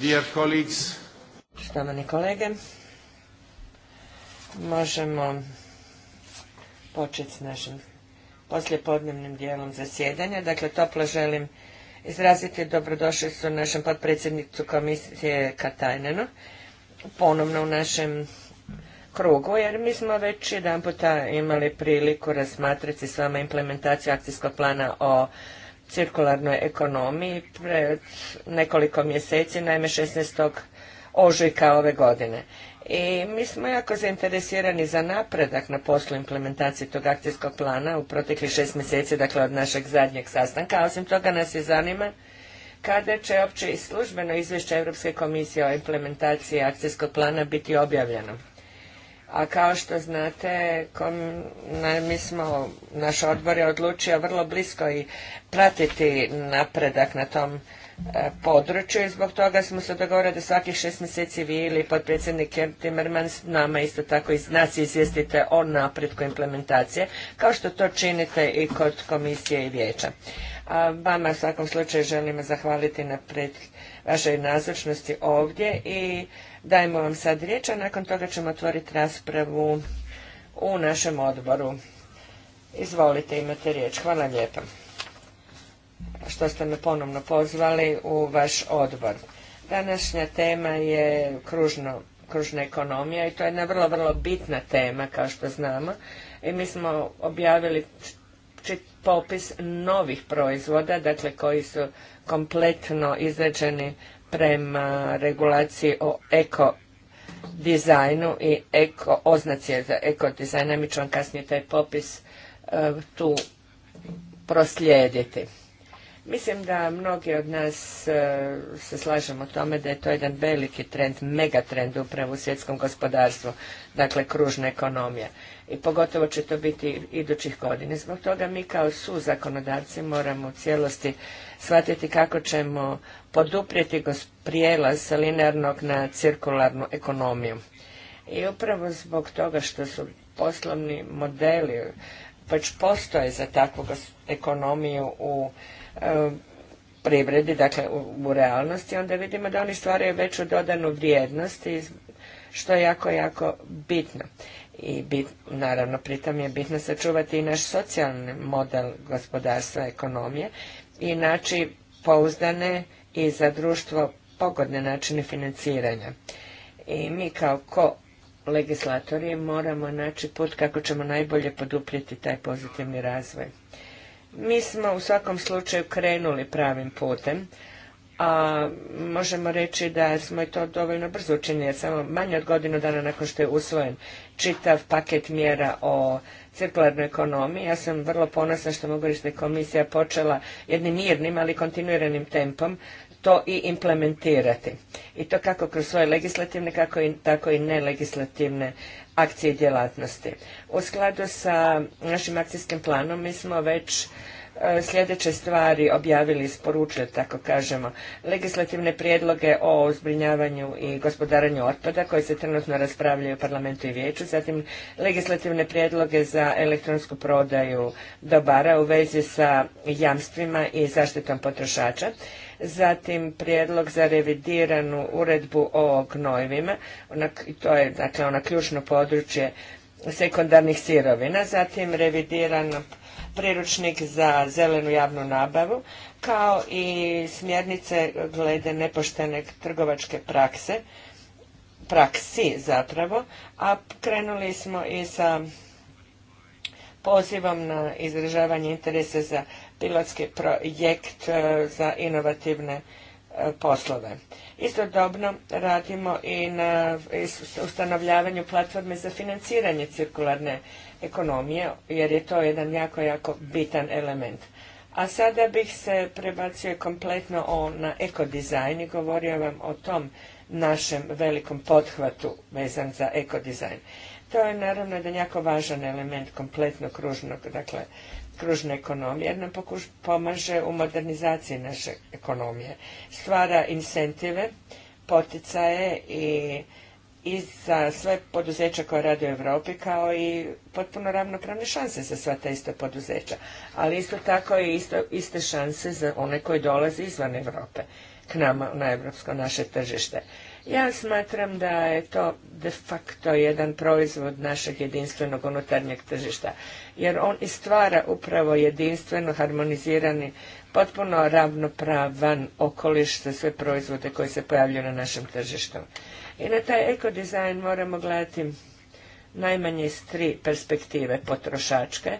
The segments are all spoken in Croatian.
Dear colleagues. Štovani kolege, možemo početi s našim poslijepodnevnim dijelom zasjedanja. Dakle, toplo želim izraziti dobrodošlicu našem potpredsjednicu komisije Katajnenu ponovno u našem krugu, jer mi smo već jedan puta imali priliku razmatrati s vama implementaciju akcijskog plana o cirkularnoj ekonomiji pred nekoliko mjeseci, naime 16. ožujka ove godine. I mi smo jako zainteresirani za napredak na poslu implementacije tog akcijskog plana u proteklih šest mjeseci, dakle od našeg zadnjeg sastanka, a osim toga nas je zanima kada će opće i službeno izvješće Europske komisije o implementaciji akcijskog plana biti objavljeno a kao što znate, kom, na, mi smo, naš odbor je odlučio vrlo blisko i pratiti napredak na tom e, području i zbog toga smo se dogovorili da svakih šest mjeseci vi ili potpredsjednik Timmermans nama isto tako iz nas izvijestite o napretku implementacije, kao što to činite i kod komisije i vijeća. vama u svakom slučaju želim zahvaliti na pred, vašoj nazočnosti ovdje i Dajmo vam sad riječ, a nakon toga ćemo otvoriti raspravu u našem odboru. Izvolite, imate riječ. Hvala lijepa što ste me ponovno pozvali u vaš odbor. Današnja tema je kružno, kružna ekonomija i to je jedna vrlo, vrlo bitna tema, kao što znamo. I mi smo objavili popis novih proizvoda, dakle koji su kompletno izrađeni prema regulaciji o eko dizajnu i eko oznaci za eko dizajna. Mi ću vam kasnije taj popis e, tu proslijediti. Mislim da mnogi od nas e, se slažemo tome da je to jedan veliki trend, megatrend upravo u svjetskom gospodarstvu, dakle kružna ekonomija. I pogotovo će to biti idućih godina. Zbog toga mi kao su zakonodavci moramo u cijelosti shvatiti kako ćemo poduprijeti prijelaz sa linearnog na cirkularnu ekonomiju. I upravo zbog toga što su poslovni modeli već postoje za takvu ekonomiju u E, privredi, dakle u, realnosti, onda vidimo da oni stvaraju veću dodanu vrijednost što je jako, jako bitno. I bit, naravno, pritom je bitno sačuvati i naš socijalni model gospodarstva, ekonomije i naći pouzdane i za društvo pogodne načine financiranja. I mi kao ko legislatori moramo naći put kako ćemo najbolje poduprijeti taj pozitivni razvoj. Mi smo u svakom slučaju krenuli pravim putem, a možemo reći da smo i to dovoljno brzo učinili, jer samo manje od godinu dana nakon što je usvojen čitav paket mjera o cirkularnoj ekonomiji. Ja sam vrlo ponosna što mogu reći da je komisija počela jednim mirnim, ali kontinuiranim tempom to i implementirati. I to kako kroz svoje legislativne, kako i, tako i nelegislativne akcije i djelatnosti. U skladu sa našim akcijskim planom mi smo već e, sljedeće stvari objavili, isporučili, tako kažemo, legislativne prijedloge o uzbrinjavanju i gospodaranju otpada koji se trenutno raspravljaju u parlamentu i vijeću, zatim legislativne prijedloge za elektronsku prodaju dobara u vezi sa jamstvima i zaštitom potrošača zatim prijedlog za revidiranu uredbu o gnojivima, to je dakle ono ključno područje sekundarnih sirovina, zatim revidiran priručnik za zelenu javnu nabavu, kao i smjernice glede nepoštene trgovačke prakse, praksi zapravo, a krenuli smo i sa pozivom na izražavanje interese za pilotski projekt e, za inovativne e, poslove. Istodobno radimo i na ustanovljavanju platforme za financiranje cirkularne ekonomije, jer je to jedan jako, jako bitan element. A sada bih se prebacio kompletno na ekodizajn i govorio vam o tom našem velikom pothvatu vezan za ekodizajn. To je naravno jedan jako važan element kompletno kružnog, dakle, kružne ekonomije, jer nam pomaže u modernizaciji naše ekonomije. Stvara incentive, poticaje i za sve poduzeća koje rade u Europi kao i potpuno ravnopravne šanse za sva ta ista poduzeća, ali isto tako i iste šanse za one koji dolaze izvan Europe k nama na europsko naše tržište. Ja smatram da je to de facto jedan proizvod našeg jedinstvenog unutarnjeg tržišta, jer on i stvara upravo jedinstveno, harmonizirani, potpuno ravnopravan okoliš za sve proizvode koji se pojavljuju na našem tržištu. I na taj ekodizajn moramo gledati najmanje iz tri perspektive potrošačke,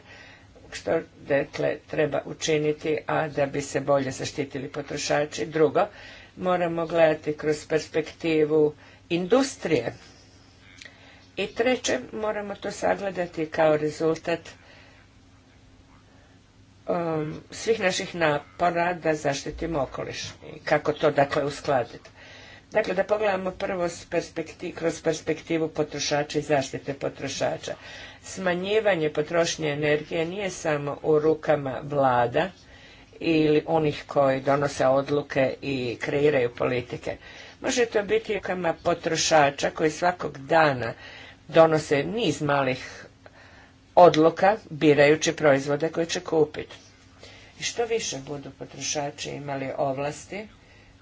što dakle treba učiniti, a da bi se bolje zaštitili potrošači. Drugo, moramo gledati kroz perspektivu industrije. I treće, moramo to sagledati kao rezultat um, svih naših napora da zaštitimo okoliš i kako to dakle uskladiti. Dakle, da pogledamo prvo s kroz perspektivu potrošača i zaštite potrošača. Smanjivanje potrošnje energije nije samo u rukama vlada, ili onih koji donose odluke i kreiraju politike. Može to biti kama potrošača koji svakog dana donose niz malih odluka birajući proizvode koje će kupiti. I što više budu potrošači imali ovlasti,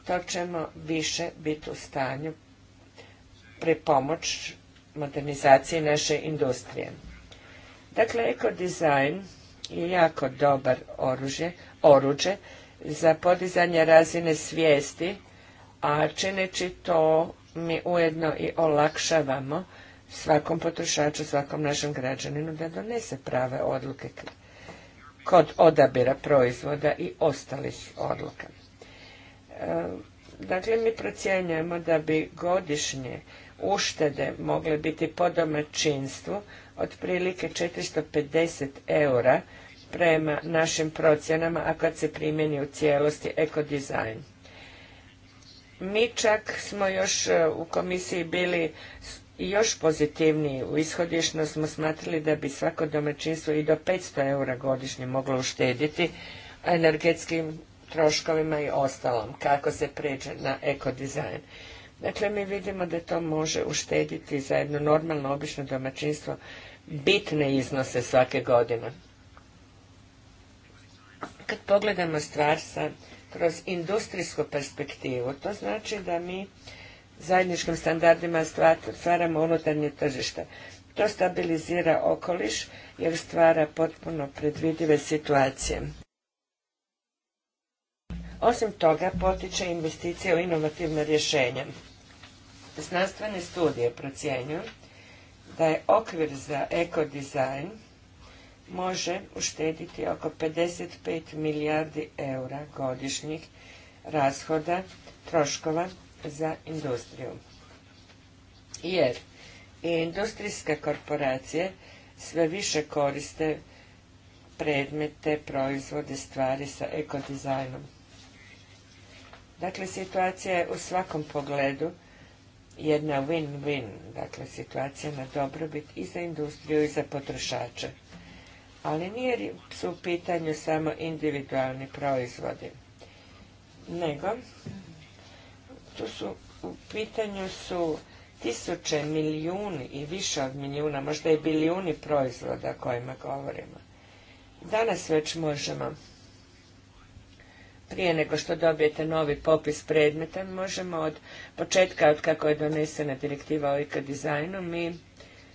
to ćemo više biti u stanju pomoć modernizaciji naše industrije. Dakle, ekodizajn jako dobar oruđe, oruđe za podizanje razine svijesti, a čineći to mi ujedno i olakšavamo svakom potrošaču, svakom našem građaninu da donese prave odluke kod odabira proizvoda i ostalih odluka. E, dakle, mi procjenjujemo da bi godišnje uštede mogle biti po domaćinstvu otprilike 450 eura prema našim procjenama, a kad se primjeni u cijelosti ekodizajn. Mi čak smo još e, u komisiji bili još pozitivniji. U ishodišno smo smatrali da bi svako domaćinstvo i do 500 eura godišnje moglo uštediti energetskim troškovima i ostalom, kako se pređe na ekodizajn. Dakle, mi vidimo da to može uštediti za jedno normalno, obično domaćinstvo bitne iznose svake godine. Kad pogledamo stvar sa, kroz industrijsku perspektivu, to znači da mi zajedničkim standardima stvaramo unutarnje tržište. To stabilizira okoliš jer stvara potpuno predvidive situacije. Osim toga, potiče investicije u inovativne rješenja. Znanstvene studije procjenjuju da je okvir za ekodizajn može uštediti oko 55 milijardi eura godišnjih rashoda troškova za industriju. Jer i industrijske korporacije sve više koriste predmete, proizvode, stvari sa ekodizajnom. Dakle, situacija je u svakom pogledu jedna win-win, dakle situacija na dobrobit i za industriju i za potrošače. Ali nije su u pitanju samo individualni proizvodi, nego tu su u pitanju su tisuće, milijuni i više od milijuna, možda i bilijuni proizvoda o kojima govorimo. Danas već možemo, prije nego što dobijete novi popis predmeta, možemo od početka, od kako je donesena direktiva o ikadizajnu, dizajnu, mi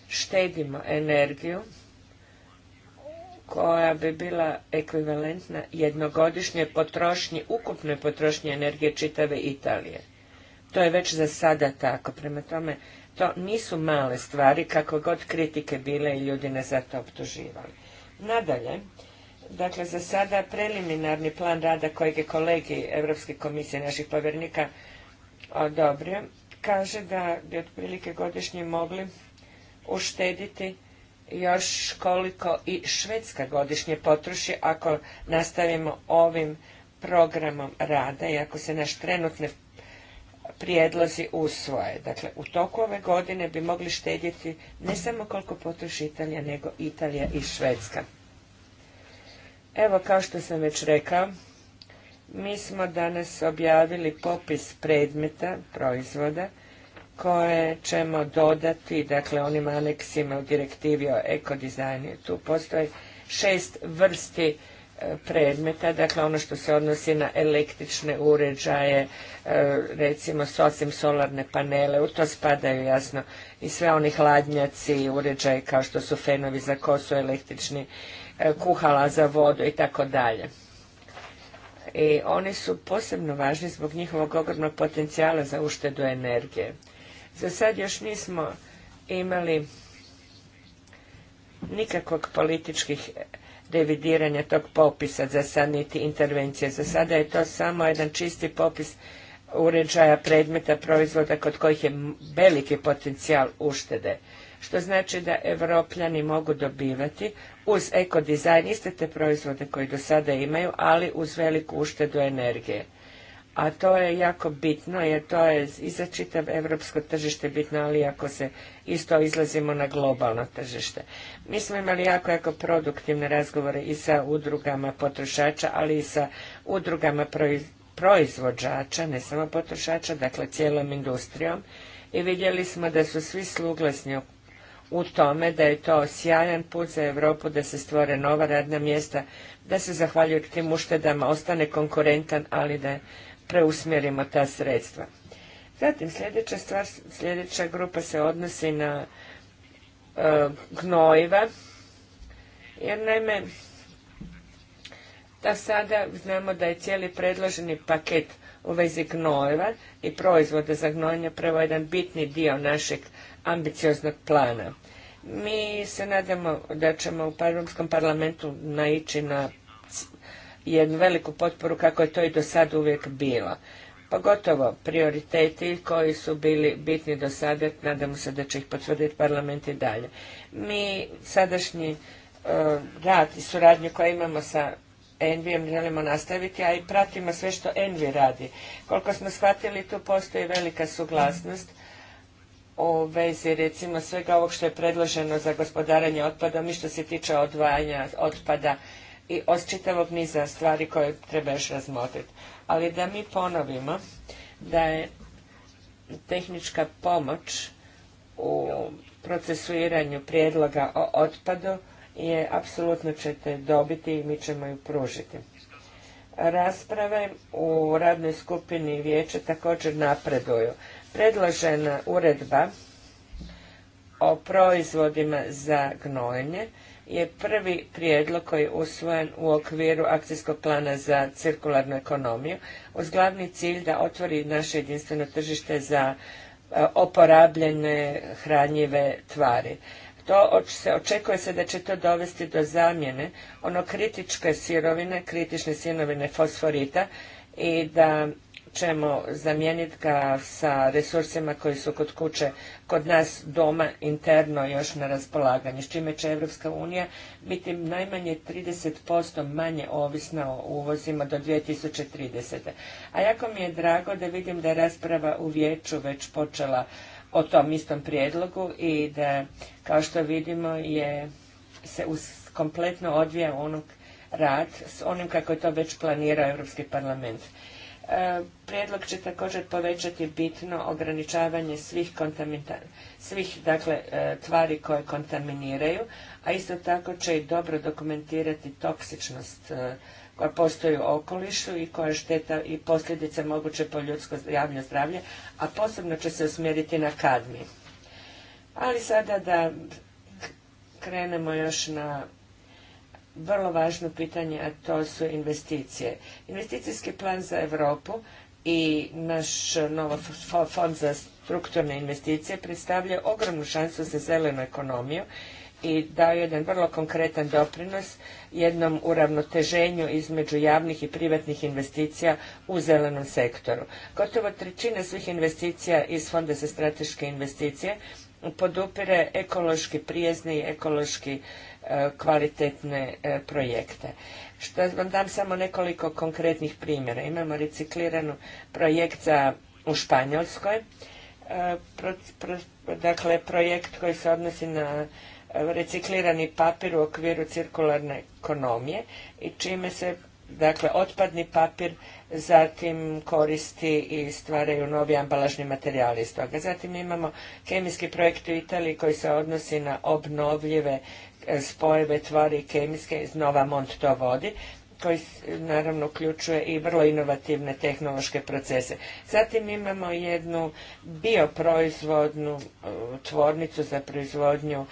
štedimo energiju koja bi bila ekvivalentna jednogodišnje potrošnji, ukupnoj potrošnje energije čitave Italije. To je već za sada tako. Prema tome, to nisu male stvari, kako god kritike bile i ljudi nas za to optuživali. Nadalje, dakle, za sada preliminarni plan rada kojeg je kolegi Europske komisije naših povjernika odobrio, kaže da bi otprilike godišnje mogli uštediti još koliko i Švedska godišnje potroši ako nastavimo ovim programom rada i ako se naš trenutne prijedlozi usvoje. Dakle, u toku ove godine bi mogli štedjeti ne samo koliko potroši Italija, nego Italija i Švedska. Evo, kao što sam već rekao, mi smo danas objavili popis predmeta, proizvoda, koje ćemo dodati, dakle onim aneksima u direktivi o ekodizajnu. Tu postoji šest vrsti e, predmeta, dakle ono što se odnosi na električne uređaje, e, recimo osim solarne panele, u to spadaju jasno i sve oni hladnjaci i uređaje kao što su fenovi za kosu, električni e, kuhala za vodu i tako dalje. I oni su posebno važni zbog njihovog ogromnog potencijala za uštedu energije. Za sad još nismo imali nikakvog političkih revidiranja tog popisa za sad, niti intervencije. Za sada je to samo jedan čisti popis uređaja, predmeta, proizvoda kod kojih je veliki potencijal uštede. Što znači da evropljani mogu dobivati uz ekodizajn iste te proizvode koji do sada imaju, ali uz veliku uštedu energije a to je jako bitno jer to je i za čitav evropsko tržište bitno, ali ako se isto izlazimo na globalno tržište. Mi smo imali jako, jako produktivne razgovore i sa udrugama potrošača, ali i sa udrugama proizvođača, ne samo potrošača, dakle cijelom industrijom i vidjeli smo da su svi suglasni u tome da je to sjajan put za Europu da se stvore nova radna mjesta, da se zahvaljuju tim uštedama ostane konkurentan, ali da preusmjerimo ta sredstva. Zatim sljedeća stvar, sljedeća grupa se odnosi na e, gnojiva, jer naime, da sada znamo da je cijeli predloženi paket u vezi gnojeva i proizvoda za gnojenje prvo jedan bitni dio našeg ambicioznog plana. Mi se nadamo da ćemo u Europskom parlamentu naići na jednu veliku potporu kako je to i do sad uvijek bilo. Pogotovo prioriteti koji su bili bitni do sada, nadamo se da će ih potvrditi parlament i dalje. Mi sadašnji e, rad i suradnju koju imamo sa Envijem želimo nastaviti, a i pratimo sve što Envi radi. Koliko smo shvatili, tu postoji velika suglasnost u vezi recimo svega ovog što je predloženo za gospodaranje otpadom i što se tiče odvajanja otpada i od čitavog niza stvari koje treba još razmotriti. Ali da mi ponovimo da je tehnička pomoć u procesuiranju prijedloga o otpadu je apsolutno ćete dobiti i mi ćemo ju pružiti. Rasprave u radnoj skupini vijeća također napreduju. Predložena uredba o proizvodima za gnojenje je prvi prijedlog koji je usvojen u okviru akcijskog plana za cirkularnu ekonomiju uz glavni cilj da otvori naše jedinstveno tržište za e, oporabljene hranjive tvari. To se, očekuje se da će to dovesti do zamjene ono kritičke sirovine, kritične sirovine fosforita i da ćemo zamijeniti ga sa resursima koji su kod kuće, kod nas doma interno još na raspolaganju, s čime će Evropska unija biti najmanje 30% manje ovisna o uvozima do 2030. A jako mi je drago da vidim da je rasprava u vijeću već počela o tom istom prijedlogu i da, kao što vidimo, je se kompletno odvija onog rad s onim kako je to već planirao Europski parlament. E, prijedlog će također povećati bitno ograničavanje svih, svih dakle, e, tvari koje kontaminiraju, a isto tako će i dobro dokumentirati toksičnost e, koja postoji u okolišu i koja šteta i posljedice moguće po ljudsko javno zdravlje, a posebno će se usmjeriti na kadmiju. Ali sada da krenemo još na vrlo važno pitanje, a to su investicije. Investicijski plan za Europu i naš novo fond za strukturne investicije predstavlja ogromnu šansu za zelenu ekonomiju i daju jedan vrlo konkretan doprinos jednom uravnoteženju između javnih i privatnih investicija u zelenom sektoru. Gotovo trećina svih investicija iz Fonda za strateške investicije podupire ekološki prijezni i ekološki E, kvalitetne e, projekte. Što vam dam samo nekoliko konkretnih primjera. Imamo recikliranu projekt za, u Španjolskoj, e, dakle projekt koji se odnosi na reciklirani papir u okviru cirkularne ekonomije i čime se dakle otpadni papir zatim koristi i stvaraju novi ambalažni materijali iz toga. Zatim imamo kemijski projekt u Italiji koji se odnosi na obnovljive spojeve tvori kemijske iz Nova Mont to vodi koji naravno uključuje i vrlo inovativne tehnološke procese. Zatim imamo jednu bioproizvodnu e, tvornicu za proizvodnju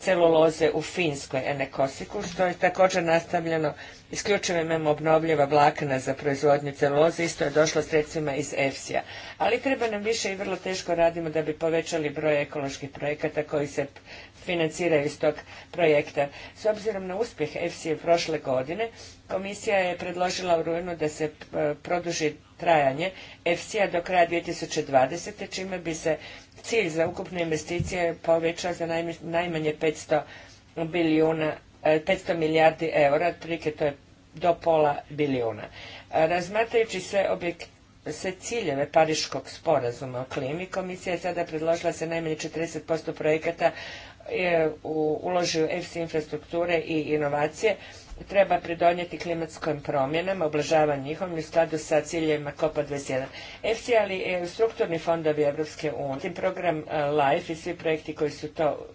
celuloze u Finskoj Enekosiku, što je također nastavljeno isključivo imamo obnovljiva vlakna za proizvodnju celuloze, isto je došlo sredstvima iz EFSI-a. Ali treba nam više i vrlo teško radimo da bi povećali broj ekoloških projekata koji se financiraju iz tog projekta. S obzirom na uspjeh EFSI prošle godine, komisija je predložila u rujnu da se e, produži trajanje EFSI-a do kraja 2020. čime bi se cilj za ukupne investicije povećao za najmanje 500 e, milijardi eura, otprilike to je do pola bilijuna. E, razmatrajući sve se ciljeve Pariškog sporazuma o klimi, komisija je sada predložila se najmanje 40% projekata u uložio EFSI infrastrukture i inovacije treba pridonijeti klimatskim promjenama, oblažavanju njihovim u skladu sa ciljevima COP21. EFSI, ali i strukturni fondovi Europske unije, program e, LIFE i svi projekti koji su to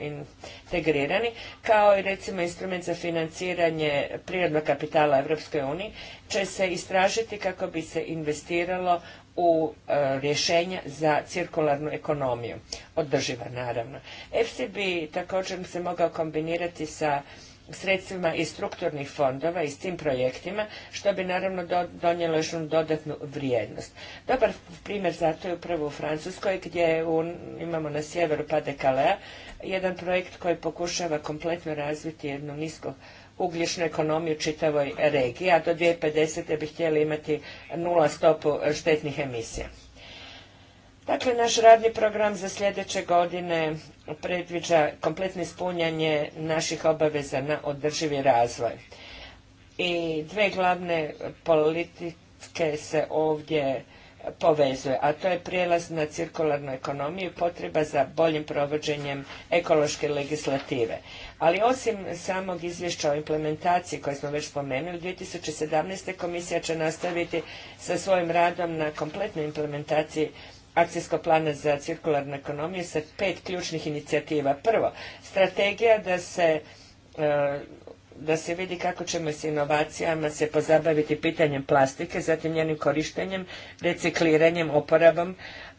integrirani, kao i recimo instrument za financiranje prirodnog kapitala Europske unije, će se istražiti kako bi se investiralo u e, rješenja za cirkularnu ekonomiju, održiva naravno. EFSI bi također se mogao kombinirati sa sredstvima iz strukturnih fondova i s tim projektima, što bi naravno donijelo još jednu dodatnu vrijednost. Dobar primjer za to je upravo u Francuskoj, gdje imamo na sjeveru Pas de jedan projekt koji pokušava kompletno razviti jednu nisko ugljičnu ekonomiju čitavoj regiji, a do 2050. bi htjeli imati nula stopu štetnih emisija. Dakle, naš radni program za sljedeće godine predviđa kompletno ispunjanje naših obaveza na održivi razvoj. I dve glavne politike se ovdje povezuje, a to je prijelaz na cirkularnu ekonomiju i potreba za boljim provođenjem ekološke legislative. Ali osim samog izvješća o implementaciji koje smo već spomenuli, 2017. komisija će nastaviti sa svojim radom na kompletnoj implementaciji akcijskog plana za cirkularnu ekonomiju sa pet ključnih inicijativa. Prvo, strategija da se e, da se vidi kako ćemo s inovacijama se pozabaviti pitanjem plastike, zatim njenim korištenjem, recikliranjem, oporabom,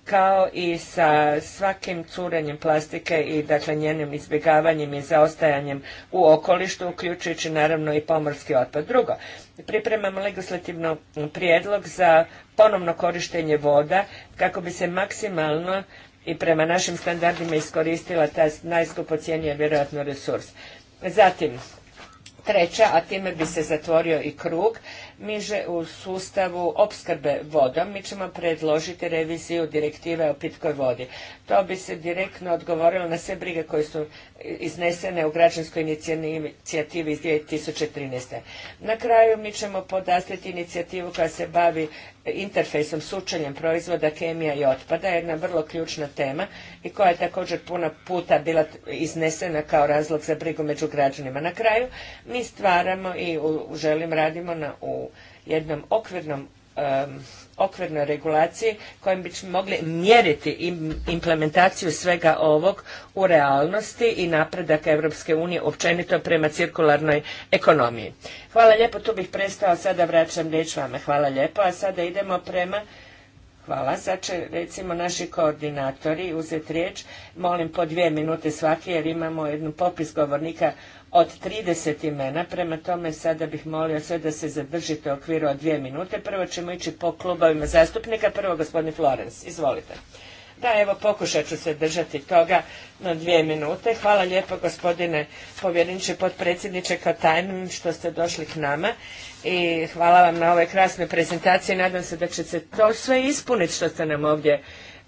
kao i sa svakim curenjem plastike i dakle njenim izbjegavanjem i zaostajanjem u okolištu, uključujući naravno i pomorski otpad. Drugo, pripremamo legislativno prijedlog za ponovno korištenje voda kako bi se maksimalno i prema našim standardima iskoristila ta najskupo vjerojatno resurs. Zatim, treća, a time bi se zatvorio i krug, Miže u sustavu opskrbe vodom mi ćemo predložiti reviziju direktive o pitkoj vodi. To bi se direktno odgovorilo na sve brige koje su iznesene u građanskoj inicijativi iz 2013. Na kraju mi ćemo podastiti inicijativu koja se bavi interfejsom sučeljem proizvoda, kemija i otpada, jedna vrlo ključna tema i koja je također puno puta bila iznesena kao razlog za brigu među građanima. Na kraju mi stvaramo i želim radimo na, u jednom okvirnom um, okvirnoj regulaciji kojim bi mogli mjeriti implementaciju svega ovog u realnosti i napredak Europske unije općenito prema cirkularnoj ekonomiji. Hvala lijepo, tu bih prestao, sada vraćam riječ vama. Hvala lijepo, a sada idemo prema Hvala. Sad će recimo naši koordinatori uzeti riječ. Molim po dvije minute svaki jer imamo jednu popis govornika od 30 imena, prema tome sada bih molio sve da se zadržite u okviru od dvije minute. Prvo ćemo ići po klubovima zastupnika, prvo gospodin Florence, izvolite. Da, evo pokušat ću se držati toga na dvije minute. Hvala lijepo gospodine povjereniče potpredsjedniče Katajn što ste došli k nama i hvala vam na ovoj krasnoj prezentaciji. Nadam se da će se to sve ispuniti što ste nam ovdje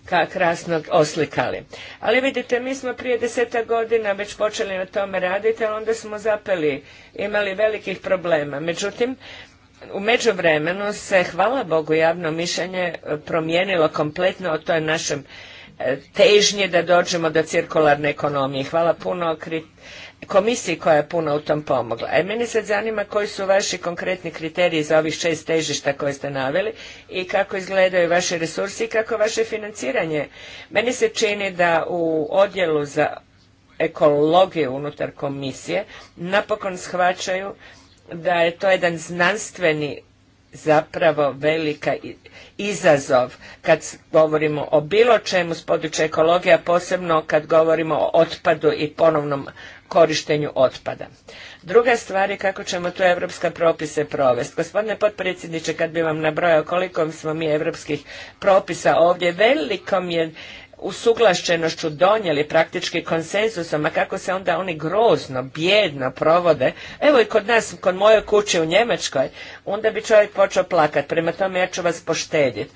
krasnog oslikali. Ali vidite, mi smo prije deseta godina već počeli na tome raditi, ali onda smo zapeli, imali velikih problema. Međutim, u međuvremenu se, hvala Bogu, javno mišljenje e, promijenilo kompletno o toj našem e, težnje da dođemo do cirkularne ekonomije. Hvala puno komisiji koja je puno u tom pomogla. E, meni sad zanima koji su vaši konkretni kriteriji za ovih šest težišta koje ste naveli i kako izgledaju vaši resursi i kako vaše financiranje. Meni se čini da u odjelu za ekologiju unutar komisije napokon shvaćaju da je to jedan znanstveni zapravo velika izazov kad govorimo o bilo čemu s područja ekologija, posebno kad govorimo o otpadu i ponovnom korištenju otpada. Druga stvar je kako ćemo tu evropske propise provesti. Gospodine potpredsjedniče, kad bi vam nabrojao koliko smo mi evropskih propisa ovdje, velikom je usuglašenošću donijeli praktički konsenzusom, a kako se onda oni grozno, bjedno provode, evo i kod nas, kod moje kuće u Njemačkoj, onda bi čovjek počeo plakat, prema tome ja ću vas poštedjeti.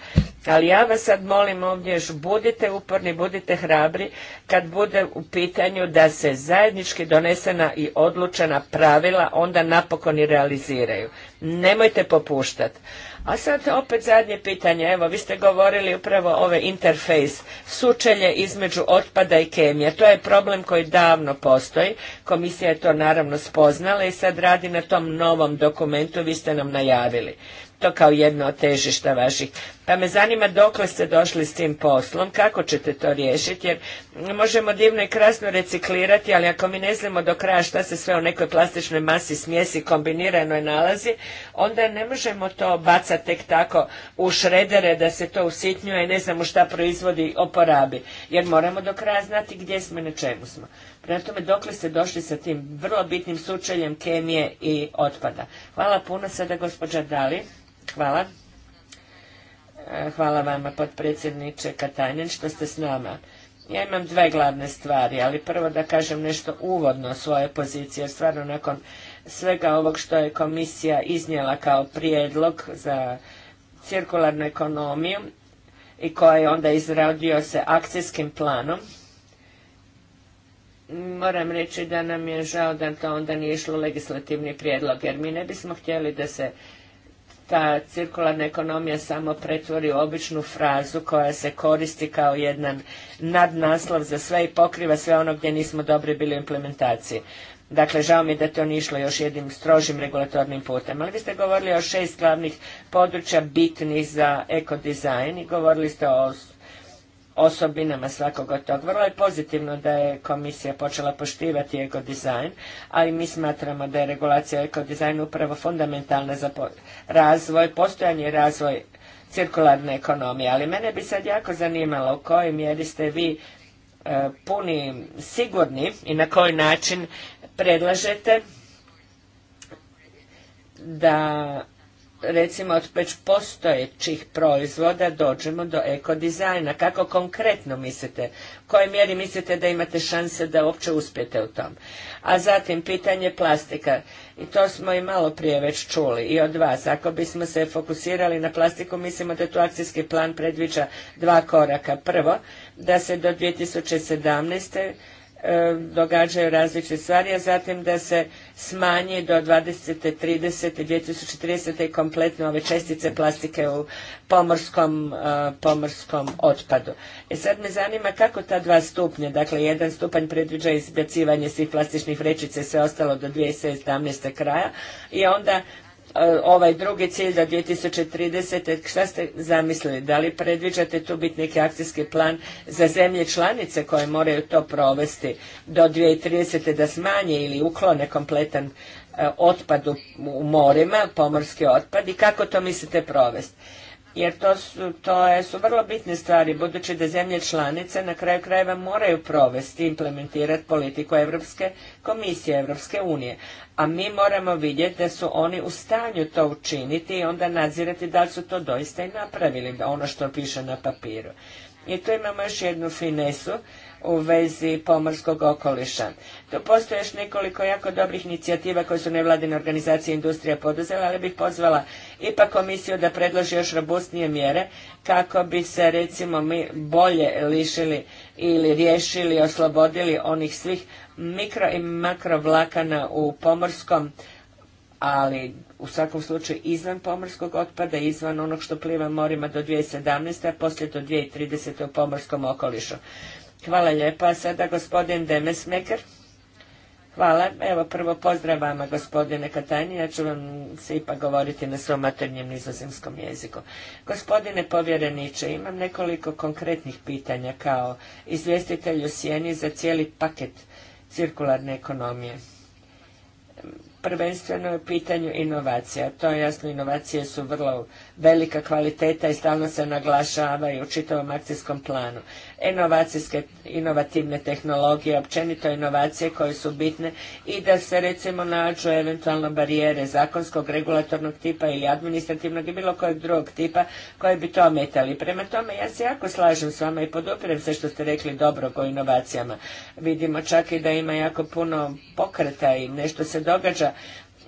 Ali ja vas sad molim ovdje budite uporni, budite hrabri kad bude u pitanju da se zajednički donesena i odlučena pravila onda napokon i realiziraju. Nemojte popuštati. A sad opet zadnje pitanje, evo vi ste govorili upravo ove interfejs, sučelje između otpada i kemije. To je problem koji davno postoji, komisija je to naravno spoznala i sad radi na tom novom dokumentu, vi ste nam najavili to kao jedno od težišta vaših. Pa me zanima dokle ste došli s tim poslom, kako ćete to riješiti, jer možemo divno i krasno reciklirati, ali ako mi ne znamo do kraja šta se sve u nekoj plastičnoj masi smjesi kombiniranoj nalazi, onda ne možemo to bacati tek tako u šredere da se to usitnjuje i ne znamo šta proizvodi oporabi, jer moramo do kraja znati gdje smo i na čemu smo. Prema tome, dokle ste došli sa tim vrlo bitnim sučeljem kemije i otpada. Hvala puno sada gospođa Dali. Hvala. E, hvala vama, potpredsjedniče Katajnen, što ste s nama. Ja imam dve glavne stvari, ali prvo da kažem nešto uvodno svoje pozicije, jer stvarno nakon svega ovog što je komisija iznijela kao prijedlog za cirkularnu ekonomiju i koja je onda izradio se akcijskim planom, moram reći da nam je žao da to onda nije išlo legislativni prijedlog, jer mi ne bismo htjeli da se ta cirkularna ekonomija samo pretvori u običnu frazu koja se koristi kao jedan nadnaslov za sve i pokriva sve ono gdje nismo dobri bili u implementaciji. Dakle, žao mi je da to nije išlo još jednim strožim regulatornim putem. Ali vi ste govorili o šest glavnih područja bitnih za ekodizajn i govorili ste o osobinama svakog od tog. Vrlo je pozitivno da je komisija počela poštivati ekodizajn, ali mi smatramo da je regulacija ekodizajna upravo fundamentalna za razvoj, postojanje i razvoj cirkularne ekonomije. Ali mene bi sad jako zanimalo u kojoj mjeri ste vi e, puni sigurni i na koji način predlažete da recimo od već postojećih proizvoda dođemo do ekodizajna? Kako konkretno mislite? U kojoj mjeri mislite da imate šanse da uopće uspijete u tom? A zatim pitanje plastika. I to smo i malo prije već čuli i od vas. Ako bismo se fokusirali na plastiku, mislimo da tu akcijski plan predviđa dva koraka. Prvo, da se do 2017 E, događaju različite stvari, a zatim da se smanji do 2030. 30. i 2030. i kompletno ove čestice plastike u pomorskom, e, pomorskom otpadu. E sad me zanima kako ta dva stupnja, dakle jedan stupanj predviđa izbacivanje svih plastičnih vrećica i sve ostalo do 2017. kraja i onda E, ovaj drugi cilj do 2030. Šta ste zamislili? Da li predviđate tu biti neki akcijski plan za zemlje članice koje moraju to provesti do 2030. da smanje ili uklone kompletan e, otpad u morima, pomorski otpad i kako to mislite provesti? jer to su, to su vrlo bitne stvari, budući da zemlje članice na kraju krajeva moraju provesti i implementirati politiku Europske komisije, Europske unije. A mi moramo vidjeti da su oni u stanju to učiniti i onda nadzirati da li su to doista i napravili, ono što piše na papiru. I tu imamo još jednu finesu, u vezi pomorskog okoliša. Tu postoje još nekoliko jako dobrih inicijativa koje su nevladine organizacije industrija poduzela, ali bih pozvala ipak komisiju da predloži još robustnije mjere kako bi se recimo mi bolje lišili ili riješili, oslobodili onih svih mikro i makro vlakana u pomorskom, ali u svakom slučaju izvan pomorskog otpada, izvan onog što pliva morima do 2017. a poslije do 2030. u pomorskom okolišu. Hvala lijepa. Sada gospodin Demesmeker. Hvala. Evo prvo pozdrav vama gospodine Katajni. Ja ću vam se ipak govoriti na svom maternjem nizozemskom jeziku. Gospodine povjereniče, imam nekoliko konkretnih pitanja kao izvjestitelj u Sjeni za cijeli paket cirkularne ekonomije. Prvenstveno je u pitanju inovacija. To je jasno, inovacije su vrlo velika kvaliteta i stalno se naglašavaju u čitavom akcijskom planu. Inovacijske, inovativne tehnologije, općenito inovacije koje su bitne i da se recimo nađu eventualno barijere zakonskog, regulatornog tipa ili administrativnog i bilo kojeg drugog tipa koje bi to ometali. Prema tome ja se jako slažem s vama i podupirem sve što ste rekli dobro o inovacijama. Vidimo čak i da ima jako puno pokreta i nešto se događa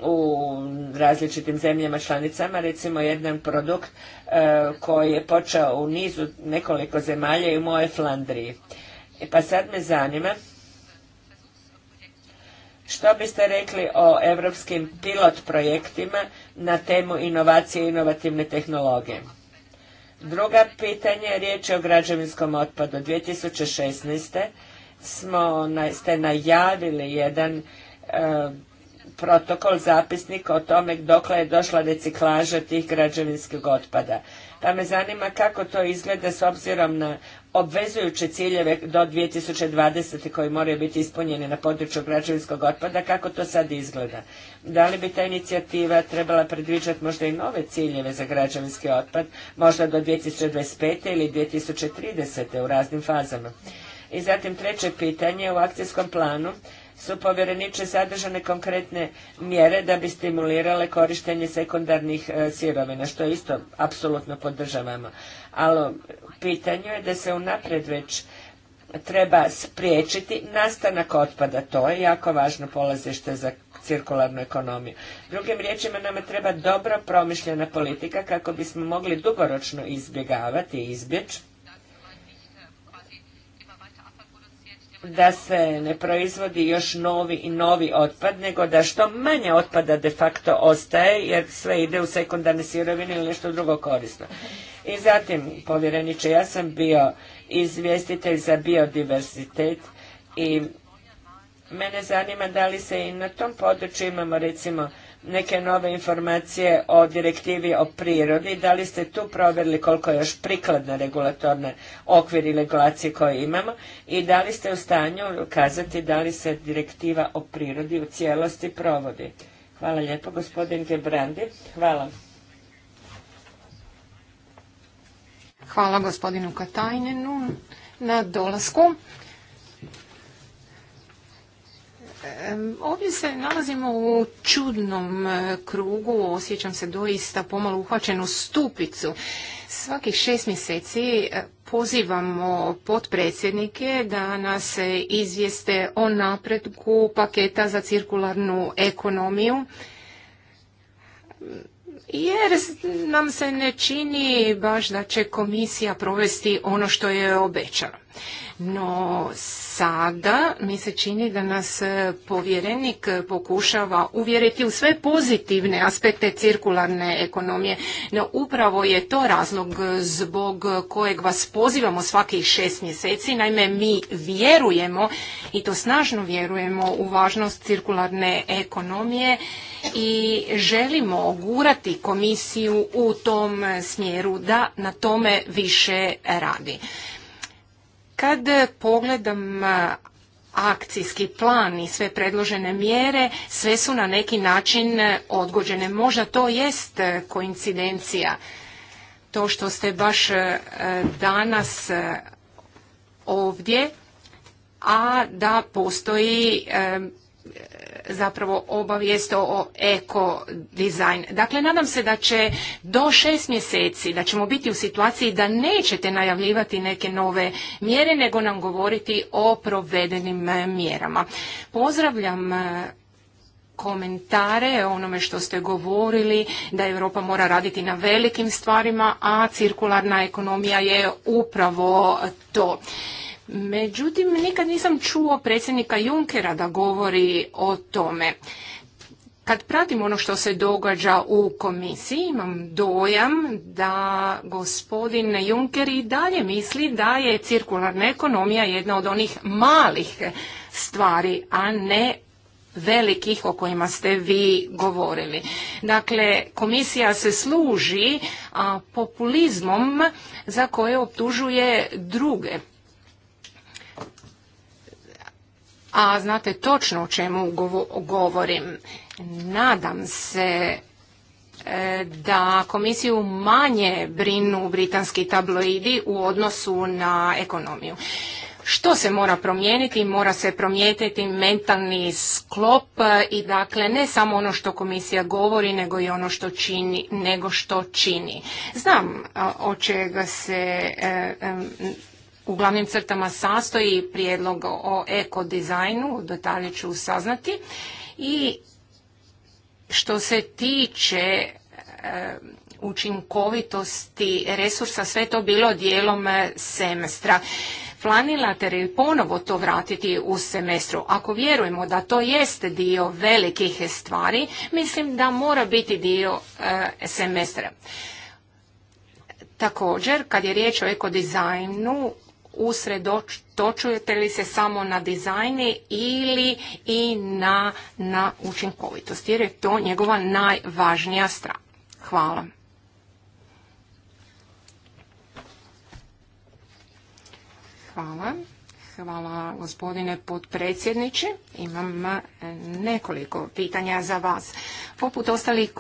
u različitim zemljama članicama, recimo jedan produkt e, koji je počeo u nizu nekoliko zemalja i u moje Flandriji. E, pa sad me zanima što biste rekli o europskim pilot projektima na temu inovacije i inovativne tehnologije? Druga pitanje, riječ je o građevinskom otpadu. 2016. smo, ste najavili jedan e, protokol, zapisnik o tome dokle je došla reciklaža tih građevinskog otpada. Pa me zanima kako to izgleda s obzirom na obvezujuće ciljeve do 2020. koji moraju biti ispunjeni na području građevinskog otpada, kako to sad izgleda? Da li bi ta inicijativa trebala predviđati možda i nove ciljeve za građevinski otpad, možda do 2025. ili 2030. u raznim fazama? I zatim treće pitanje, u akcijskom planu su povjereniče sadržane konkretne mjere da bi stimulirale korištenje sekundarnih e, sirovina, što isto apsolutno podržavamo. Ali pitanje je da se unaprijed već treba spriječiti nastanak otpada. To je jako važno polazište za cirkularnu ekonomiju. Drugim riječima nama treba dobro promišljena politika kako bismo mogli dugoročno izbjegavati i izbjeći da se ne proizvodi još novi i novi otpad, nego da što manje otpada de facto ostaje, jer sve ide u sekundarne sirovine ili nešto drugo korisno. I zatim, povjereniče, ja sam bio izvjestitelj za biodiversitet i mene zanima da li se i na tom području imamo recimo neke nove informacije o direktivi o prirodi. Da li ste tu provjerili koliko je još prikladna regulatorna okvir i regulacije koje imamo i da li ste u stanju kazati da li se direktiva o prirodi u cijelosti provodi? Hvala lijepo, gospodin Gebrandi. Hvala. Hvala gospodinu Katajninu na dolasku. Ovdje se nalazimo u čudnom e, krugu, osjećam se doista pomalo uhvaćenu stupicu. Svakih šest mjeseci e, pozivamo potpredsjednike da nas e, izvijeste o napretku paketa za cirkularnu ekonomiju jer nam se ne čini baš da će komisija provesti ono što je obećano. No sada mi se čini da nas povjerenik pokušava uvjeriti u sve pozitivne aspekte cirkularne ekonomije. No upravo je to razlog zbog kojeg vas pozivamo svakih šest mjeseci. Naime, mi vjerujemo i to snažno vjerujemo u važnost cirkularne ekonomije i želimo gurati komisiju u tom smjeru da na tome više radi. Kad pogledam akcijski plan i sve predložene mjere, sve su na neki način e, odgođene. Možda to jest e, koincidencija. To što ste baš e, danas ovdje, a da postoji zapravo obavijest o eko dizajn. Dakle, nadam se da će do šest mjeseci, da ćemo biti u situaciji da nećete najavljivati neke nove mjere, nego nam govoriti o provedenim e, mjerama. Pozdravljam e, komentare o onome što ste govorili, da Europa mora raditi na velikim stvarima, a cirkularna ekonomija je upravo to. Međutim, nikad nisam čuo predsjednika Junkera da govori o tome. Kad pratim ono što se događa u komisiji, imam dojam da gospodin Juncker i dalje misli da je cirkularna ekonomija jedna od onih malih stvari, a ne velikih o kojima ste vi govorili. Dakle, komisija se služi populizmom za koje optužuje druge a znate točno o čemu govorim. Nadam se e, da komisiju manje brinu britanski tabloidi u odnosu na ekonomiju. Što se mora promijeniti? Mora se promijetiti mentalni sklop i dakle ne samo ono što komisija govori nego i ono što čini, nego što čini. Znam e, o čega se e, u glavnim crtama sastoji prijedlog o ekodizajnu, detalje ću saznati. I što se tiče eh, učinkovitosti resursa, sve to bilo dijelom eh, semestra. ter li ponovo to vratiti u semestru? Ako vjerujemo da to jeste dio velikih stvari, mislim da mora biti dio eh, semestra. Također, kad je riječ o ekodizajnu, Usredočujete li se samo na dizajne ili i na, na učinkovitost, jer je to njegova najvažnija strana. Hvala. Hvala. Hvala gospodine potpredsjedniče. Imam eh, nekoliko pitanja za vas. Poput ostalih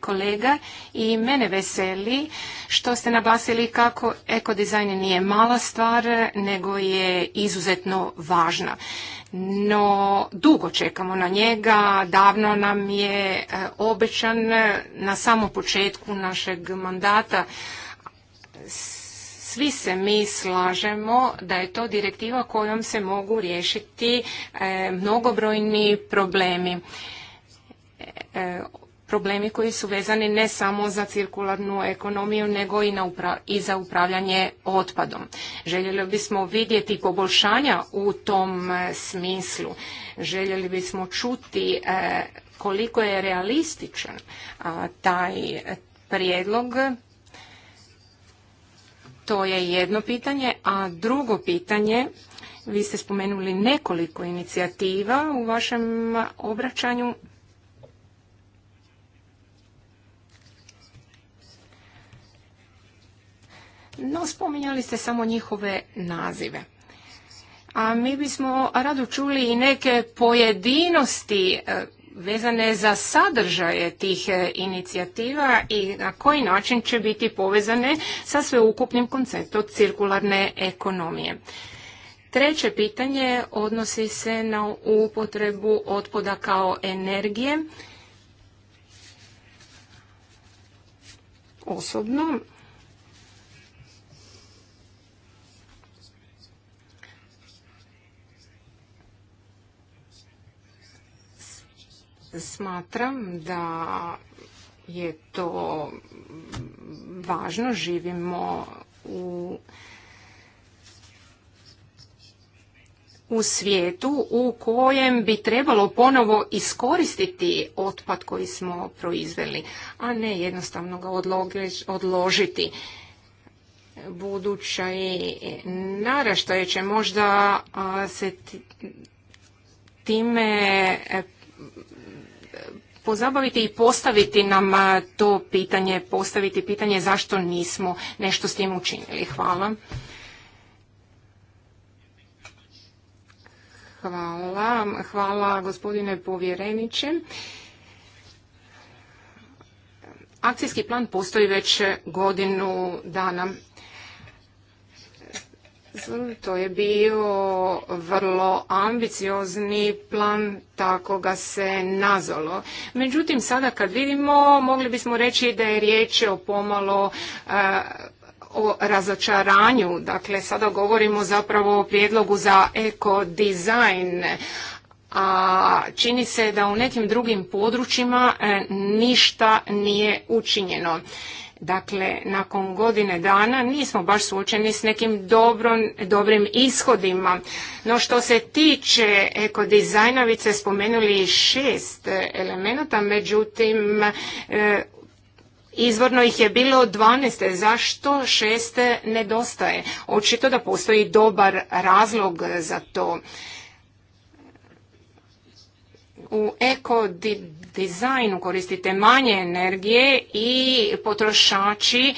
kolega i mene veseli što ste naglasili kako ekodizajn nije mala stvar, nego je izuzetno važna. No, dugo čekamo na njega, davno nam je eh, obećan na samom početku našeg mandata svi se mi slažemo da je to direktiva kojom se mogu riješiti e, mnogobrojni problemi e, e, problemi koji su vezani ne samo za cirkularnu ekonomiju, nego i, na i za upravljanje otpadom. Željeli bismo vidjeti poboljšanja u tom smislu. Željeli bismo čuti koliko je realističan taj prijedlog to je jedno pitanje, a drugo pitanje, vi ste spomenuli nekoliko inicijativa u vašem obraćanju. No, spominjali ste samo njihove nazive. A mi bismo rado čuli i neke pojedinosti e, vezane za sadržaje tih e, inicijativa i na koji način će biti povezane sa sveukupnim konceptom cirkularne ekonomije. Treće pitanje odnosi se na upotrebu otpada kao energije. Osobno Smatram da je to važno. Živimo u u svijetu u kojem bi trebalo ponovo iskoristiti otpad koji smo proizveli, a ne jednostavno ga odložiti. Buduća i naraštaje će možda se time pozabaviti i postaviti nam to pitanje, postaviti pitanje zašto nismo nešto s tim učinili. Hvala. Hvala, hvala gospodine povjereniče. Akcijski plan postoji već godinu dana. To je bio vrlo ambiciozni plan, tako ga se nazvalo. Međutim, sada kad vidimo, mogli bismo reći da je riječ o pomalo eh, o razočaranju. Dakle, sada govorimo zapravo o prijedlogu za ekodizajn a čini se da u nekim drugim područjima eh, ništa nije učinjeno. Dakle, nakon godine dana nismo baš suočeni s nekim dobrim ishodima. No što se tiče eko spomenuli šest e, elemenata, međutim, e, Izvorno ih je bilo 12. Zašto šest nedostaje? Očito da postoji dobar razlog za to. U ekodizajnu dizajnu koristite manje energije i potrošači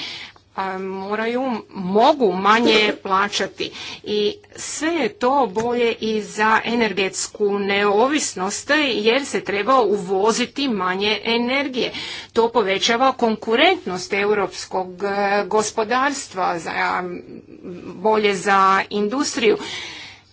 moraju, mogu manje plaćati. I sve je to bolje i za energetsku neovisnost jer se treba uvoziti manje energije. To povećava konkurentnost europskog e, gospodarstva, za, bolje za industriju.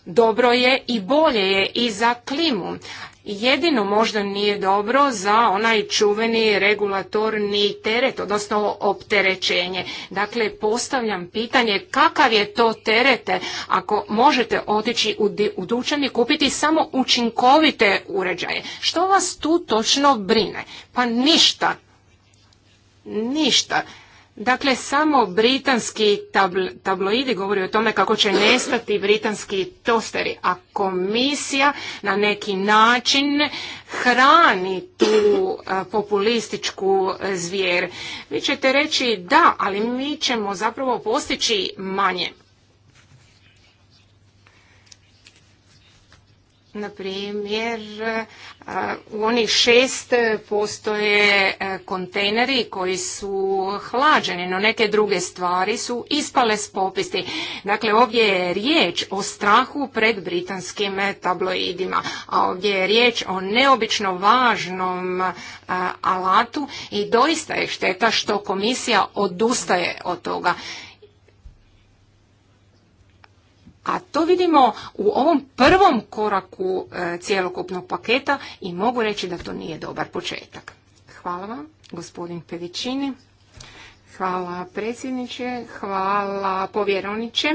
Dobro je i bolje je i za klimu jedino možda nije dobro za onaj čuveni regulatorni teret, odnosno opterećenje. Dakle, postavljam pitanje kakav je to terete ako možete otići u dućan i kupiti samo učinkovite uređaje. Što vas tu točno brine? Pa ništa. Ništa. Dakle, samo britanski tabloidi govori o tome kako će nestati britanski tosteri, a komisija na neki način hrani tu e, populističku zvijer. Vi ćete reći da, ali mi ćemo zapravo postići manje. na primjer, u onih šest postoje e, kontejneri koji su hlađeni, no neke druge stvari su ispale s popisti. Dakle, ovdje je riječ o strahu pred britanskim tabloidima, a ovdje je riječ o neobično važnom e, alatu i doista je šteta što komisija odustaje od toga a to vidimo u ovom prvom koraku e, cjelokupnog paketa i mogu reći da to nije dobar početak. Hvala vam, gospodin Pevićini. Hvala predsjedniče, hvala povjeroniče.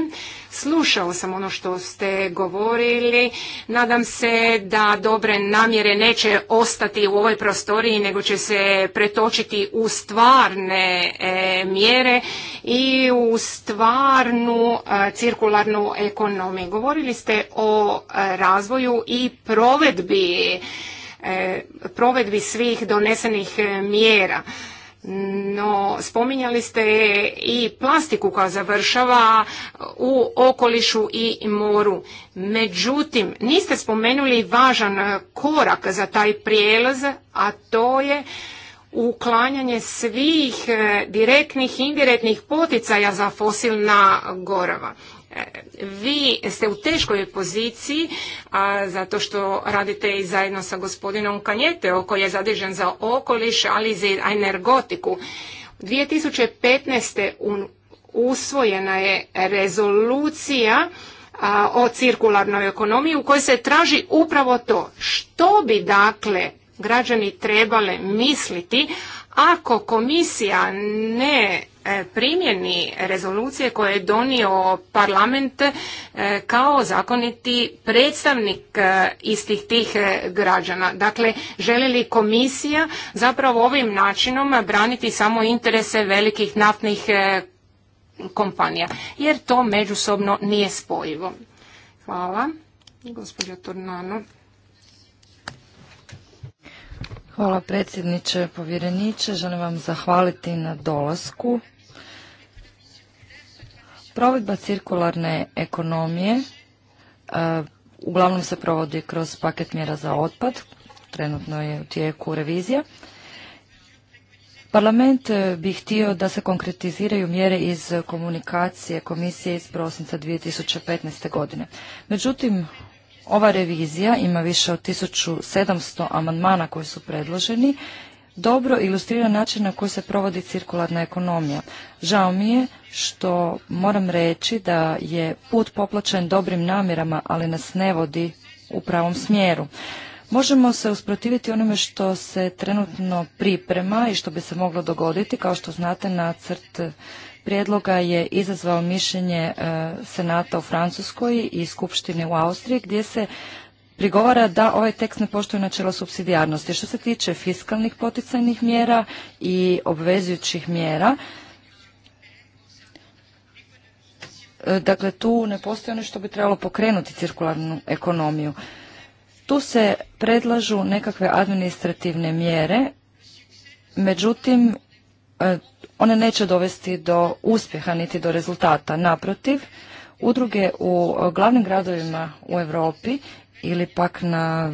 Slušao sam ono što ste govorili. Nadam se da dobre namjere neće ostati u ovoj prostoriji, nego će se pretočiti u stvarne e, mjere i u stvarnu e, cirkularnu ekonomiju. Govorili ste o razvoju i provedbi, e, provedbi svih donesenih mjera. No, spominjali ste i plastiku koja završava u okolišu i moru. Međutim, niste spomenuli važan korak za taj prijelaz, a to je uklanjanje svih e, direktnih i indirektnih poticaja za fosilna gorava vi ste u teškoj poziciji zato što radite i zajedno sa gospodinom Kanjeteo koji je zadužen za okoliš ali i za energotiku. 2015. usvojena je rezolucija o cirkularnoj ekonomiji u kojoj se traži upravo to što bi dakle građani trebali misliti ako komisija ne e, primjeni rezolucije koje je donio parlament e, kao zakoniti predstavnik e, istih tih građana. Dakle, želi li komisija zapravo ovim načinom braniti samo interese velikih naftnih kompanija, jer to međusobno nije spojivo. Hvala. Gospođa Tornano. Hvala predsjedniče, povjereniče. Želim vam zahvaliti na dolasku. Provedba cirkularne ekonomije e, uglavnom se provodi kroz paket mjera za otpad. Trenutno je u tijeku revizija. Parlament e, bi htio da se konkretiziraju mjere iz komunikacije Komisije iz prosinca 2015. godine. Međutim, ova revizija ima više od 1700 amandmana koji su predloženi, dobro ilustrira način na koji se provodi cirkularna ekonomija. Žao mi je što moram reći da je put poplačen dobrim namjerama, ali nas ne vodi u pravom smjeru. Možemo se usprotiviti onome što se trenutno priprema i što bi se moglo dogoditi, kao što znate nacrt prijedloga je izazvao mišljenje e, Senata u Francuskoj i Skupštine u Austriji gdje se prigovara da ovaj tekst ne poštuje načelo subsidijarnosti. Što se tiče fiskalnih poticajnih mjera i obvezujućih mjera, e, dakle tu ne postoji ono što bi trebalo pokrenuti cirkularnu ekonomiju. Tu se predlažu nekakve administrativne mjere, međutim e, one neće dovesti do uspjeha niti do rezultata. Naprotiv, udruge u glavnim gradovima u Europi ili pak na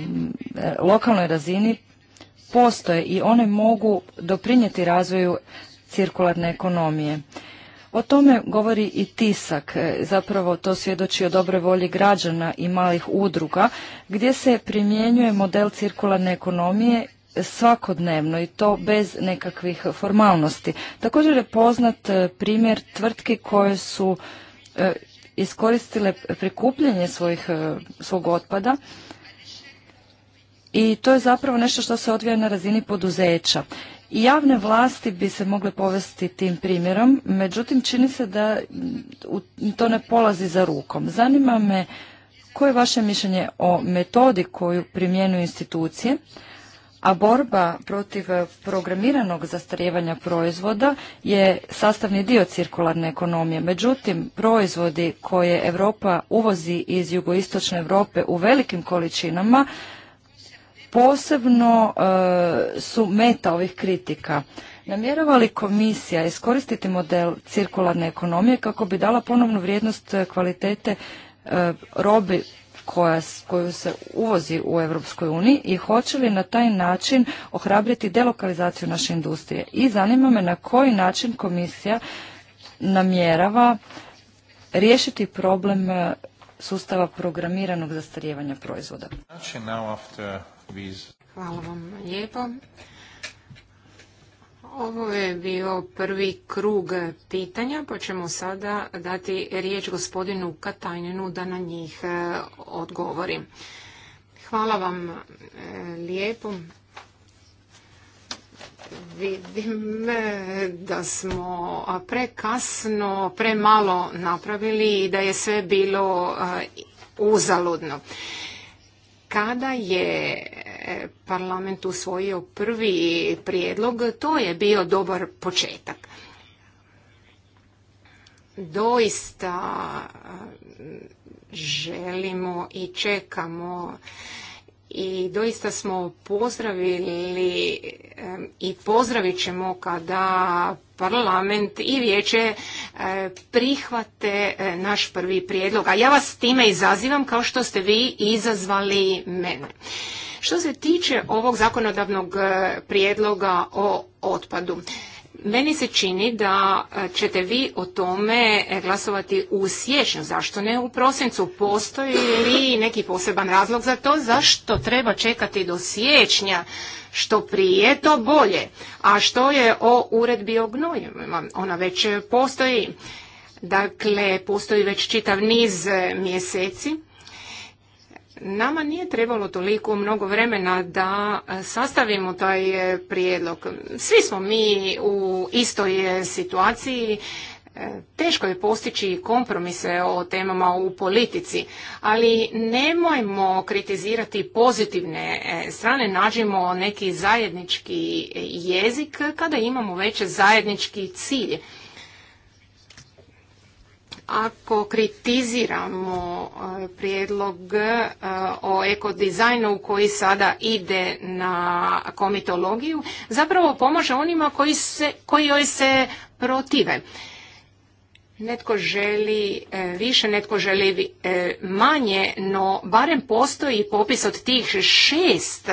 e, lokalnoj razini postoje i one mogu doprinijeti razvoju cirkularne ekonomije. O tome govori i tisak, e, zapravo to svjedoči o dobroj volji građana i malih udruga, gdje se primjenjuje model cirkularne ekonomije svakodnevno i to bez nekakvih formalnosti. Također je poznat e, primjer tvrtki koje su e, iskoristile prikupljanje svojih, e, svog otpada i to je zapravo nešto što se odvija na razini poduzeća. I javne vlasti bi se mogle povesti tim primjerom, međutim čini se da to ne polazi za rukom. Zanima me koje je vaše mišljenje o metodi koju primjenuju institucije, a borba protiv programiranog zastarijevanja proizvoda je sastavni dio cirkularne ekonomije. Međutim, proizvodi koje Europa uvozi iz jugoistočne Europe u velikim količinama posebno e, su meta ovih kritika. Namjerava li komisija iskoristiti model cirkularne ekonomije kako bi dala ponovnu vrijednost kvalitete e, robi koja, koju se uvozi u Europskoj uniji i hoće li na taj način ohrabriti delokalizaciju naše industrije. I zanima me na koji način komisija namjerava riješiti problem e, sustava programiranog zastarijevanja proizvoda. Hvala vam lijepo. Ovo je bio prvi krug pitanja, pa ćemo sada dati riječ gospodinu Katajninu da na njih e, odgovori. Hvala vam e, lijepo. Vidim e, da smo prekasno, premalo napravili i da je sve bilo uzaludno. Kada je parlament usvojio prvi prijedlog, to je bio dobar početak. Doista eh, želimo i čekamo i doista smo pozdravili eh, i pozdravit ćemo kada parlament i vijeće eh, prihvate naš prvi prijedlog. A ja vas time izazivam kao što ste vi izazvali mene. Što se tiče ovog zakonodavnog e, prijedloga o otpadu, meni se čini da e, ćete vi o tome e, glasovati u siječnju. Zašto ne u prosincu? Postoji li neki poseban razlog za to? Zašto treba čekati do siječnja? Što prije, to bolje. A što je o uredbi o gnojima? Ona već postoji. Dakle, postoji već čitav niz mjeseci Nama nije trebalo toliko mnogo vremena da sastavimo taj e, prijedlog. Svi smo mi u istoj e, situaciji, e, teško je postići kompromise o temama u politici, ali nemojmo kritizirati pozitivne strane, nađimo neki zajednički jezik kada imamo već zajednički cilj. Ako kritiziramo e, prijedlog e, o ekodizajnu koji sada ide na komitologiju, zapravo pomaže onima koji, se, koji joj se protive. Netko želi e, više, netko želi manje, no barem postoji popis od tih šest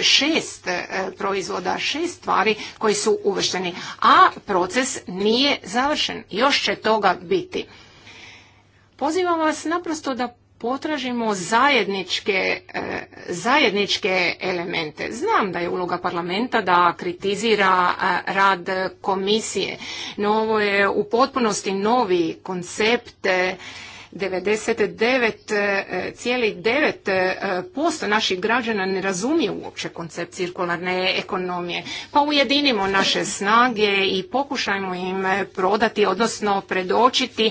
šest e, proizvoda, šest stvari koji su uvršteni, a proces nije završen. Još će toga biti. Pozivam vas naprosto da potražimo zajedničke, e, zajedničke elemente. Znam da je uloga parlamenta da kritizira e, rad komisije, no ovo je u potpunosti novi koncept 99,9% naših građana ne razumije uopće koncept cirkularne ekonomije. Pa ujedinimo naše snage i pokušajmo im e, prodati, odnosno predočiti e,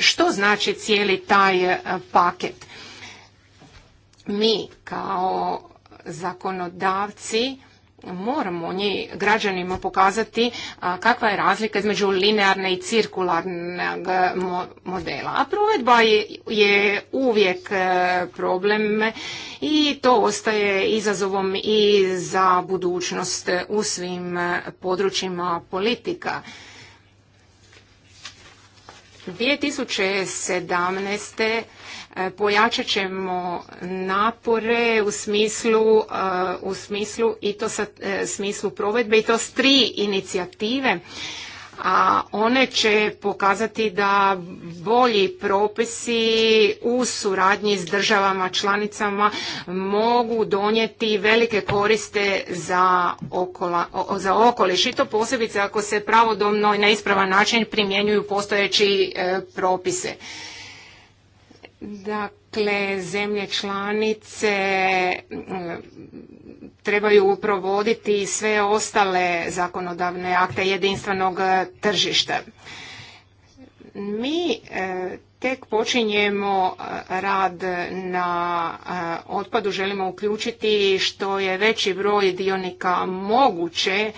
što znači cijeli taj e, paket. Mi kao zakonodavci moramo njih, građanima pokazati kakva je razlika između linearne i cirkularnog modela. A provedba je uvijek e, problem i to ostaje izazovom i za budućnost u svim e, područjima politika. 2017 E, pojačat ćemo napore u smislu, e, u smislu i to e, smislu provedbe i to s tri inicijative a one će pokazati da bolji propisi u suradnji s državama članicama mogu donijeti velike koriste za, okoliš i to posebice ako se pravodobno i na ispravan način primjenjuju postojeći propise. Dakle, zemlje članice mm, trebaju provoditi sve ostale zakonodavne akte jedinstvenog tržišta. Mi e, tek počinjemo e, rad na e, otpadu, želimo uključiti što je veći broj dionika moguće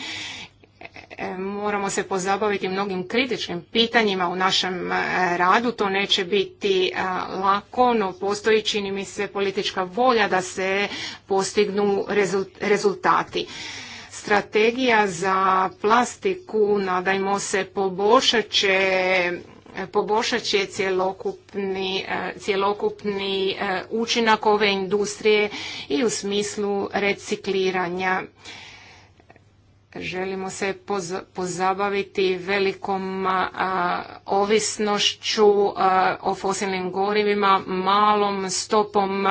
E, moramo se pozabaviti mnogim kritičnim pitanjima u našem e, radu. To neće biti e, lako, no postoji čini mi se politička volja da se postignu rezultati. Strategija za plastiku, nadajmo se, poboljšat će cjelokupni, cjelokupni učinak ove industrije i u smislu recikliranja želimo se pozabaviti velikom ovisnošću o fosilnim gorivima, malom stopom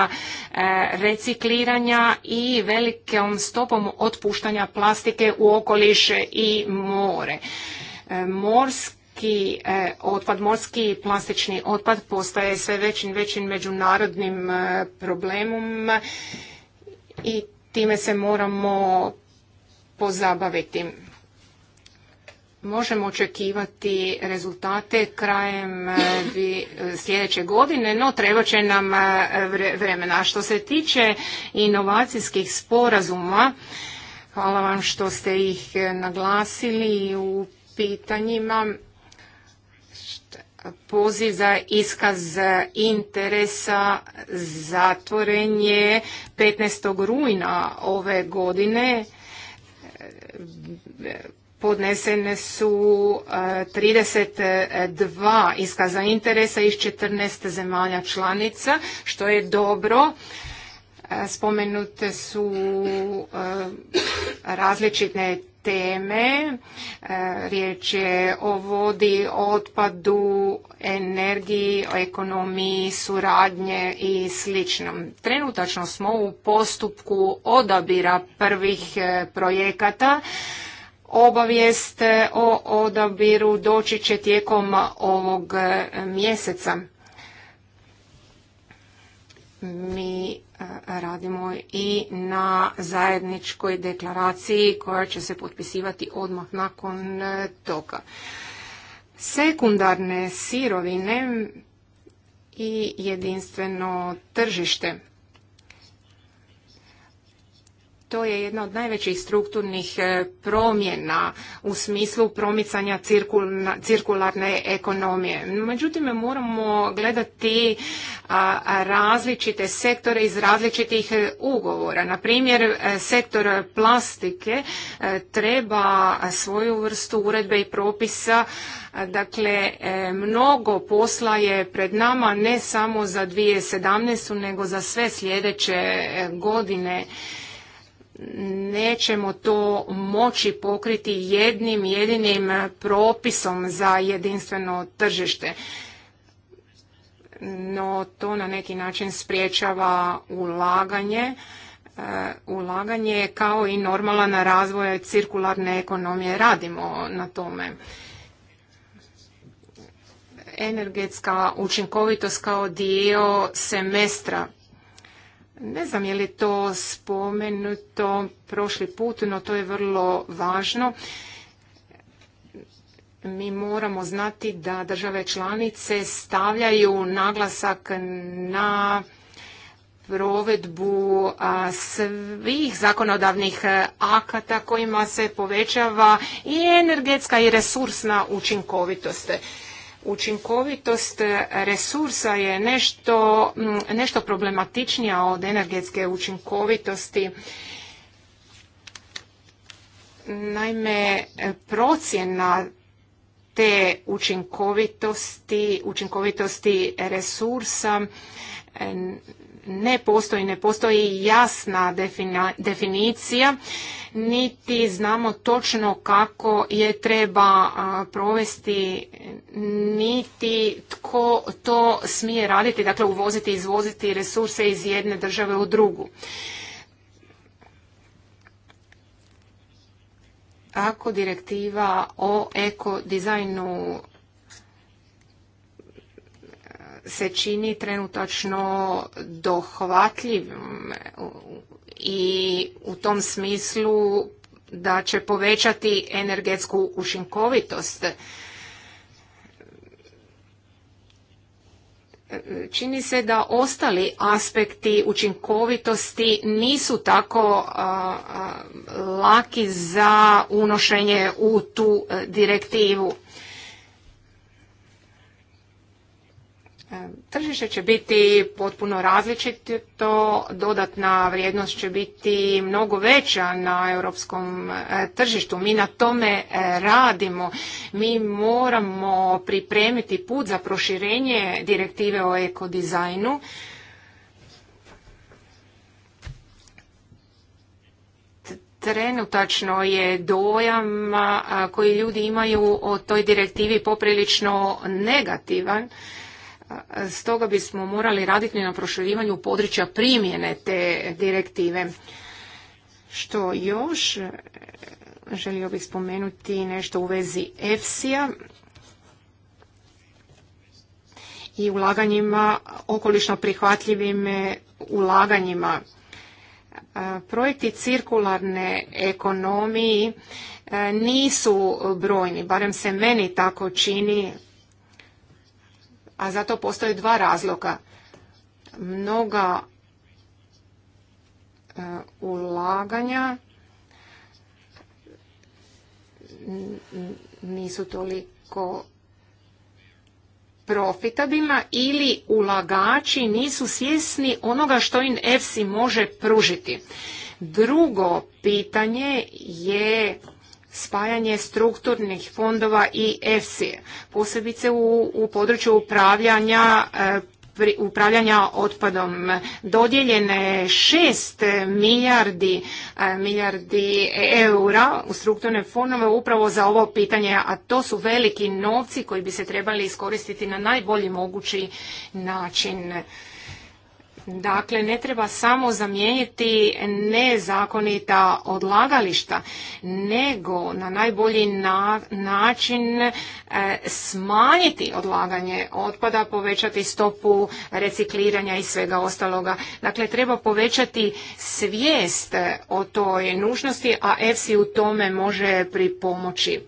recikliranja i velikom stopom otpuštanja plastike u okoliše i more. E, morski e, otpad, morski plastični otpad postaje sve većim većim međunarodnim e, problemom i time se moramo pozabaviti. Možemo očekivati rezultate krajem eh, eh, sljedeće godine, no treba će nam eh, vremena. Što se tiče inovacijskih sporazuma, hvala vam što ste ih naglasili u pitanjima poziv za iskaz interesa zatvoren je 15. rujna ove godine podnesene su 32 e, iskaza interesa iz 14 zemalja članica, što je dobro. E, spomenute su e, različite teme. E, riječ je o vodi, otpadu, energiji, o ekonomiji, suradnje i sl. Trenutačno smo u postupku odabira prvih e, projekata. Obavijest o odabiru doći će tijekom ovog e, mjeseca. Mi E, radimo i na zajedničkoj deklaraciji koja će se potpisivati odmah nakon e, toga. Sekundarne sirovine i jedinstveno tržište to je jedna od najvećih strukturnih e, promjena u smislu promicanja cirkularne ekonomije. Međutim, moramo gledati različite sektore iz različitih e, ugovora. Na primjer, e, sektor plastike treba svoju vrstu uredbe i propisa Dakle, mnogo posla je pred nama ne samo za 2017. nego za sve sljedeće godine nećemo to moći pokriti jednim jedinim propisom za jedinstveno tržište. No to na neki način spriječava ulaganje e, ulaganje kao i normalan razvoj cirkularne ekonomije. Radimo na tome. Energetska učinkovitost kao dio semestra ne znam je li to spomenuto prošli put, no to je vrlo važno. Mi moramo znati da države članice stavljaju naglasak na provedbu svih zakonodavnih akata kojima se povećava i energetska i resursna učinkovitost. Učinkovitost resursa je nešto, nešto problematičnija od energetske učinkovitosti. Naime, procjena te učinkovitosti, učinkovitosti resursa ne postoji, ne postoji jasna definicija, niti znamo točno kako je treba provesti, niti tko to smije raditi, dakle uvoziti i izvoziti resurse iz jedne države u drugu. Ako direktiva o ekodizajnu se čini trenutačno dohvatljivim i u tom smislu da će povećati energetsku učinkovitost. Čini se da ostali aspekti učinkovitosti nisu tako laki za unošenje u tu e, direktivu. Tržište će biti potpuno različito, dodatna vrijednost će biti mnogo veća na europskom e, tržištu. Mi na tome e, radimo. Mi moramo pripremiti put za proširenje direktive o ekodizajnu. trenutačno je dojam koji ljudi imaju o toj direktivi poprilično negativan stoga bismo morali raditi na proširivanju područja primjene te direktive. Što još? Želio bih spomenuti nešto u vezi EFSI-a i ulaganjima, okolišno prihvatljivim ulaganjima. Projekti cirkularne ekonomiji nisu brojni, barem se meni tako čini, a zato postoje dva razloga. Mnoga e, ulaganja nisu toliko profitabilna ili ulagači nisu svjesni onoga što im EFSI može pružiti. Drugo pitanje je spajanje strukturnih fondova i EFSI, posebice u, području upravljanja e, upravljanja otpadom Dodjeljene šest milijardi, e, milijardi eura u strukturne fondove upravo za ovo pitanje, a to su veliki novci koji bi se trebali iskoristiti na najbolji mogući način. Dakle, ne treba samo zamijeniti nezakonita odlagališta, nego na najbolji način e, smanjiti odlaganje otpada, povećati stopu recikliranja i svega ostaloga. Dakle, treba povećati svijest o toj nužnosti, a EFSI u tome može pripomoći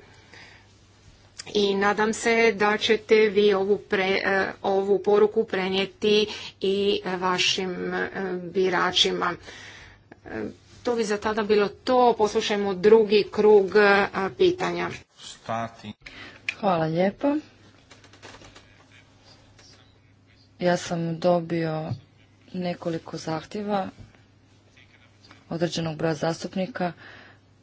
i nadam se da ćete vi ovu, e, ovu poruku prenijeti i vašim e, biračima. E, to bi za tada bilo to. Poslušajmo drugi krug pitanja. Hvala lijepo. Ja sam dobio nekoliko zahtjeva određenog broja zastupnika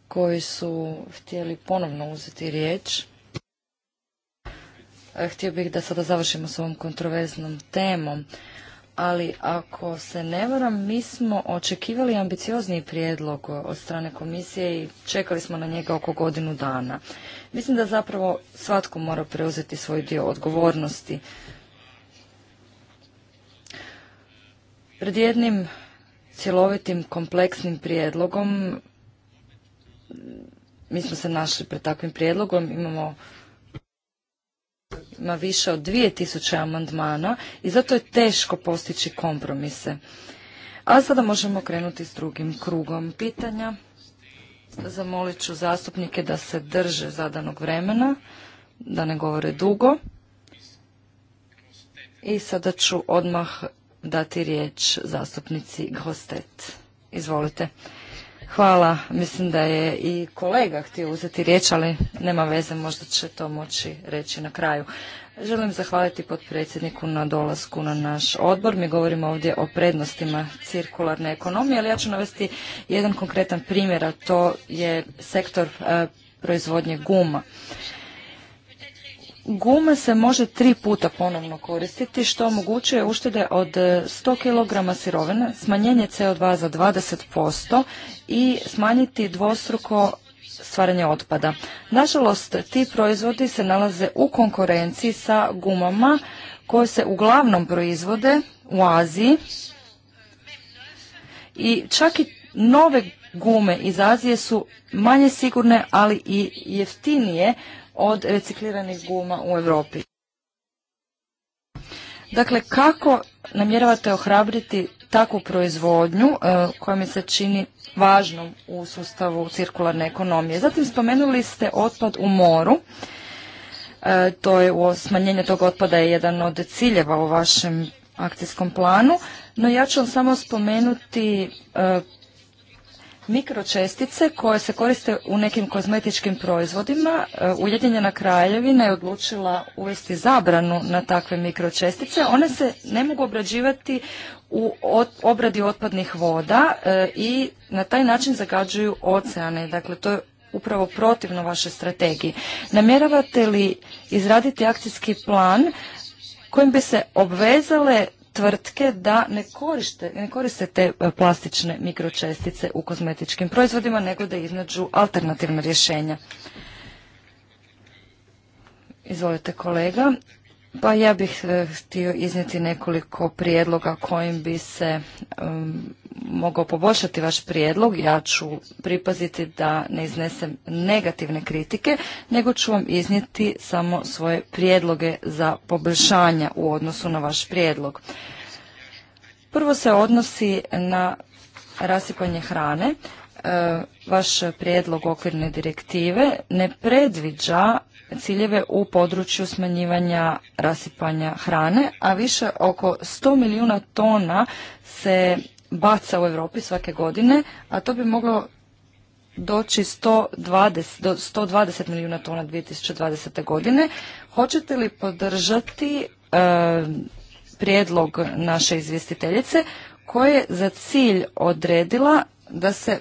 koji su htjeli ponovno uzeti riječ. Htio bih da sada završimo s ovom kontroverznom temom, ali ako se ne varam, mi smo očekivali ambiciozniji prijedlog od strane komisije i čekali smo na njega oko godinu dana. Mislim da zapravo svatko mora preuzeti svoj dio odgovornosti. Pred jednim cjelovitim kompleksnim prijedlogom mi smo se našli pred takvim prijedlogom, imamo ima više od 2000 amandmana i zato je teško postići kompromise. A sada možemo krenuti s drugim krugom pitanja. Zamolit ću zastupnike da se drže zadanog vremena, da ne govore dugo. I sada ću odmah dati riječ zastupnici Gostet. Izvolite. Hvala. Mislim da je i kolega htio uzeti riječ, ali nema veze, možda će to moći reći na kraju. Želim zahvaliti potpredsjedniku na dolasku na naš odbor. Mi govorimo ovdje o prednostima cirkularne ekonomije, ali ja ću navesti jedan konkretan primjer, a to je sektor e, proizvodnje guma. Guma se može tri puta ponovno koristiti, što omogućuje uštede od 100 kg sirovine, smanjenje CO2 za 20% i smanjiti dvostruko stvaranje otpada. Nažalost, ti proizvodi se nalaze u konkurenciji sa gumama koje se uglavnom proizvode u Aziji i čak i nove gume iz Azije su manje sigurne, ali i jeftinije od recikliranih guma u Europi. Dakle, kako namjeravate ohrabriti takvu proizvodnju e, koja mi se čini važnom u sustavu cirkularne ekonomije? Zatim spomenuli ste otpad u moru. E, to je u smanjenje tog otpada je jedan od ciljeva u vašem akcijskom planu, no ja ću vam samo spomenuti e, mikročestice koje se koriste u nekim kozmetičkim proizvodima. E, Ujedinjena kraljevina je odlučila uvesti zabranu na takve mikročestice. One se ne mogu obrađivati u obradi otpadnih voda e, i na taj način zagađuju oceane. Dakle, to je upravo protivno vaše strategiji. Namjeravate li izraditi akcijski plan kojim bi se obvezale tvrtke da ne, koriste, ne te e, plastične mikročestice u kozmetičkim proizvodima, nego da iznađu alternativna rješenja. Izvolite kolega. Pa ja bih e, htio iznijeti nekoliko prijedloga kojim bi se mogao poboljšati vaš prijedlog. Ja ću pripaziti da ne iznesem negativne kritike, nego ću vam iznijeti samo svoje prijedloge za poboljšanja u odnosu na vaš prijedlog. Prvo se odnosi na rasipanje hrane. E, vaš prijedlog okvirne direktive ne predviđa ciljeve u području smanjivanja rasipanja hrane, a više oko 100 milijuna tona se baca u Europi svake godine, a to bi moglo doći 120, do 120 milijuna tona 2020. godine. Hoćete li podržati e, prijedlog naše izvjestiteljice koja je za cilj odredila da se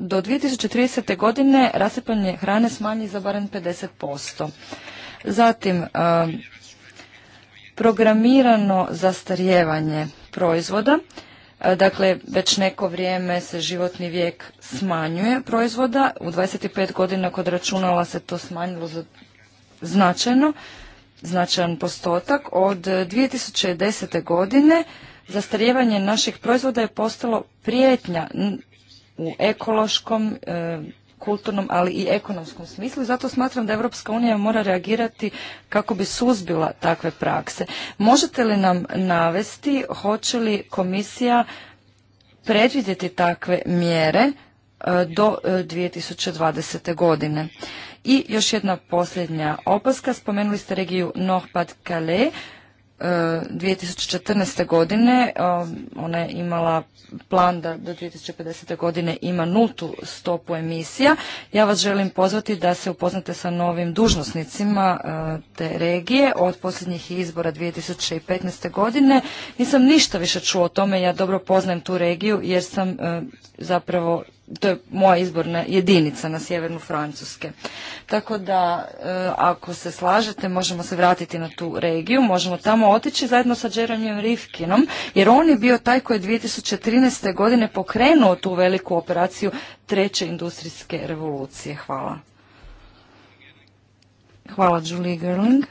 do 2030. godine rasipanje hrane smanji za barem 50%. Zatim, e, programirano zastarjevanje proizvoda. E, dakle, već neko vrijeme se životni vijek smanjuje proizvoda. U 25 godina kod računala se to smanjilo za značajno, značajan postotak. Od 2010. godine zastarjevanje naših proizvoda je postalo prijetnja u ekološkom, e, kulturnom, ali i ekonomskom smislu. Zato smatram da Europska unija mora reagirati kako bi suzbila takve prakse. Možete li nam navesti hoće li komisija predvidjeti takve mjere e, do 2020. E, godine? I još jedna posljednja opaska. Spomenuli ste regiju Nohpad-Calais 2014. godine um, ona je imala plan da do 2050. godine ima nultu stopu emisija. Ja vas želim pozvati da se upoznate sa novim dužnosnicima uh, te regije od posljednjih izbora 2015. godine. Nisam ništa više čuo o tome, ja dobro poznajem tu regiju jer sam uh, zapravo to je moja izborna jedinica na sjevernu Francuske. Tako da e, ako se slažete možemo se vratiti na tu regiju, možemo tamo otići zajedno sa Jeremijom Rifkinom jer on je bio taj koji je 2013. godine pokrenuo tu veliku operaciju treće industrijske revolucije. Hvala. Hvala Julie Gerling.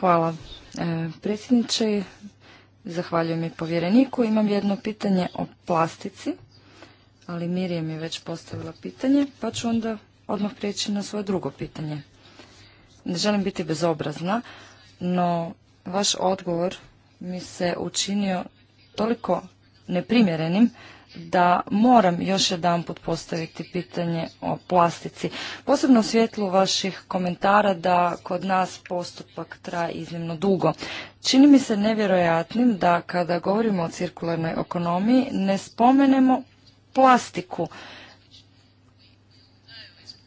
Hvala e, predsjedniče. Zahvaljujem i povjereniku. Imam jedno pitanje o plastici, ali mi je već postavila pitanje, pa ću onda odmah prijeći na svoje drugo pitanje. Ne želim biti bezobrazna, no vaš odgovor mi se učinio toliko neprimjerenim da moram još jedanput postaviti pitanje o plastici. Posebno u svjetlu vaših komentara da kod nas postupak traje iznimno dugo. Čini mi se nevjerojatnim da kada govorimo o cirkularnoj ekonomiji ne spomenemo plastiku.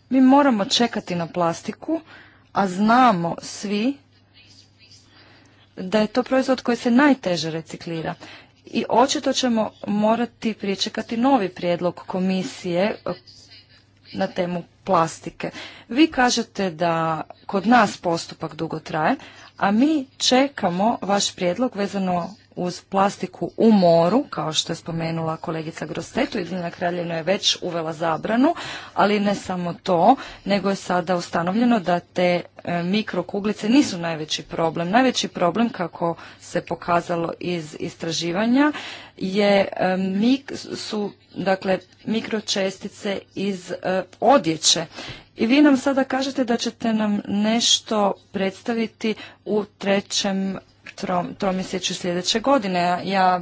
Mi moramo čekati na plastiku, a znamo svi da je to proizvod koji se najteže reciklira i očito ćemo morati pričekati novi prijedlog komisije eh, na temu plastike. Vi kažete da kod nas postupak dugo traje, a mi čekamo vaš prijedlog vezano uz plastiku u moru, kao što je spomenula kolegica Grostetu, Jedinjena kraljevina je već uvela zabranu, ali ne samo to, nego je sada ustanovljeno da te e, mikrokuglice nisu najveći problem. Najveći problem, kako se pokazalo iz istraživanja, je e, su dakle mikročestice iz e, odjeće. I vi nam sada kažete da ćete nam nešto predstaviti u trećem trom, tromjeseću sljedeće godine. Ja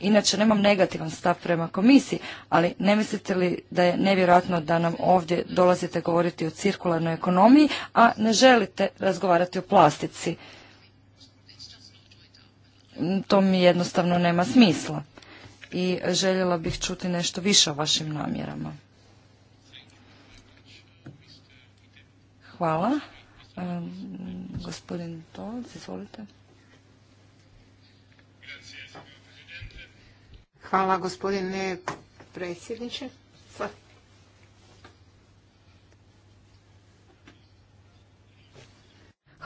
inače nemam negativan stav prema komisiji, ali ne mislite li da je nevjerojatno da nam ovdje dolazite govoriti o cirkularnoj ekonomiji, a ne želite razgovarati o plastici? Mm, to mi jednostavno nema smisla i željela bih čuti nešto više o vašim namjerama. Hvala. gospodin Tolc, izvolite. Hvala gospodine predsjedniče.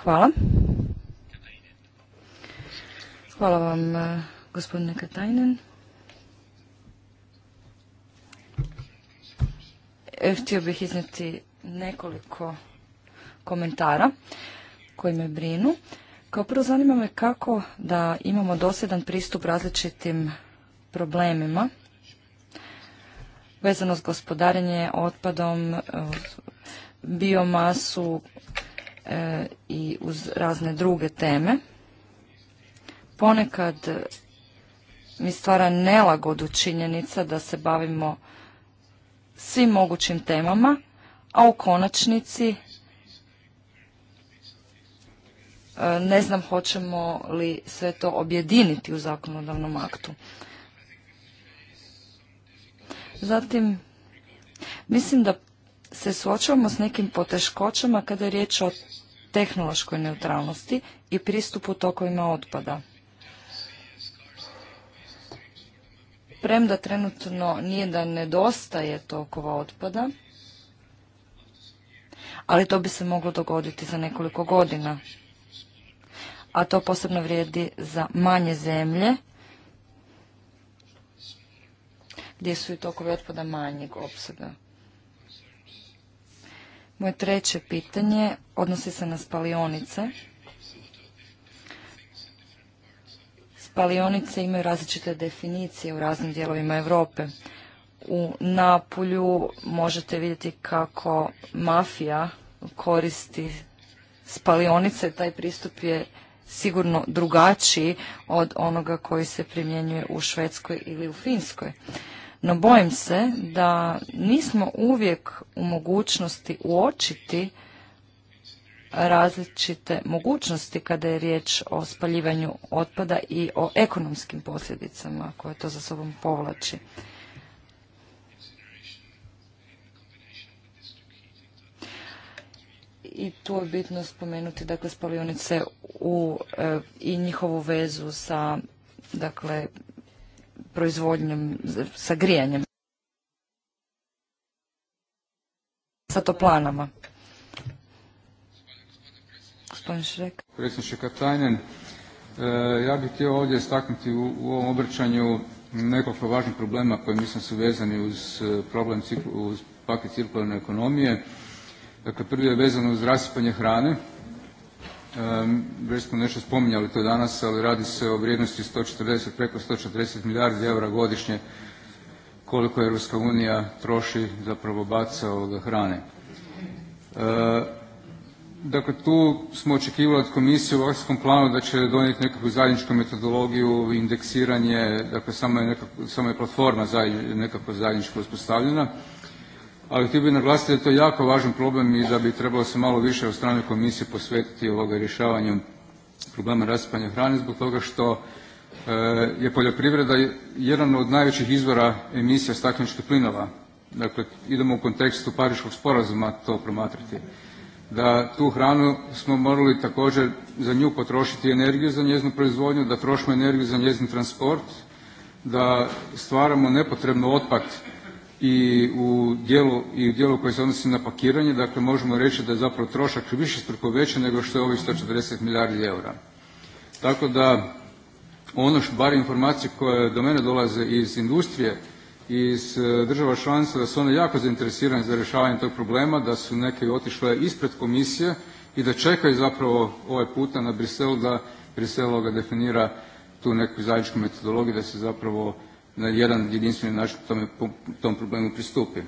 Hvala. Hvala vam eh, gospodine Katajnen. Eh, htio bih iznijeti nekoliko komentara koji me brinu. Kao prvo zanima me kako da imamo dosjedan pristup različitim problemima vezano s gospodarenje otpadom, e, biomasu e, i uz razne druge teme. Ponekad mi stvara nelagodu činjenica da se bavimo svim mogućim temama, a u konačnici e, ne znam hoćemo li sve to objediniti u zakonodavnom aktu. Zatim, mislim da se suočavamo s nekim poteškoćama kada je riječ o tehnološkoj neutralnosti i pristupu tokovima otpada. Premda trenutno nije da nedostaje tokova otpada, ali to bi se moglo dogoditi za nekoliko godina. A to posebno vrijedi za manje zemlje gdje su i tokovi otpada manjeg opsega. Moje treće pitanje odnosi se na spalionice. Spalionice imaju različite definicije u raznim dijelovima Europe. U Napulju možete vidjeti kako mafija koristi spalionice. Taj pristup je sigurno drugačiji od onoga koji se primjenjuje u Švedskoj ili u Finskoj. No bojim se da nismo uvijek u mogućnosti uočiti različite mogućnosti kada je riječ o spaljivanju otpada i o ekonomskim posljedicama koje to za sobom povlači. I tu je bitno spomenuti dakle spalionice u, e, i njihovu vezu sa dakle proizvodnjom, sa grijanjem, sa toplanama. Gospodin Šrek. Predsjedniče e, ja bih htio ovdje istaknuti u, ovom obraćanju nekoliko važnih problema koji mislim su vezani uz e, problem uz paket cirkularne ekonomije. Dakle, prvi je vezan uz rasipanje hrane već smo nešto spominjali to danas, ali radi se o vrijednosti 140, preko 140 milijardi eura godišnje koliko Europska unija troši, zapravo baca hrane. Dakle, tu smo očekivali od komisije u akcijskom planu da će donijeti nekakvu zajedničku metodologiju, indeksiranje, dakle samo je, samo platforma nekako zajednički uspostavljena ali htio bih naglasiti da je to jako važan problem i da bi trebalo se malo više od strane komisije posvetiti rješavanju problema rasipanja hrane zbog toga što e, je poljoprivreda jedan od najvećih izvora emisija stakleničkih plinova. Dakle, idemo u kontekstu Pariškog sporazuma to promatrati. Da tu hranu smo morali također za nju potrošiti energiju za njeznu proizvodnju, da trošimo energiju za njezin transport, da stvaramo nepotrebno otpad i u dijelu koji se odnosi na pakiranje, dakle možemo reći da je zapravo trošak višestruko veći nego što je ovih 140 milijardi eura. Tako da ono što, bar informacije koje do mene dolaze iz industrije, iz e, država članica, da su one jako zainteresirane za rješavanje tog problema, da su neke otišle ispred komisije i da čekaju zapravo ovaj puta na Briselu da ga definira tu neku zajedničku metodologiju da se zapravo na jedan jedinstveni način tom problemu pristupi. E,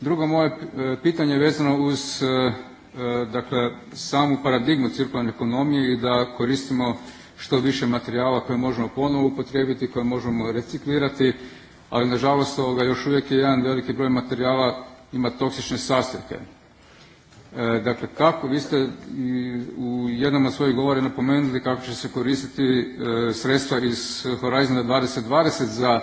drugo moje e, pitanje je vezano uz e, dakle, samu paradigmu cirkularne ekonomije i da koristimo što više materijala koje možemo ponovo upotrijebiti, koje možemo reciklirati, ali nažalost još uvijek je jedan veliki broj materijala ima toksične sastojke. E, dakle, kako vi ste u jednom od svojih govora napomenuli kako će se koristiti e, sredstva iz Horizona 2020 za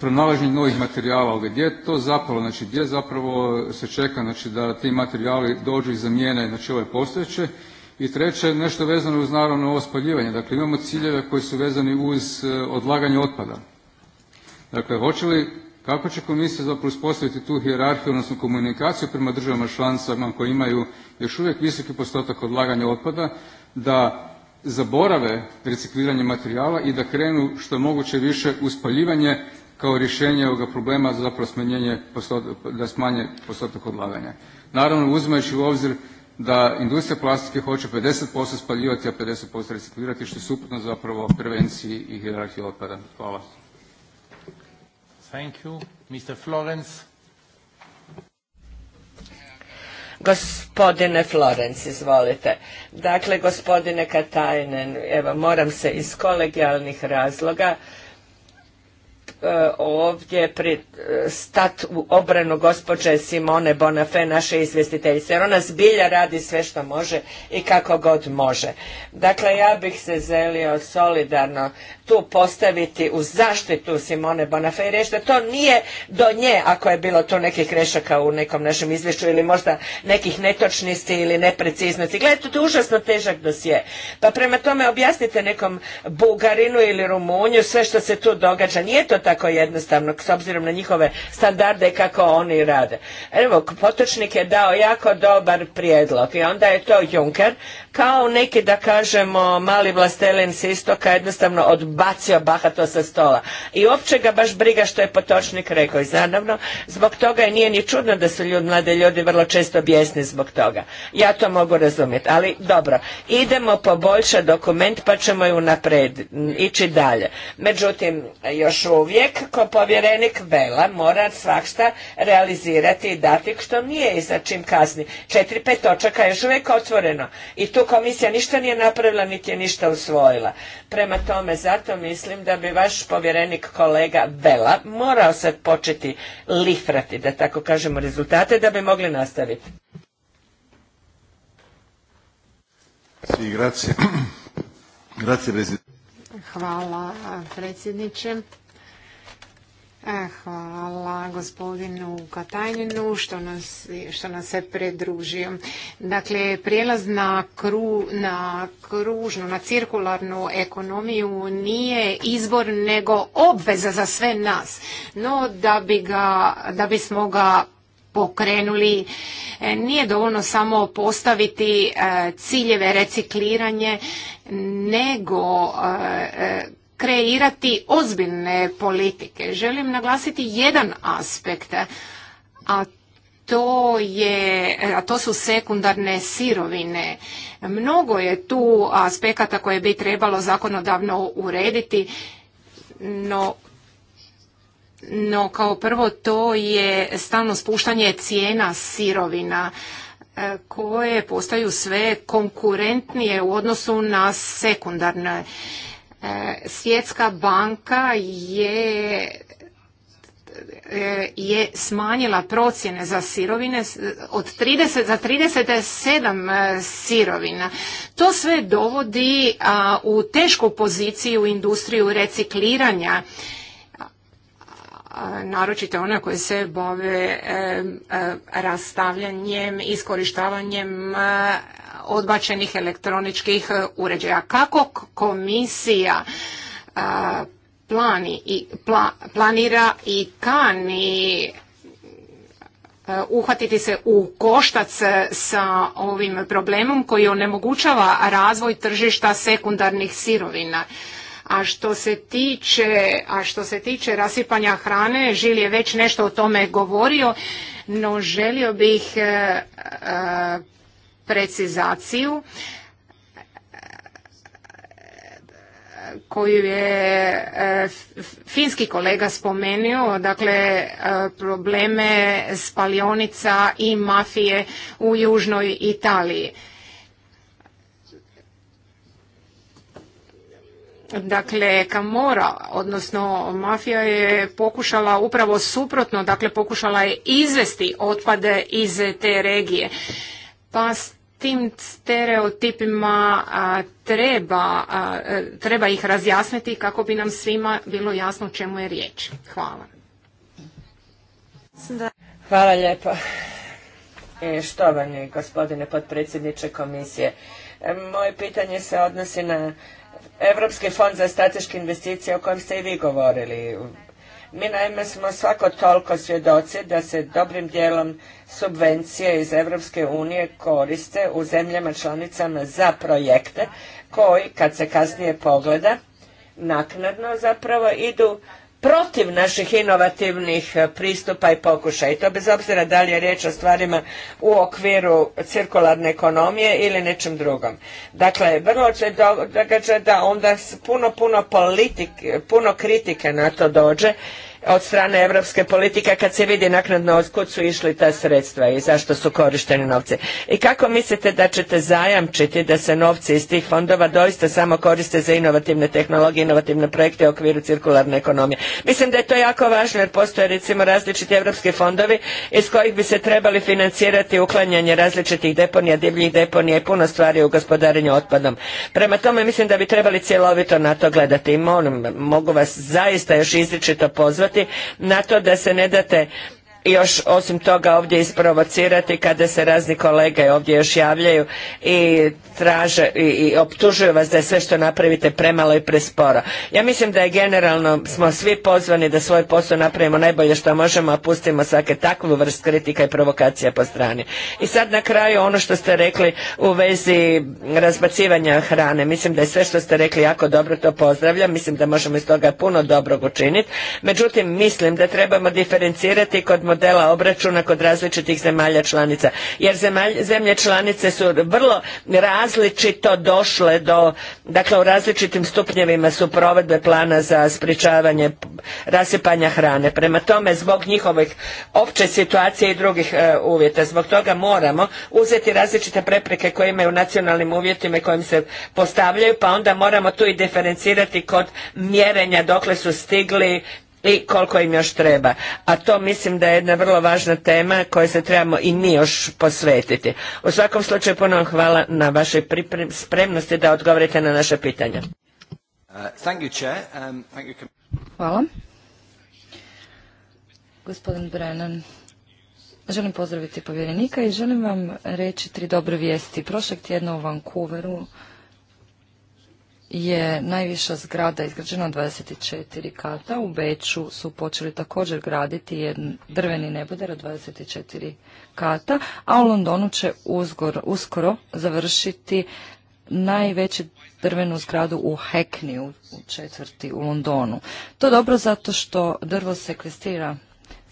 pronalaženje novih materijala, ali gdje je to zapalo, znači gdje zapravo se čeka znači, da ti materijali dođu i zamijene znači, ove postojeće. I treće, nešto vezano uz naravno ovo spaljivanje. Dakle, imamo ciljeve koji su vezani uz e, odlaganje otpada. Dakle, hoće li kako će komisija zapravo uspostaviti tu hijerarhiju, odnosno komunikaciju prema državama članicama koje imaju još uvijek visoki postotak odlaganja otpada da zaborave recikliranje materijala i da krenu što je moguće više u spaljivanje kao rješenje ovoga problema za zapravo smanjenje, da smanje postotak odlaganja. Naravno uzimajući u obzir da industrija plastike hoće 50% spaljivati, a 50% reciklirati što je suprotno zapravo prevenciji i hijerarhiji otpada. Hvala. Gospodine Florence, izvolite. Dakle, gospodine Katajnen, evo, moram se iz kolegijalnih razloga e, ovdje e, stat u obranu gospođe Simone Bonafé, naše izvjestiteljice, jer ona zbilja radi sve što može i kako god može. Dakle, ja bih se zelio solidarno tu postaviti u zaštitu Simone Bonafe i da to nije do nje ako je bilo tu nekih grešaka u nekom našem izvješću ili možda nekih netočnosti ili nepreciznosti. Gledajte, to je užasno težak dosje. Pa prema tome objasnite nekom Bugarinu ili Rumunju sve što se tu događa. Nije to tako jednostavno s obzirom na njihove standarde kako oni rade. Evo, Potočnik je dao jako dobar prijedlog i onda je to Juncker kao neki da kažemo mali vlastelin s istoka jednostavno od bacio bahato sa stola. I uopće ga baš briga što je Potočnik rekao. I zanavno, zbog toga je nije ni čudno da su ljud, mlade ljudi vrlo često bijesni zbog toga. Ja to mogu razumjeti, ali dobro. Idemo poboljša dokument pa ćemo ju napred, ići dalje. Međutim, još uvijek ko povjerenik Vela mora svakšta realizirati i dati što nije i za čim kasni. Četiri, pet točaka je još uvijek otvoreno. I tu komisija ništa nije napravila niti je ništa usvojila. Prema tome, zato zato mislim da bi vaš povjerenik kolega Vela morao sad početi lifrati, da tako kažemo, rezultate da bi mogli nastaviti. Hvala predsjedniče. E, hvala gospodinu Katajninu što nas, što nas se predružio. Dakle, prijelaz na, kru, na kružnu, na cirkularnu ekonomiju nije izbor nego obveza za sve nas. No, da, bi ga, da bismo ga pokrenuli. E, nije dovoljno samo postaviti e, ciljeve recikliranje, nego kreirati ozbiljne politike. Želim naglasiti jedan aspekt, a to je, a to su sekundarne sirovine. Mnogo je tu aspekata koje bi trebalo zakonodavno urediti, no no kao prvo to je stalno spuštanje cijena sirovina e, koje postaju sve konkurentnije u odnosu na sekundarne E, Svjetska banka je e, je smanjila procjene za sirovine od 30 za 37 e, sirovina. To sve dovodi u tešku poziciju industriju recikliranja naročito ona koje se bave rastavljanjem, iskorištavanjem odbačenih elektroničkih e, uređaja. Kako komisija e, plani i planira i kani e, uhvatiti se u koštac sa ovim problemom koji onemogućava razvoj tržišta sekundarnih sirovina. A što se tiče, a što se tiče rasipanja hrane, Žil je već nešto o tome govorio, no želio bih precizaciju koju je e, finski kolega spomenuo, dakle e, probleme spalionica i mafije u južnoj Italiji. Dakle, Kamora, odnosno mafija je pokušala upravo suprotno, dakle pokušala je izvesti otpade iz te regije. Pa tim stereotipima treba, e, treba ih razjasniti kako bi nam svima bilo jasno o čemu je riječ. Hvala. Hvala lijepo. I e, što vam je, gospodine potpredsjedniče komisije. E, moje pitanje se odnosi na Europski fond za strateške investicije o kojem ste i vi govorili. Mi naime smo svako toliko svjedoci da se dobrim dijelom subvencije iz Europske unije koriste u zemljama članicama za projekte koji, kad se kasnije pogleda, naknadno zapravo idu protiv naših inovativnih pristupa i pokušaja. I to bez obzira da li je riječ o stvarima u okviru cirkularne ekonomije ili nečem drugom. Dakle, vrlo će događa da onda puno, puno politike, puno kritike na to dođe od strane europske politike kad se vidi naknadno od kud su išli ta sredstva i zašto su korišteni novci. I kako mislite da ćete zajamčiti da se novci iz tih fondova doista samo koriste za inovativne tehnologije, inovativne projekte u okviru cirkularne ekonomije? Mislim da je to jako važno jer postoje recimo različiti europski fondovi iz kojih bi se trebali financirati uklanjanje različitih deponija, divljih deponija i puno stvari u gospodarenju otpadom. Prema tome mislim da bi trebali cjelovito na to gledati i mogu vas zaista još izričito pozvati utjecati na to da se ne date još osim toga ovdje isprovocirati kada se razni kolege ovdje još javljaju i traže i, optužuju vas da je sve što napravite premalo i presporo. Ja mislim da je generalno smo svi pozvani da svoj posao napravimo najbolje što možemo, a pustimo svake takvu vrst kritika i provokacija po strani. I sad na kraju ono što ste rekli u vezi razbacivanja hrane. Mislim da je sve što ste rekli jako dobro, to pozdravljam. Mislim da možemo iz toga puno dobrog učiniti. Međutim, mislim da trebamo diferencirati kod modela obračuna kod različitih zemalja članica. Jer zemlje članice su vrlo različito došle do, dakle u različitim stupnjevima su provedbe plana za sprječavanje rasipanja hrane. Prema tome, zbog njihovih opće situacije i drugih e, uvjeta, zbog toga moramo uzeti različite prepreke koje imaju u nacionalnim uvjetima kojim se postavljaju, pa onda moramo tu i diferencirati kod mjerenja dokle su stigli i koliko im još treba. A to mislim da je jedna vrlo važna tema koje se trebamo i mi još posvetiti. U svakom slučaju vam hvala na vašoj spremnosti da odgovorite na naše pitanja. Uh, um, hvala. Gospodin Brennan, želim pozdraviti povjerenika i želim vam reći tri dobre vijesti. Prošlog tjedna u Vancouveru je najviša zgrada izgrađena 24 kata. U Beču su počeli također graditi jedan drveni neboder od 24 kata, a u Londonu će uzgor, uskoro završiti najveću drvenu zgradu u Hackney, u četvrti u Londonu. To je dobro zato što drvo sekvestira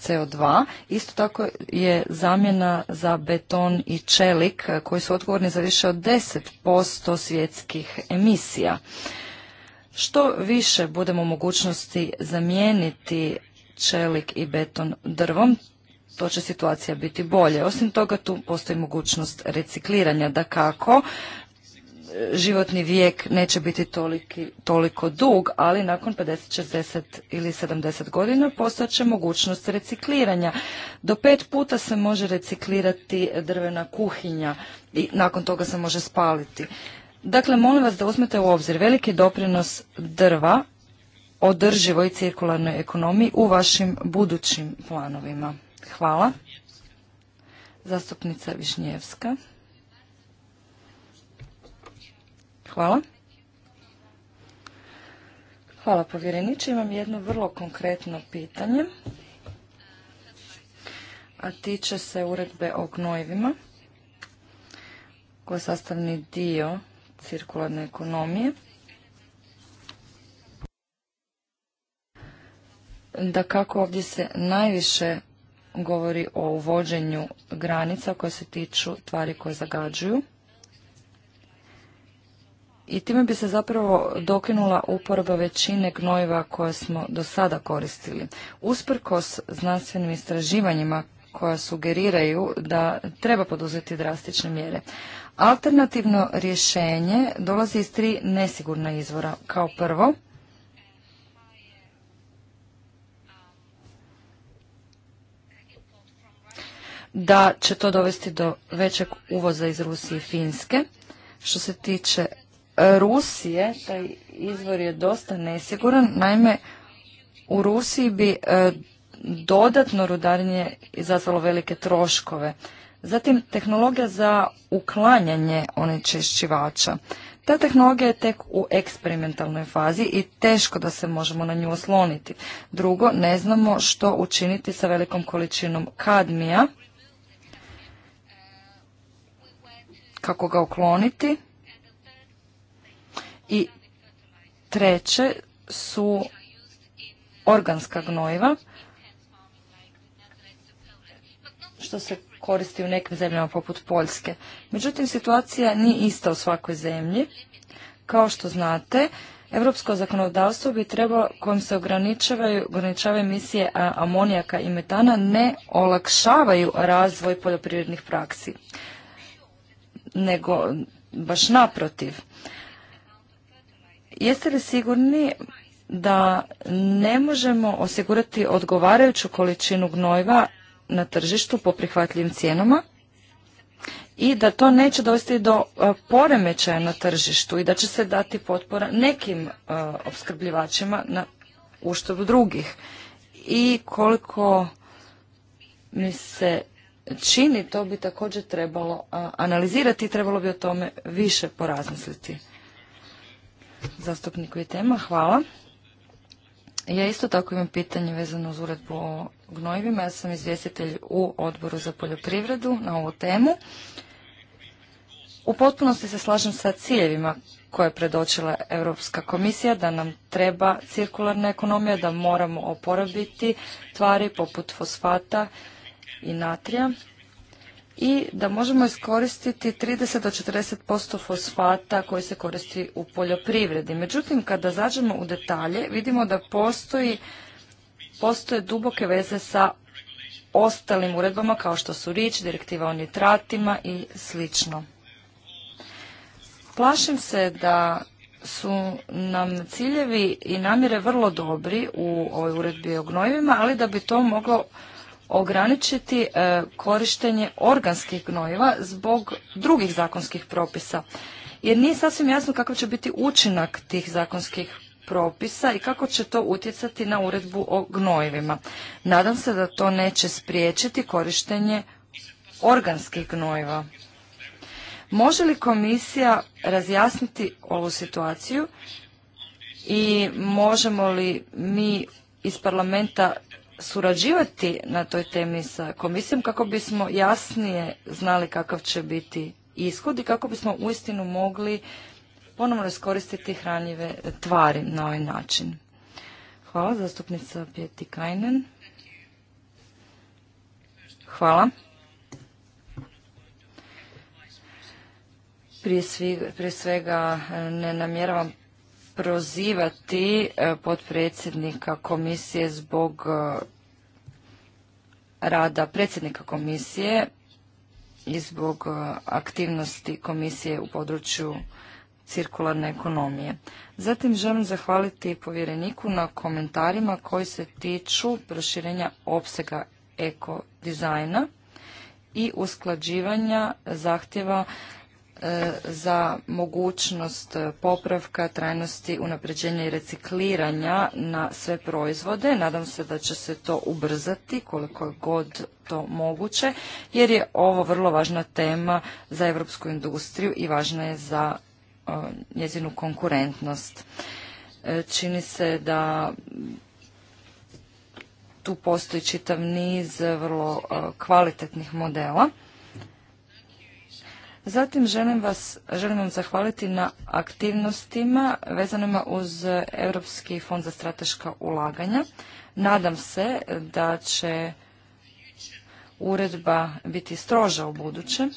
CO2. Isto tako je zamjena za beton i čelik eh, koji su odgovorni za više od 10% svjetskih emisija. Što više budemo mogućnosti zamijeniti čelik i beton drvom, to će situacija biti bolje. Osim toga tu postoji mogućnost recikliranja da kako životni vijek neće biti toliki, toliko dug, ali nakon 50, 60 ili 70 godina će mogućnost recikliranja. Do pet puta se može reciklirati drvena kuhinja i nakon toga se može spaliti. Dakle, molim vas da uzmete u obzir veliki doprinos drva održivoj i cirkularnoj ekonomiji u vašim budućim planovima. Hvala. Zastupnica Višnjevska. Hvala. Hvala povjereniče. Imam jedno vrlo konkretno pitanje, a tiče se uredbe o gnojivima, koja je sastavni dio cirkularne ekonomije. Da kako ovdje se najviše govori o uvođenju granica koje se tiču tvari koje zagađuju i time bi se zapravo dokinula uporaba većine gnojiva koje smo do sada koristili. Usprkos znanstvenim istraživanjima koja sugeriraju da treba poduzeti drastične mjere. Alternativno rješenje dolazi iz tri nesigurna izvora. Kao prvo, da će to dovesti do većeg uvoza iz Rusije i Finske. Što se tiče Rusije, taj izvor je dosta nesiguran. Naime, u Rusiji bi e, dodatno rudarnje izazvalo velike troškove. Zatim, tehnologija za uklanjanje onečišćivača. Ta tehnologija je tek u eksperimentalnoj fazi i teško da se možemo na nju osloniti. Drugo, ne znamo što učiniti sa velikom količinom kadmija, kako ga ukloniti. I treće su organska gnojiva što se koristi u nekim zemljama poput Poljske. Međutim, situacija nije ista u svakoj zemlji. Kao što znate, Europsko zakonodavstvo bi trebalo, kojim se ograničavaju, ograničavaju emisije amonijaka i metana, ne olakšavaju razvoj poljoprivrednih praksi, nego baš naprotiv. Jeste li sigurni da ne možemo osigurati odgovarajuću količinu gnojiva na tržištu po prihvatljivim cijenama i da to neće dovesti do e, poremećaja na tržištu i da će se dati potpora nekim e, opskrbljivačima na uštrb drugih. I koliko mi se čini, to bi također trebalo analizirati i trebalo bi o tome više porazmisliti zastupniku i tema. Hvala. Ja isto tako imam pitanje vezano uz uredbu o gnojivima. Ja sam izvjestitelj u odboru za poljoprivredu na ovu temu. U potpunosti se slažem sa ciljevima koje je predočila Europska komisija, da nam treba cirkularna ekonomija, da moramo oporabiti tvari poput fosfata i natrija i da možemo iskoristiti 30 do 40% fosfata koji se koristi u poljoprivredi. Međutim, kada zađemo u detalje, vidimo da postoje duboke veze sa ostalim uredbama kao što su rič, direktiva o nitratima i slično. Plašim se da su nam ciljevi i namjere vrlo dobri u ovoj uredbi o gnojivima, ali da bi to moglo ograničiti e, korištenje organskih gnojiva zbog drugih zakonskih propisa. Jer nije sasvim jasno kakav će biti učinak tih zakonskih propisa i kako će to utjecati na uredbu o gnojivima. Nadam se da to neće spriječiti korištenje organskih gnojiva. Može li komisija razjasniti ovu situaciju i možemo li mi iz parlamenta surađivati na toj temi sa komisijom kako bismo jasnije znali kakav će biti ishod i kako bismo uistinu mogli ponovno iskoristiti hranjive tvari na ovaj način. Hvala, zastupnica Pjeti Kajnen. Hvala. Prije, prije svega ne namjeravam prozivati e, potpredsjednika komisije zbog e, rada predsjednika komisije i zbog e, aktivnosti komisije u području cirkularne ekonomije. Zatim želim zahvaliti povjereniku na komentarima koji se tiču proširenja opsega ekodizajna i usklađivanja zahtjeva E, za mogućnost popravka, trajnosti, unapređenja i recikliranja na sve proizvode. Nadam se da će se to ubrzati koliko je god to moguće, jer je ovo vrlo važna tema za europsku industriju i važna je za e, njezinu konkurentnost. E, čini se da tu postoji čitav niz vrlo kvalitetnih modela Zatim želim, vas, želim vam zahvaliti na aktivnostima vezanima uz Europski fond za strateška ulaganja. Nadam se da će uredba biti stroža u budućem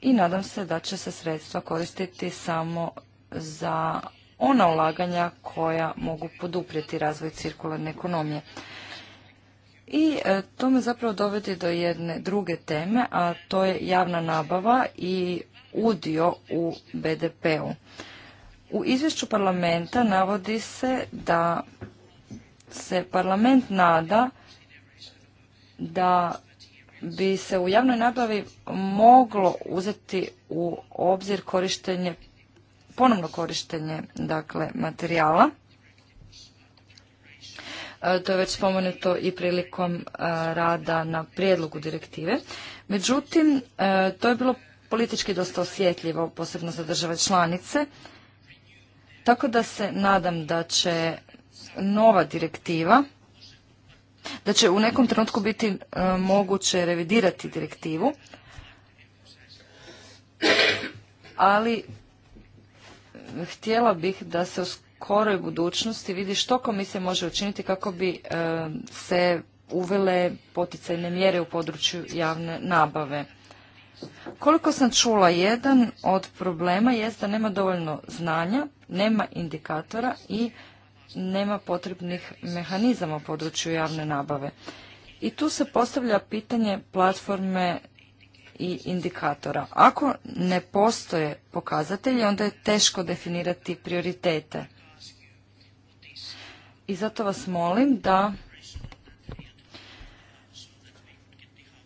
i nadam se da će se sredstva koristiti samo za ona ulaganja koja mogu poduprijeti razvoj cirkularne ekonomije. I e, to me zapravo dovodi do jedne druge teme, a to je javna nabava i udio u BDP-u. U izvješću parlamenta navodi se da se parlament nada da bi se u javnoj nabavi moglo uzeti u obzir korištenje, ponovno korištenje dakle materijala E, to je već spomenuto i prilikom e, rada na prijedlogu direktive. Međutim, e, to je bilo politički dosta osjetljivo, posebno za države članice, tako da se nadam da će nova direktiva, da će u nekom trenutku biti moguće revidirati direktivu, ali htjela bih da se skoroj budućnosti vidi što komisija može učiniti kako bi e, se uvele poticajne mjere u području javne nabave. Koliko sam čula, jedan od problema je da nema dovoljno znanja, nema indikatora i nema potrebnih mehanizama u području javne nabave. I tu se postavlja pitanje platforme i indikatora. Ako ne postoje pokazatelji, onda je teško definirati prioritete i zato vas molim da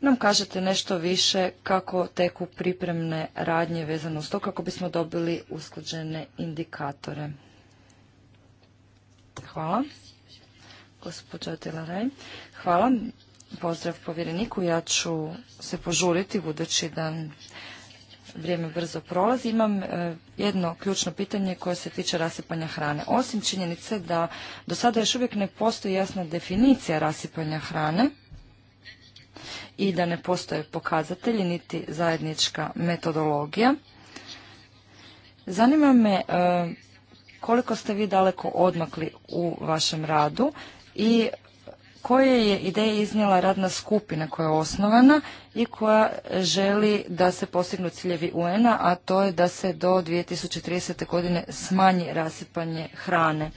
nam kažete nešto više kako teku pripremne radnje vezano s to kako bismo dobili usklađene indikatore. Hvala. Gospođa Telaraj. Hvala. Pozdrav povjereniku. Ja ću se požuriti budući da vrijeme brzo prolazi. Imam e, jedno ključno pitanje koje se tiče rasipanja hrane. Osim činjenice da do sada još uvijek ne postoji jasna definicija rasipanja hrane i da ne postoje pokazatelji niti zajednička metodologija. Zanima me e, koliko ste vi daleko odmakli u vašem radu i koje je ideje iznijela radna skupina koja je osnovana i koja želi da se postignu ciljevi UN-a, a to je da se do 2030. godine smanji rasipanje hrane.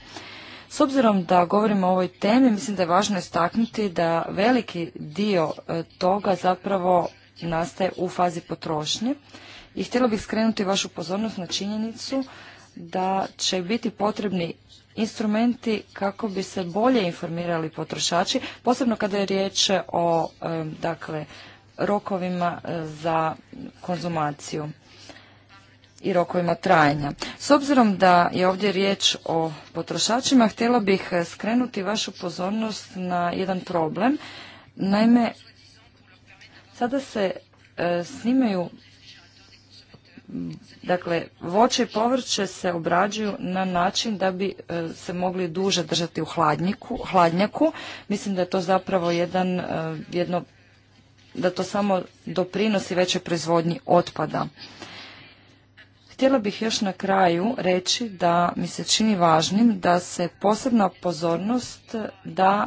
S obzirom da govorimo o ovoj temi, mislim da je važno istaknuti da veliki dio e, toga zapravo nastaje u fazi potrošnje. I htjela bih skrenuti vašu pozornost na činjenicu da će biti potrebni instrumenti kako bi se bolje informirali potrošači, posebno kada je riječ o dakle, rokovima e, za konzumaciju i rokovima trajanja. S obzirom da je ovdje riječ o potrošačima, htjela bih e, skrenuti vašu pozornost na jedan problem. Naime, sada se e, snimaju Dakle, voće i povrće se obrađuju na način da bi e, se mogli duže držati u hladnjiku, hladnjaku. Mislim da je to zapravo jedan, e, jedno, da to samo doprinosi većoj proizvodnji otpada. Htjela bih još na kraju reći da mi se čini važnim da se posebna pozornost da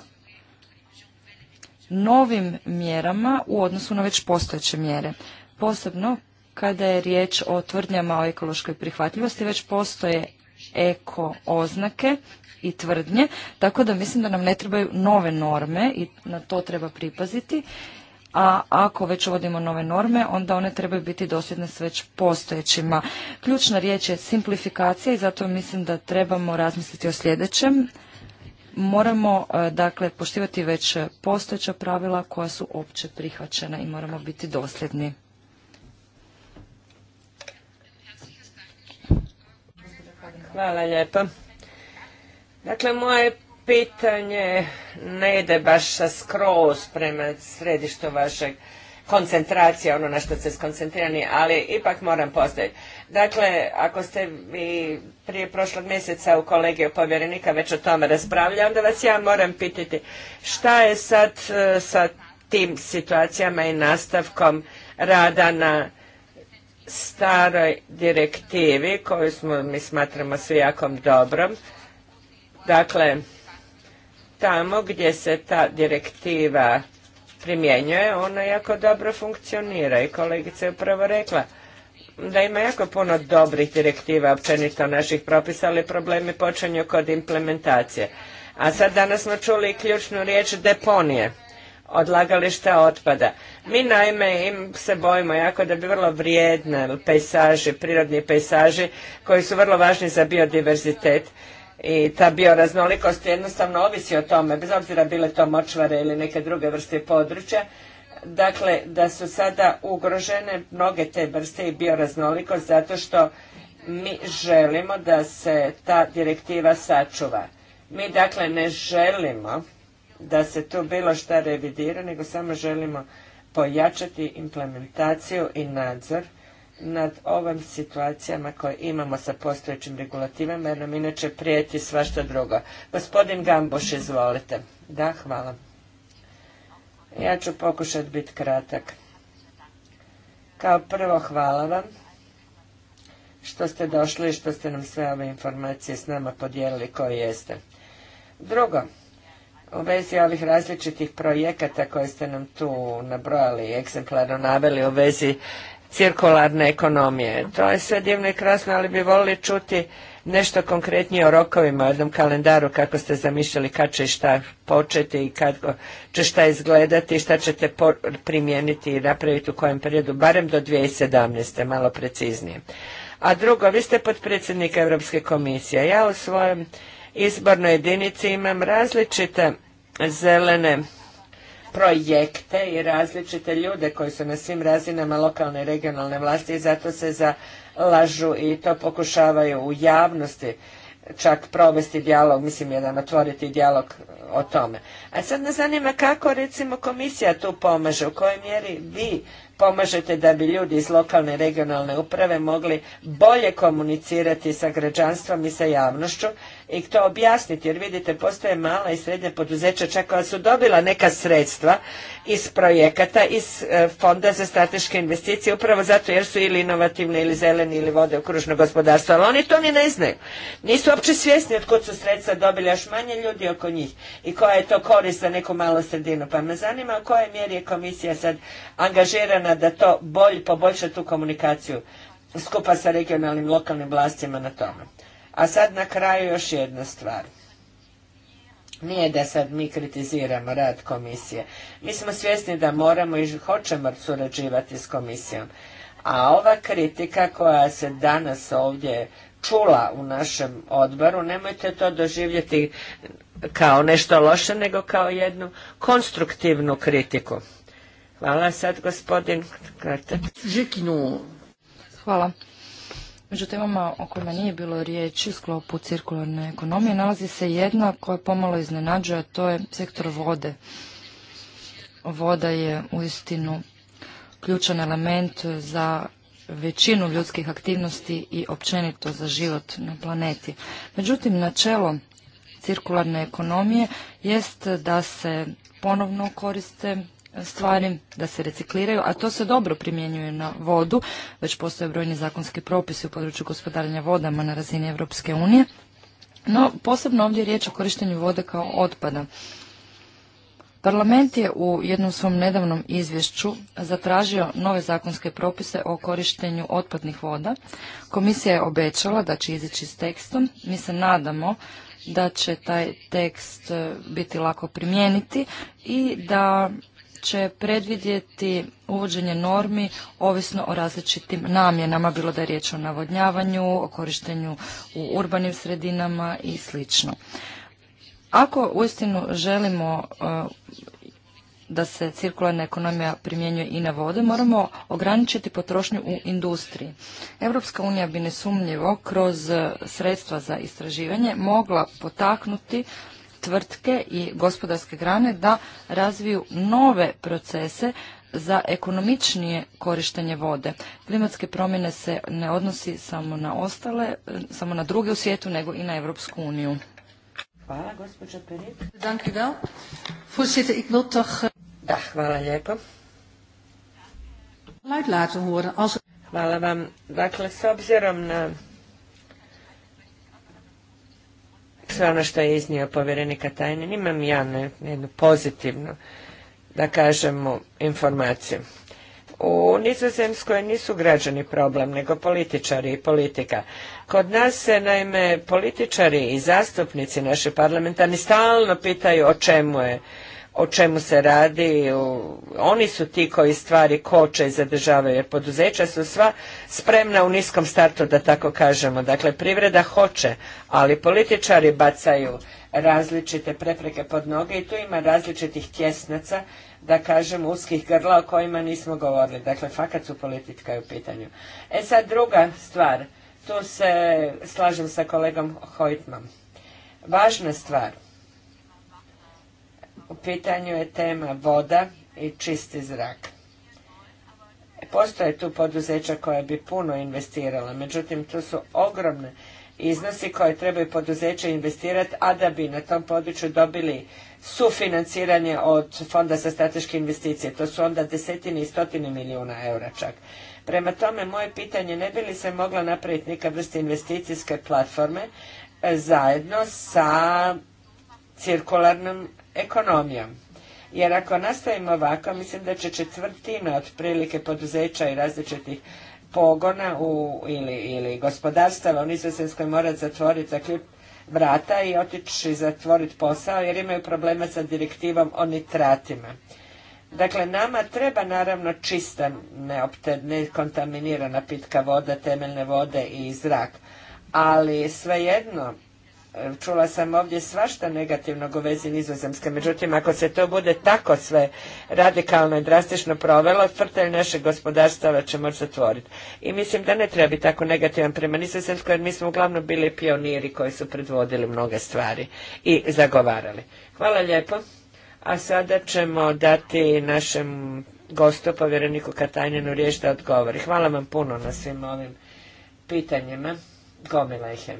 novim mjerama u odnosu na već postojeće mjere. Posebno kada je riječ o tvrdnjama o ekološkoj prihvatljivosti, već postoje eko oznake i tvrdnje, tako da mislim da nam ne trebaju nove norme i na to treba pripaziti. A ako već uvodimo nove norme, onda one trebaju biti dosljedne s već postojećima. Ključna riječ je simplifikacija i zato mislim da trebamo razmisliti o sljedećem. Moramo e, dakle poštivati već postojeća pravila koja su opće prihvaćena i moramo biti dosljedni. Hvala lijepo. Dakle, moje pitanje ne ide baš skroz prema središtu vašeg koncentracije, ono na što ste skoncentrirani, ali ipak moram postaviti. Dakle, ako ste vi prije prošlog mjeseca u kolegiju povjerenika već o tome raspravljali, onda vas ja moram pitati šta je sad e, sa tim situacijama i nastavkom rada na staroj direktivi koju smo, mi smatramo svi jako dobrom. Dakle, tamo gdje se ta direktiva primjenjuje, ona jako dobro funkcionira i kolegica je upravo rekla da ima jako puno dobrih direktiva općenito naših propisa, ali problemi počinju kod implementacije. A sad danas smo čuli ključnu riječ deponije odlagališta otpada. Mi naime im se bojimo jako da bi vrlo vrijedne pejsaže, prirodni pejsaži koji su vrlo važni za biodiverzitet i ta bioraznolikost jednostavno ovisi o tome, bez obzira bile to močvare ili neke druge vrste područja, dakle da su sada ugrožene mnoge te vrste i bioraznolikost zato što mi želimo da se ta direktiva sačuva. Mi dakle ne želimo da se tu bilo šta revidira, nego samo želimo pojačati implementaciju i nadzor nad ovim situacijama koje imamo sa postojećim regulativama, jer nam inače prijeti svašta drugo. Gospodin Gamboš, izvolite. Da, hvala. Ja ću pokušati biti kratak. Kao prvo, hvala vam što ste došli i što ste nam sve ove informacije s nama podijelili koje jeste. Drugo, u vezi ovih različitih projekata koje ste nam tu nabrojali i eksemplarno naveli u vezi cirkularne ekonomije. To je sve divno i krasno, ali bi volili čuti nešto konkretnije o rokovima, o jednom kalendaru, kako ste zamišljali kad će šta početi i kad će šta izgledati šta ćete primijeniti i napraviti u kojem periodu, barem do 2017. malo preciznije. A drugo, vi ste potpredsjednik Europske komisije. Ja u svojem izbornoj jedinici imam različite zelene projekte i različite ljude koji su na svim razinama lokalne i regionalne vlasti i zato se zalažu i to pokušavaju u javnosti čak provesti dijalog, mislim jedan otvoriti dijalog o tome. A sad me zanima kako recimo komisija tu pomaže, u kojoj mjeri vi pomažete da bi ljudi iz lokalne i regionalne uprave mogli bolje komunicirati sa građanstvom i sa javnošću i to objasniti jer vidite postoje mala i srednja poduzeća čak koja su dobila neka sredstva iz projekata, iz e, fonda za strateške investicije upravo zato jer su ili inovativni ili zeleni ili vode u kružno gospodarstvo, ali oni to ni ne znaju. Nisu uopće svjesni od kud su sredstva dobili još manje ljudi oko njih i koja je to korist za neku malu sredinu. Pa me zanima u kojoj mjeri je komisija sad angažirana da to bolj, poboljša tu komunikaciju skupa sa regionalnim lokalnim vlastima na tome. A sad na kraju još jedna stvar. Nije da sad mi kritiziramo rad komisije. Mi smo svjesni da moramo i hoćemo surađivati s komisijom. A ova kritika koja se danas ovdje čula u našem odboru, nemojte to doživjeti kao nešto loše, nego kao jednu konstruktivnu kritiku. Hvala sad gospodin Hvala. Među temama o kojima nije bilo riječi u sklopu cirkularne ekonomije nalazi se jedna koja pomalo iznenađuje, a to je sektor vode. Voda je uistinu ključan element za većinu ljudskih aktivnosti i općenito za život na planeti. Međutim, načelo cirkularne ekonomije jest da se ponovno koriste stvari da se recikliraju, a to se dobro primjenjuje na vodu, već postoje brojni zakonski propisi u području gospodarenja vodama na razini Europske unije. No, posebno ovdje je riječ o korištenju vode kao otpada. Parlament je u jednom svom nedavnom izvješću zatražio nove zakonske propise o korištenju otpadnih voda. Komisija je obećala da će izići s tekstom. Mi se nadamo da će taj tekst e, biti lako primijeniti i da će predvidjeti uvođenje normi ovisno o različitim namjenama, bilo da je riječ o navodnjavanju, o korištenju u urbanim sredinama i sl. Ako uistinu želimo e, da se cirkularna ekonomija primjenjuje i na vode, moramo ograničiti potrošnju u industriji. Europska unija bi nesumnjivo kroz sredstva za istraživanje mogla potaknuti tvrtke i gospodarske grane da razviju nove procese za ekonomičnije korištenje vode. Klimatske promjene se ne odnosi samo na ostale, samo na druge u svijetu, nego i na Europsku uniju. Hvala, gospođa Perit. Dank ik wil toch... Eh, da, hvala lijepo. Hvala vam. Dakle, s obzirom na Sve ono što je iznio povjerenika tajne, imam ja ne, jednu pozitivnu, da kažemo, informaciju. U Nizozemskoj nisu građani problem, nego političari i politika. Kod nas se, naime, političari i zastupnici naše parlamentarni stalno pitaju o čemu je o čemu se radi. Oni su ti koji stvari koče i zadržavaju, jer poduzeća su sva spremna u niskom startu, da tako kažemo. Dakle, privreda hoće, ali političari bacaju različite prepreke pod noge i tu ima različitih tjesnaca, da kažem, uskih grla o kojima nismo govorili. Dakle, fakat su politika u pitanju. E sad druga stvar, tu se slažem sa kolegom Hojtman. Važna stvar – u pitanju je tema voda i čisti zrak. Postoje tu poduzeća koja bi puno investirala, međutim tu su ogromne iznosi koje trebaju poduzeće investirati, a da bi na tom području dobili sufinanciranje od Fonda za strateške investicije. To su onda desetine i stotine milijuna eura čak. Prema tome, moje pitanje, ne bi li se mogla napraviti neka vrsta investicijske platforme e, zajedno sa cirkularnom ekonomijom. Jer ako nastavimo ovako, mislim da će četvrtina otprilike poduzeća i različitih pogona u, ili, ili gospodarstava u Nizozemskoj morati zatvoriti vrata i otići zatvoriti posao jer imaju problema sa direktivom o nitratima. Dakle, nama treba naravno čista, nekontaminirana pitka voda, temeljne vode i zrak, ali svejedno čula sam ovdje svašta negativnog u vezi nizozemske. Međutim, ako se to bude tako sve radikalno i drastično provelo, crtelj našeg gospodarstva će moći zatvoriti. I mislim da ne treba biti tako negativan prema nizozemskoj, jer mi smo uglavnom bili pioniri koji su predvodili mnoge stvari i zagovarali. Hvala lijepo. A sada ćemo dati našem gostu, povjereniku Katajninu, riječ da odgovori. Hvala vam puno na svim ovim pitanjima. Gomila ih je.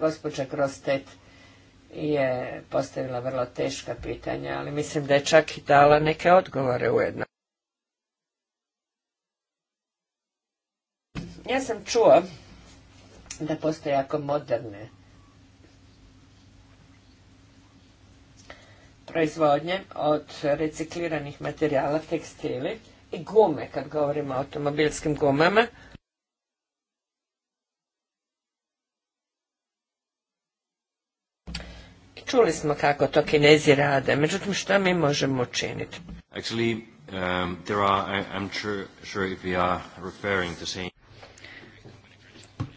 Gospođa Grostet je postavila vrlo teška pitanja, ali mislim da je čak i dala neke odgovore ujedno. Ja sam čuo da postoje jako moderne proizvodnje od recikliranih materijala, tekstili i gume, kad govorimo o automobilskim gumama, Čuli smo kako to kinezi rade, međutim što mi možemo učiniti? Actually, um,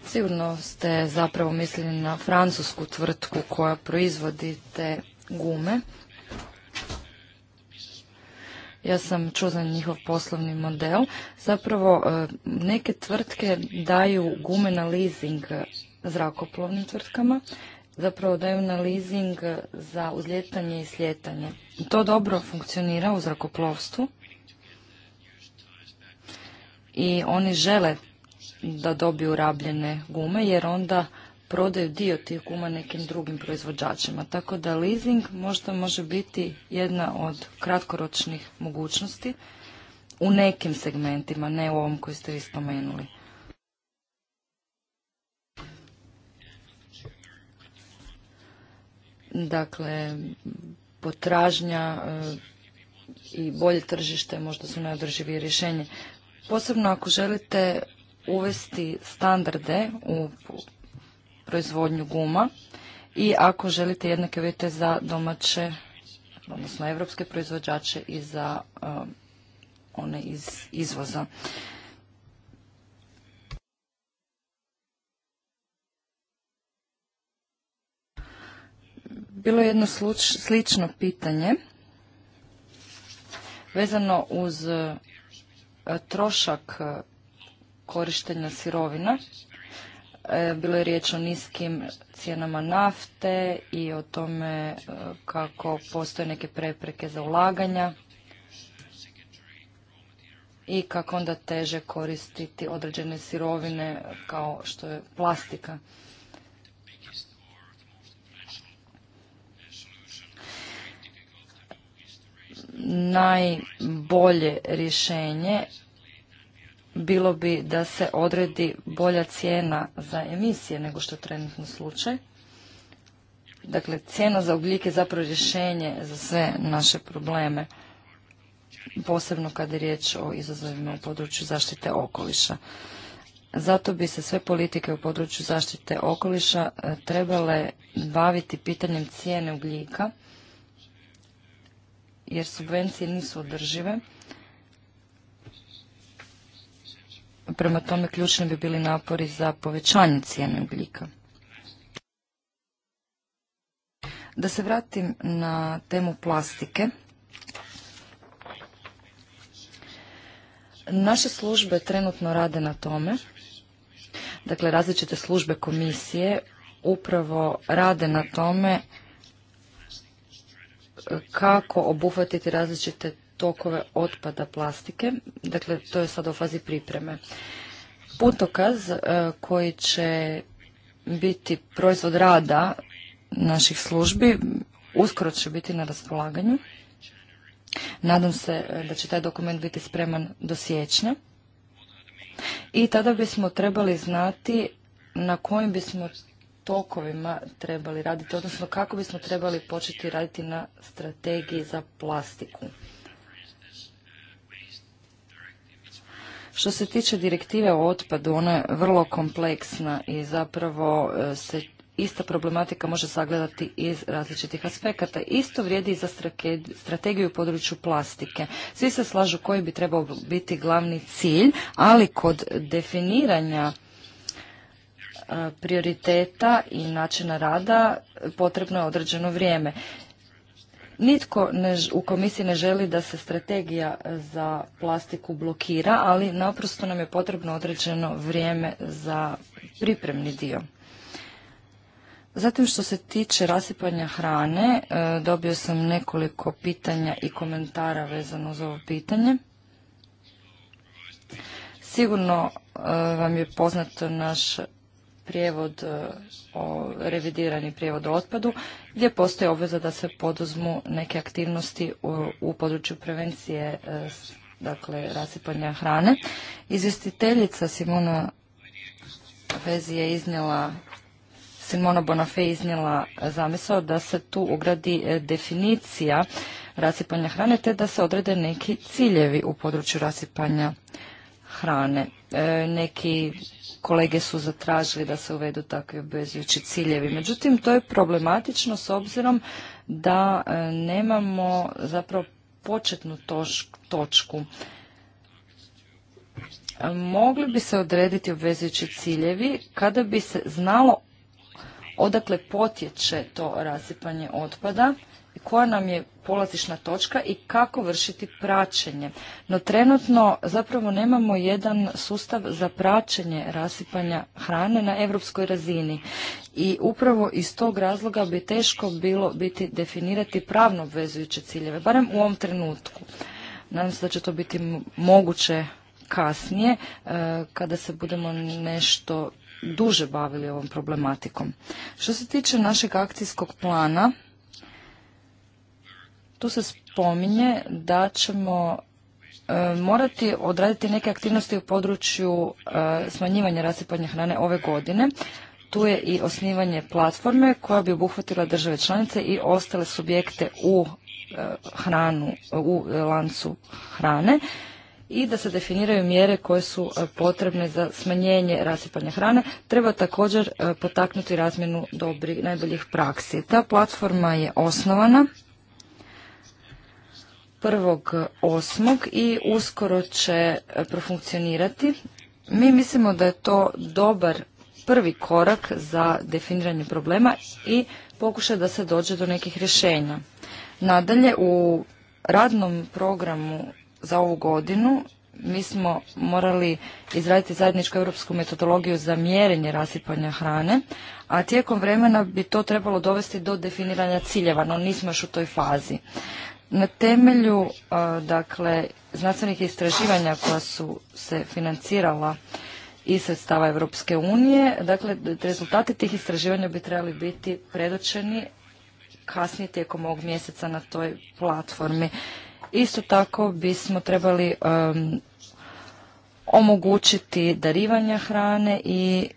Sigurno ste zapravo mislili na francusku tvrtku koja proizvodi te gume. Ja sam čuo za njihov poslovni model. Zapravo e, neke tvrtke daju gume na leasing zrakoplovnim tvrtkama zapravo daju na leasing za uzljetanje i sljetanje. To dobro funkcionira u zrakoplovstvu i oni žele da dobiju rabljene gume jer onda prodaju dio tih guma nekim drugim proizvođačima. Tako da leasing možda može biti jedna od kratkoročnih mogućnosti u nekim segmentima, ne u ovom koji ste vi spomenuli. Dakle, potražnja e, i bolje tržište možda su najodrživije rješenje. Posebno ako želite uvesti standarde u proizvodnju guma i ako želite jednake uvjete za domaće, odnosno evropske proizvođače i za e, one iz izvoza. bilo je jedno slično pitanje vezano uz e, trošak e, korištenja sirovina. E, bilo je riječ o niskim cijenama nafte i o tome kako postoje neke prepreke za ulaganja i kako onda teže koristiti određene sirovine kao što je plastika. najbolje rješenje bilo bi da se odredi bolja cijena za emisije nego što je trenutno slučaj. Dakle, cijena za ugljik je zapravo rješenje za sve naše probleme, posebno kada je riječ o izazovima u području zaštite okoliša. Zato bi se sve politike u području zaštite okoliša e, trebale baviti pitanjem cijene ugljika jer subvencije nisu održive. Prema tome ključni bi bili napori za povećanje cijene ugljika. Da se vratim na temu plastike. Naše službe trenutno rade na tome. Dakle, različite službe komisije upravo rade na tome kako obuhvatiti različite tokove otpada plastike. Dakle, to je sad u fazi pripreme. Putokaz e, koji će biti proizvod rada naših službi uskoro će biti na raspolaganju. Nadam se e, da će taj dokument biti spreman do siječnja. I tada bismo trebali znati na kojim bismo tokovima trebali raditi, odnosno kako bismo trebali početi raditi na strategiji za plastiku. Što se tiče direktive o otpadu, ona je vrlo kompleksna i zapravo e, se ista problematika može sagledati iz različitih aspekata. Isto vrijedi i za strategiju u području plastike. Svi se slažu koji bi trebao biti glavni cilj, ali kod definiranja E, prioriteta i načina rada potrebno je određeno vrijeme. Nitko u komisiji ne želi da se strategija e, za plastiku blokira, ali naprosto nam je potrebno određeno vrijeme za pripremni dio. Zatim što se tiče rasipanja hrane, e, dobio sam nekoliko pitanja i komentara vezano za ovo pitanje. Sigurno vam je poznato naš prijevod, e, o, revidirani prijevod o otpadu, gdje postoji obveza da se poduzmu neke aktivnosti u, području prevencije e, dakle rasipanja hrane. Izvjestiteljica Simona Vezi je iznijela Simona Bonafé iznijela zamisao da se tu ugradi e, definicija rasipanja hrane te da se odrede neki ciljevi u području rasipanja hrane. E, neki kolege su zatražili da se uvedu takvi obvezujući ciljevi. Međutim, to je problematično s obzirom da e, nemamo zapravo početnu točku. E, mogli bi se odrediti obvezujući ciljevi kada bi se znalo odakle potječe to rasipanje otpada koja nam je polazišna točka i kako vršiti praćenje. No trenutno zapravo nemamo jedan sustav za praćenje rasipanja hrane na europskoj razini i upravo iz tog razloga bi teško bilo biti definirati pravno obvezujuće ciljeve, barem u ovom trenutku. Nadam se da će to biti moguće kasnije e, kada se budemo nešto duže bavili ovom problematikom. Što se tiče našeg akcijskog plana, tu se spominje da ćemo e, morati odraditi neke aktivnosti u području e, smanjivanja rasipanja hrane ove godine. Tu je i osnivanje platforme koja bi obuhvatila države članice i ostale subjekte u e, hranu, u lancu hrane i da se definiraju mjere koje su potrebne za smanjenje rasipanja hrane. Treba također potaknuti razmjenu dobrih, najboljih praksi. Ta platforma je osnovana 1.8. i uskoro će e, profunkcionirati. Mi mislimo da je to dobar prvi korak za definiranje problema i pokušaj da se dođe do nekih rješenja. Nadalje, u radnom programu za ovu godinu mi smo morali izraditi zajedničku europsku metodologiju za mjerenje rasipanja hrane, a tijekom vremena bi to trebalo dovesti do definiranja ciljeva, no nismo još u toj fazi. Na temelju dakle znanstvenih istraživanja koja su se financirala i sredstava Europske unije, dakle rezultati tih istraživanja bi trebali biti predočeni kasnije tijekom ovog mjeseca na toj platformi. Isto tako bismo trebali omogućiti darivanje hrane i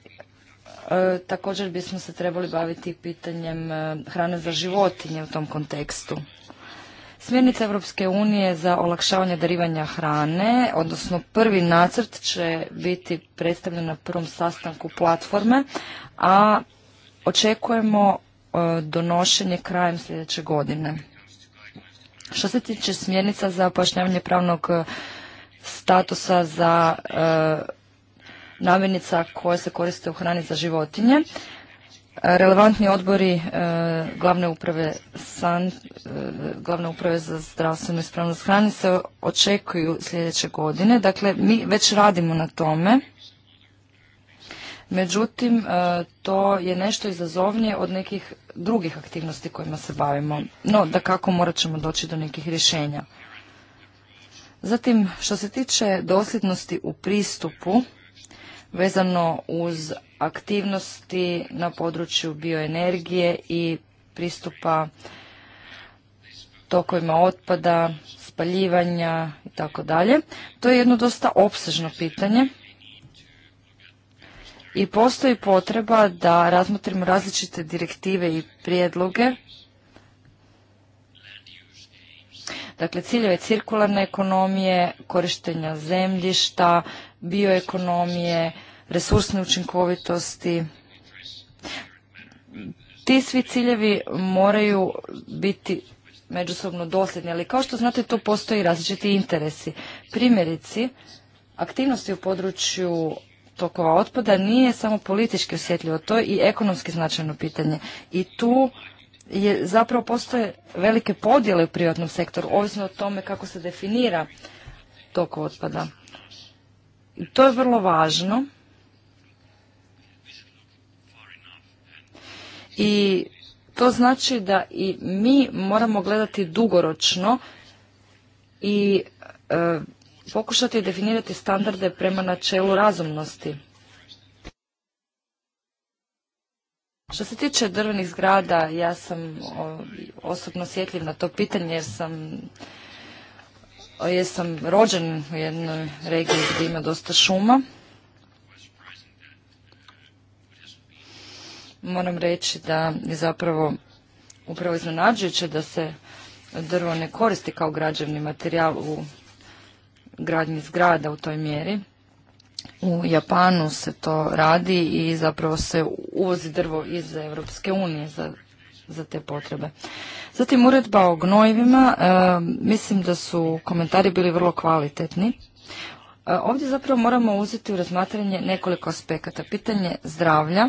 e, također bismo se trebali baviti pitanjem e, hrane za životinje u tom kontekstu. Smjernica Europske unije za olakšavanje darivanja hrane, odnosno prvi nacrt će biti predstavljen na prvom sastanku platforme, a očekujemo e, donošenje krajem sljedeće godine. Što se tiče smjernica za pojašnjavanje pravnog e, statusa za e, namirnica koje se koriste u hrani za životinje, relevantni odbori e, glavne uprave e, glavne uprave za zdravstvenu ispravnost hrane se očekuju sljedeće godine. Dakle, mi već radimo na tome. Međutim, e, to je nešto izazovnije od nekih drugih aktivnosti kojima se bavimo. No, da kako morat ćemo doći do nekih rješenja. Zatim, što se tiče dosljednosti u pristupu, vezano uz aktivnosti na području bioenergije i pristupa tokovima otpada, spaljivanja i tako dalje. To je jedno dosta opsežno pitanje i postoji potreba da razmotrimo različite direktive i prijedloge. Dakle, ciljeve cirkularne ekonomije, korištenja zemljišta, bioekonomije, resursne učinkovitosti. Ti svi ciljevi moraju biti međusobno dosljedni, ali kao što znate tu postoji različiti interesi. Primjerici, aktivnosti u području tokova otpada nije samo politički osjetljivo, to je i ekonomski značajno pitanje. I tu je zapravo postoje velike podjele u privatnom sektoru, ovisno o tome kako se definira toko otpada. I to je vrlo važno i to znači da i mi moramo gledati dugoročno i e, pokušati definirati standarde prema načelu razumnosti. Što se tiče drvenih zgrada, ja sam osobno osjetljiv na to pitanje jer sam jer sam rođen u jednoj regiji gdje ima dosta šuma moram reći da je zapravo upravo iznenađujuće da se drvo ne koristi kao građevni materijal u gradnji zgrada u toj mjeri. U Japanu se to radi i zapravo se uvozi drvo iz Europske unije za, za te potrebe. Zatim uredba o gnojivima, e, mislim da su komentari bili vrlo kvalitetni. E, ovdje zapravo moramo uzeti u razmatranje nekoliko aspekata. Pitanje zdravlja,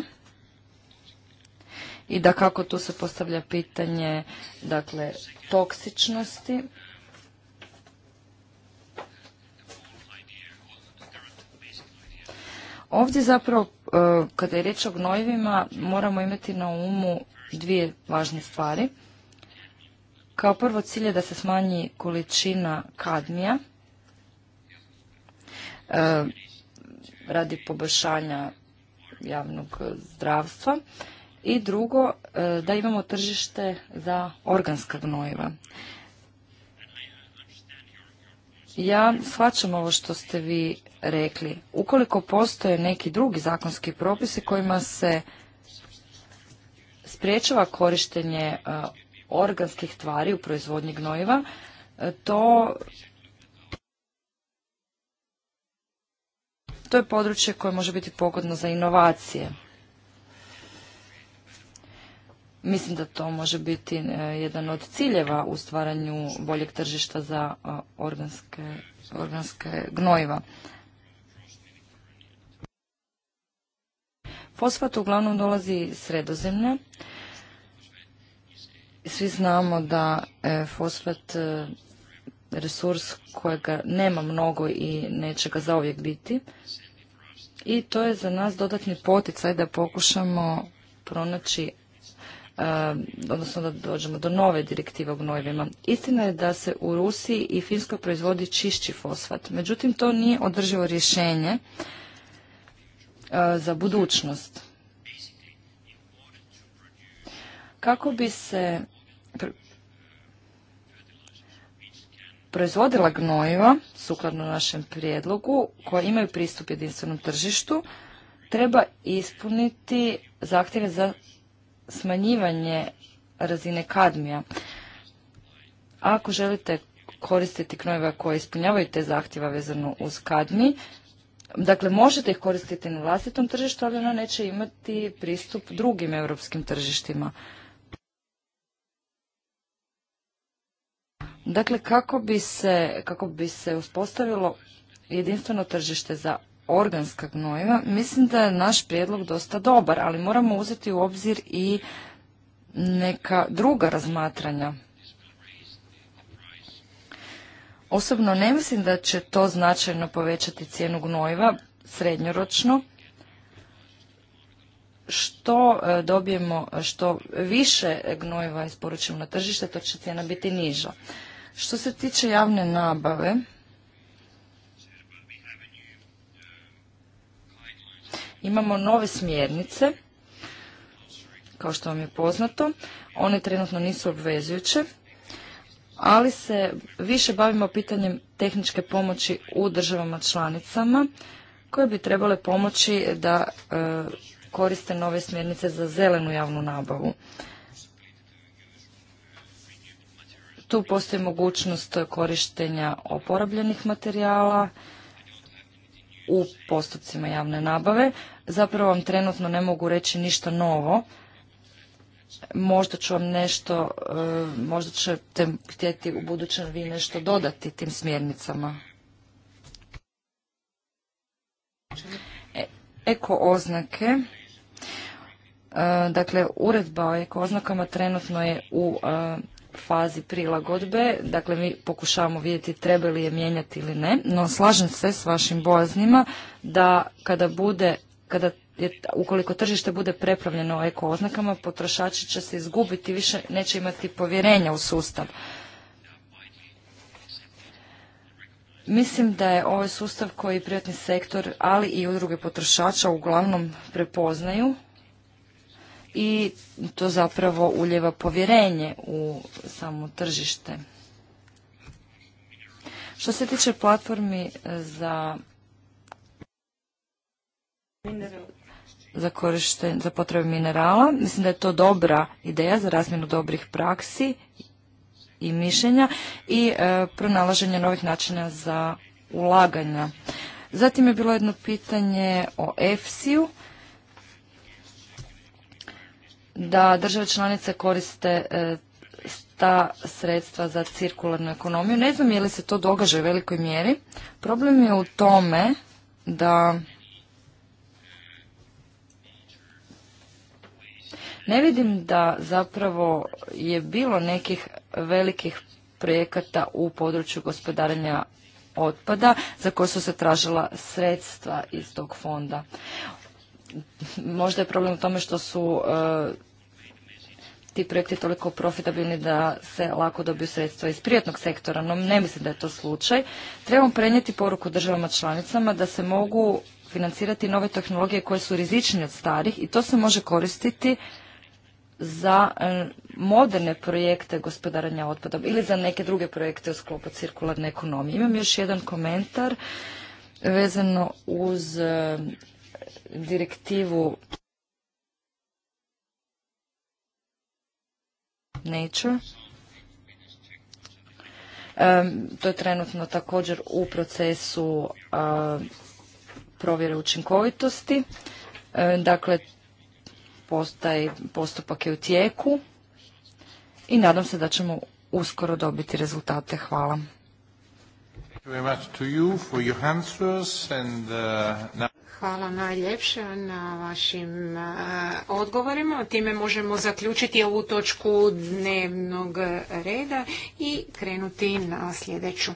i da kako tu se postavlja pitanje dakle toksičnosti Ovdje zapravo, e, kada je riječ o gnojivima, moramo imati na umu dvije važne stvari. Kao prvo cilj je da se smanji količina kadmija e, radi poboljšanja javnog zdravstva i drugo e, da imamo tržište za organska gnojiva. Ja shvaćam ovo što ste vi rekli. Ukoliko postoje neki drugi zakonski propisi kojima se spriječava korištenje e, organskih tvari u proizvodnji gnojiva, e, to to je područje koje može biti pogodno za inovacije. Mislim da to može biti e, jedan od ciljeva u stvaranju boljeg tržišta za e, organske, organske gnojiva. Fosfat uglavnom dolazi sredozemlja. Svi znamo da e, fosfat resurs kojega nema mnogo i neće ga zauvijek biti. I to je za nas dodatni poticaj da pokušamo pronaći odnosno da dođemo do nove direktive o gnojivima. Istina je da se u Rusiji i Finskoj proizvodi čišći fosfat. Međutim, to nije održivo rješenje e, za budućnost. Kako bi se proizvodila gnojiva, sukladno našem prijedlogu, koja imaju pristup jedinstvenom tržištu, treba ispuniti zahtjeve za smanjivanje razine kadmija. Ako želite koristiti knojiva koje ispunjavaju te zahtjeva vezano uz kadmi, dakle možete ih koristiti na vlastitom tržištu, ali ona neće imati pristup drugim europskim tržištima. Dakle, kako bi se, kako bi se uspostavilo jedinstveno tržište za organska gnojiva, mislim da je naš prijedlog dosta dobar, ali moramo uzeti u obzir i neka druga razmatranja. Osobno ne mislim da će to značajno povećati cijenu gnojiva srednjoročno, što e, dobijemo, što više gnojiva isporučimo na tržište, to će cijena biti niža. Što se tiče javne nabave, Imamo nove smjernice, kao što vam je poznato. One trenutno nisu obvezujuće, ali se više bavimo pitanjem tehničke pomoći u državama članicama koje bi trebale pomoći da e, koriste nove smjernice za zelenu javnu nabavu. Tu postoji mogućnost korištenja oporabljenih materijala u postupcima javne nabave. Zapravo vam trenutno ne mogu reći ništa novo. Možda ću vam nešto, e, možda ćete htjeti u budućem vi nešto dodati tim smjernicama. E, eko oznake. E, dakle, uredba o eko oznakama trenutno je u fazi prilagodbe, dakle mi pokušavamo vidjeti treba li je mijenjati ili ne, no slažem se s vašim bojaznima da kada bude kada je, ukoliko tržište bude prepravljeno eko oznakama, potrošači će se izgubiti, više neće imati povjerenja u sustav. Mislim da je ovaj sustav koji privatni sektor, ali i udruge potrošača uglavnom prepoznaju i to zapravo uljeva povjerenje u samo tržište. Što se tiče platformi za za, korišten, za potrebe minerala. Mislim da je to dobra ideja za razmjenu dobrih praksi i mišljenja i e, pronalaženje novih načina za ulaganja. Zatim je bilo jedno pitanje o EFSI-u, da države članice koriste e, ta sredstva za cirkularnu ekonomiju. Ne znam je li se to događa u velikoj mjeri. Problem je u tome da Ne vidim da zapravo je bilo nekih velikih projekata u području gospodarenja otpada za koje su se tražila sredstva iz tog fonda. Možda je problem u tome što su e, ti projekti toliko profitabilni da se lako dobiju sredstva iz privatnog sektora, no ne mislim da je to slučaj. Trebamo prenijeti poruku državama članicama da se mogu financirati nove tehnologije koje su rizičnije od starih i to se može koristiti za e, moderne projekte gospodaranja otpadom ili za neke druge projekte u sklopu cirkularne ekonomije. Imam još jedan komentar vezano uz e, direktivu Nature. E, to je trenutno također u procesu provjere učinkovitosti. Dakle, Postaj, postupak je u tijeku i nadam se da ćemo uskoro dobiti rezultate. Hvala. Hvala najljepše na vašim uh, odgovorima. Time možemo zaključiti ovu točku dnevnog reda i krenuti na sljedeću.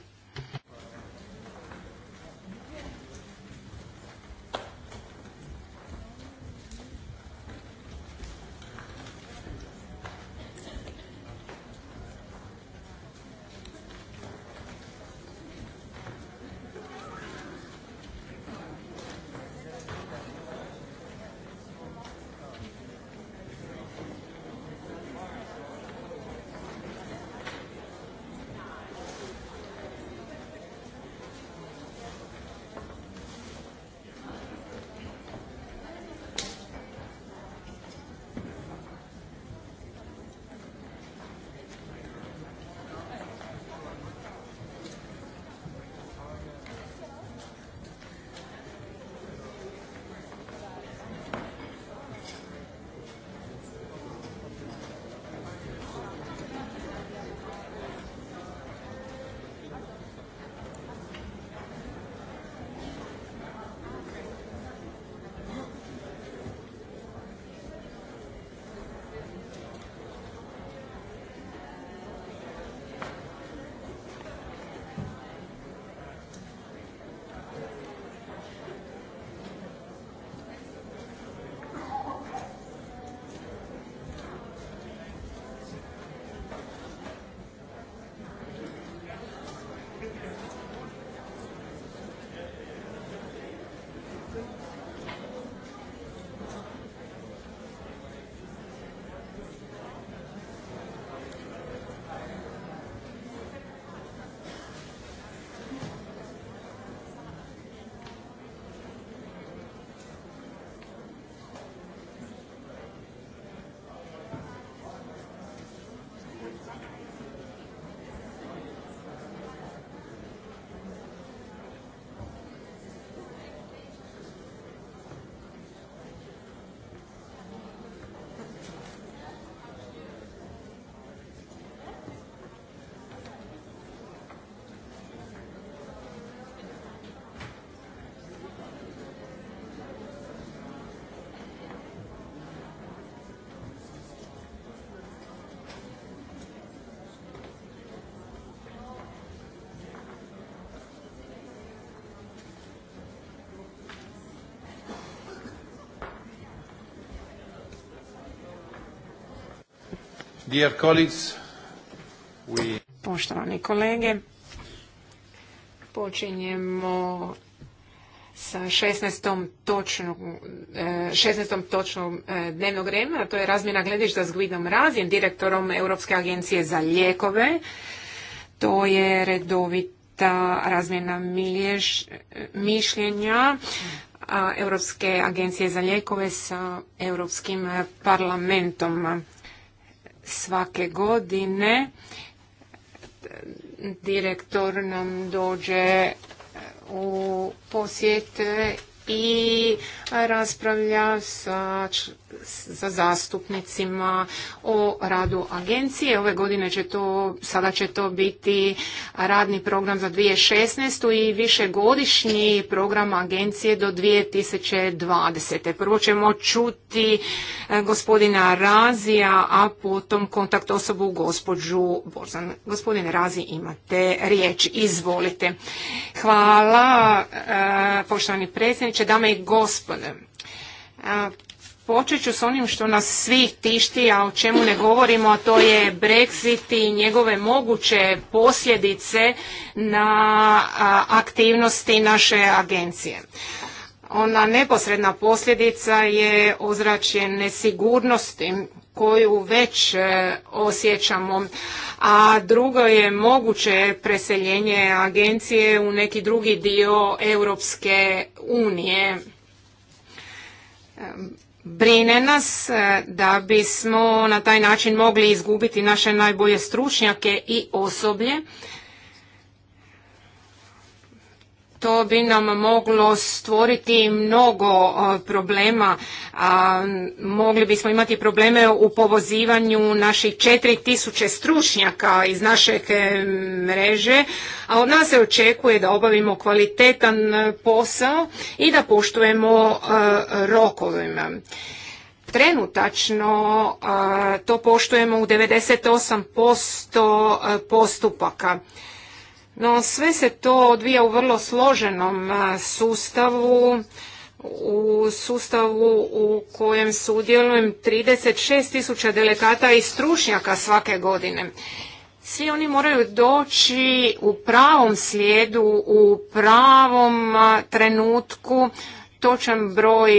Dear Poštovani kolege, počinjemo sa 16. E, točnom, 16. E, dnevnog reda, to je razmjena gledišta s Gvidom Razijem, direktorom Europske agencije za lijekove. To je redovita razmjena mišljenja Europske agencije za lijekove sa Europskim parlamentom svake godine direktor nam dođe u posjet i raspravlja sa sa zastupnicima o radu agencije. Ove godine će to, sada će to biti radni program za 2016. i višegodišnji program agencije do 2020. Prvo ćemo čuti eh, gospodina Razija, a potom kontakt osobu gospođu Borzan. Gospodine Razi, imate riječ. Izvolite. Hvala, eh, poštovani predsjedniče, dame i gospode. Eh, počet ću s onim što nas svih tišti, a o čemu ne govorimo, a to je Brexit i njegove moguće posljedice na aktivnosti naše agencije. Ona neposredna posljedica je ozračje nesigurnosti koju već e, osjećamo, a drugo je moguće preseljenje agencije u neki drugi dio Europske unije Brine nas e, da bismo na taj način mogli izgubiti naše najbolje stručnjake i osoblje to bi nam moglo stvoriti mnogo problema. mogli bismo imati probleme u povozivanju naših 4000 stručnjaka iz naše mreže, a od nas se očekuje da obavimo kvalitetan posao i da poštujemo rokovima. Trenutačno to poštujemo u 98% postupaka. No sve se to odvija u vrlo složenom sustavu, u sustavu u kojem sudjelujem 36 tisuća delegata i stručnjaka svake godine. Svi oni moraju doći u pravom slijedu, u pravom trenutku, točan broj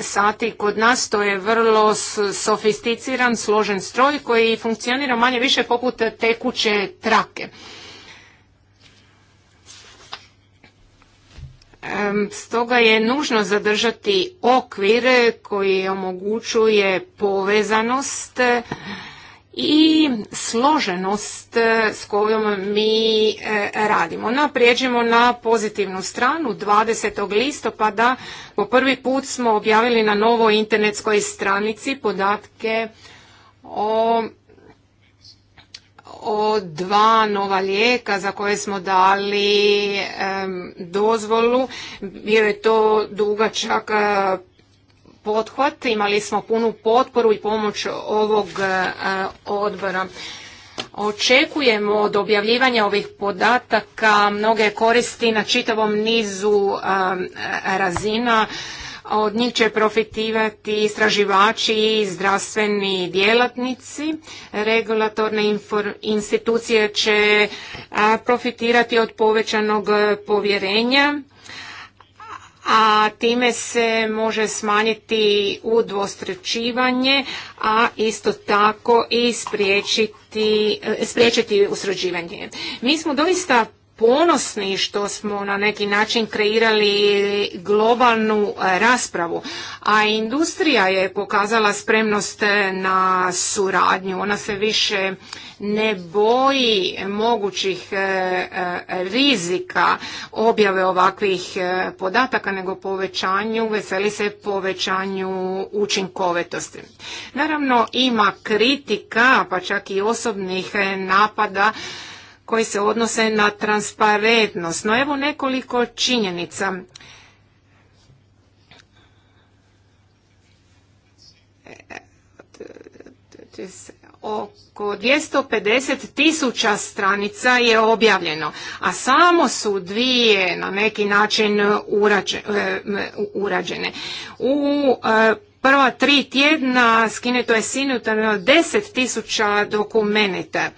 sati kod nas, to je vrlo sofisticiran, složen stroj koji funkcionira manje više poput tekuće trake. Stoga je nužno zadržati okvir koji omogućuje povezanost i složenost s kojom mi e, radimo. Naprijeđimo na pozitivnu stranu. 20. listopada po prvi put smo objavili na novoj internetskoj stranici podatke o o dva nova lijeka za koje smo dali dozvolu. Bio je to dugačak e, pothvat, imali smo punu potporu i pomoć ovog e, odbora. Očekujemo od objavljivanja ovih podataka mnoge koristi na čitavom nizu razina od njih će profitivati istraživači i zdravstveni djelatnici. Regulatorne institucije će profitirati od povećanog povjerenja a time se može smanjiti udvostručivanje, a isto tako i spriječiti, e, spriječiti usrađivanje. Mi smo doista ponosni što smo na neki način kreirali globalnu e, raspravu, a industrija je pokazala spremnost e, na suradnju. Ona se više ne boji mogućih e, rizika objave ovakvih podataka, nego povećanju, veseli se povećanju učinkovitosti. Naravno, ima kritika, pa čak i osobnih napada koji se odnose na transparentnost. No evo nekoliko činjenica. Oko 250 tisuća stranica je objavljeno, a samo su dvije na neki način e, urađene. U e, prva tri tjedna skineto je sinutarno 10 tisuća dokumenta.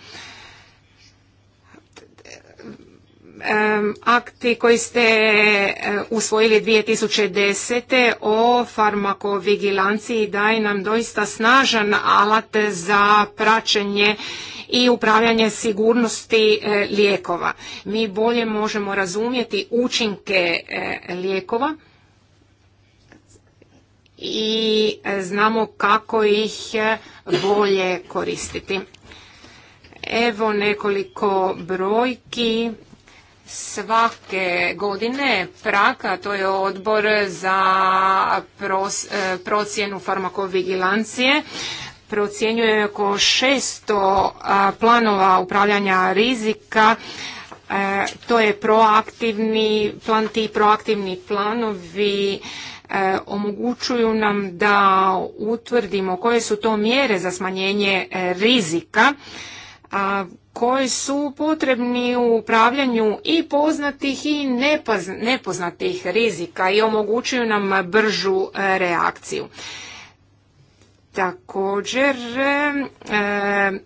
akti koji ste e, usvojili 2010. o farmakovigilanciji daje nam doista snažan alat za praćenje i upravljanje sigurnosti e, lijekova. Mi bolje možemo razumjeti učinke e, lijekova i znamo kako ih bolje koristiti. Evo nekoliko brojki svake godine praka, to je odbor za e, procjenu farmakovigilancije, procjenjuje oko 600 planova upravljanja rizika, e, to je proaktivni plan, ti proaktivni planovi e, omogućuju nam da utvrdimo koje su to mjere za smanjenje rizika koji su potrebni u upravljanju i poznatih i nepoznatih rizika i omogućuju nam bržu e, reakciju. Također, e, e,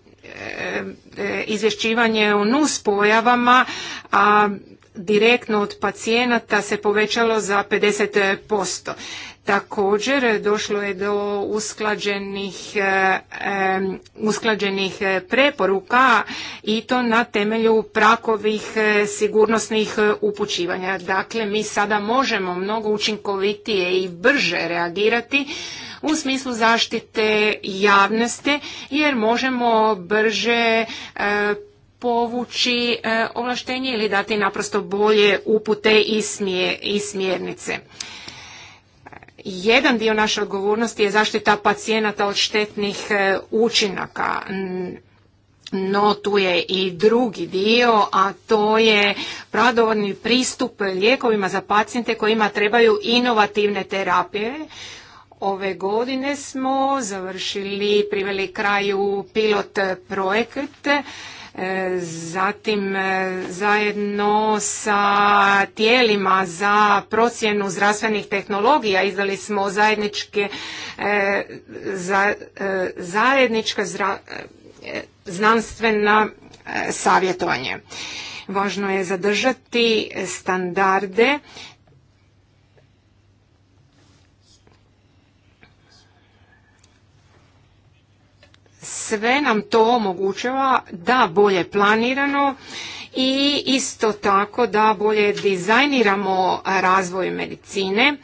izvješćivanje o nus pojavama, a direktno od pacijenata se povećalo za 50%. Također došlo je do usklađenih, usklađenih preporuka i to na temelju prakovih eh, sigurnosnih upućivanja. Dakle, mi sada možemo mnogo učinkovitije i brže reagirati u smislu zaštite javnosti jer možemo brže eh, povući eh, ovlaštenje ili dati naprosto bolje upute i smjernice. Jedan dio naše odgovornosti je zaštita pacijenata od štetnih e, učinaka no tu je i drugi dio, a to je pradovodni pristup lijekovima za pacijente kojima trebaju inovativne terapije. Ove godine smo završili, priveli kraju pilot projekt E, zatim e, zajedno sa tijelima za procjenu zdravstvenih tehnologija izdali smo zajedničke e, za, zajednička znanstvena savjetovanje. Važno je zadržati standarde sve nam to omogućava da bolje planirano i isto tako da bolje dizajniramo razvoj medicine.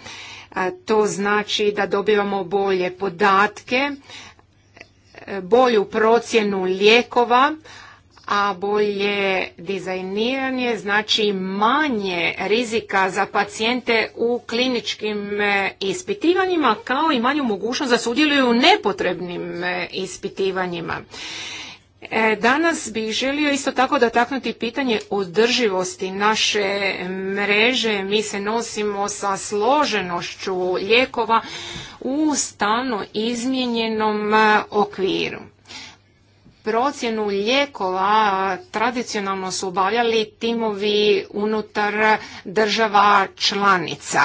To znači da dobivamo bolje podatke, e, bolju procjenu lijekova, a bolje dizajniranje znači manje rizika za pacijente u kliničkim e, ispitivanjima kao i manju mogućnost da sudjeluju u nepotrebnim e, ispitivanjima. E, danas bih želio isto tako dotaknuti pitanje održivosti naše mreže. Mi se nosimo sa složenošću lijekova u stalno izmijenjenom okviru procjenu lijekova tradicionalno su obavljali timovi unutar država članica.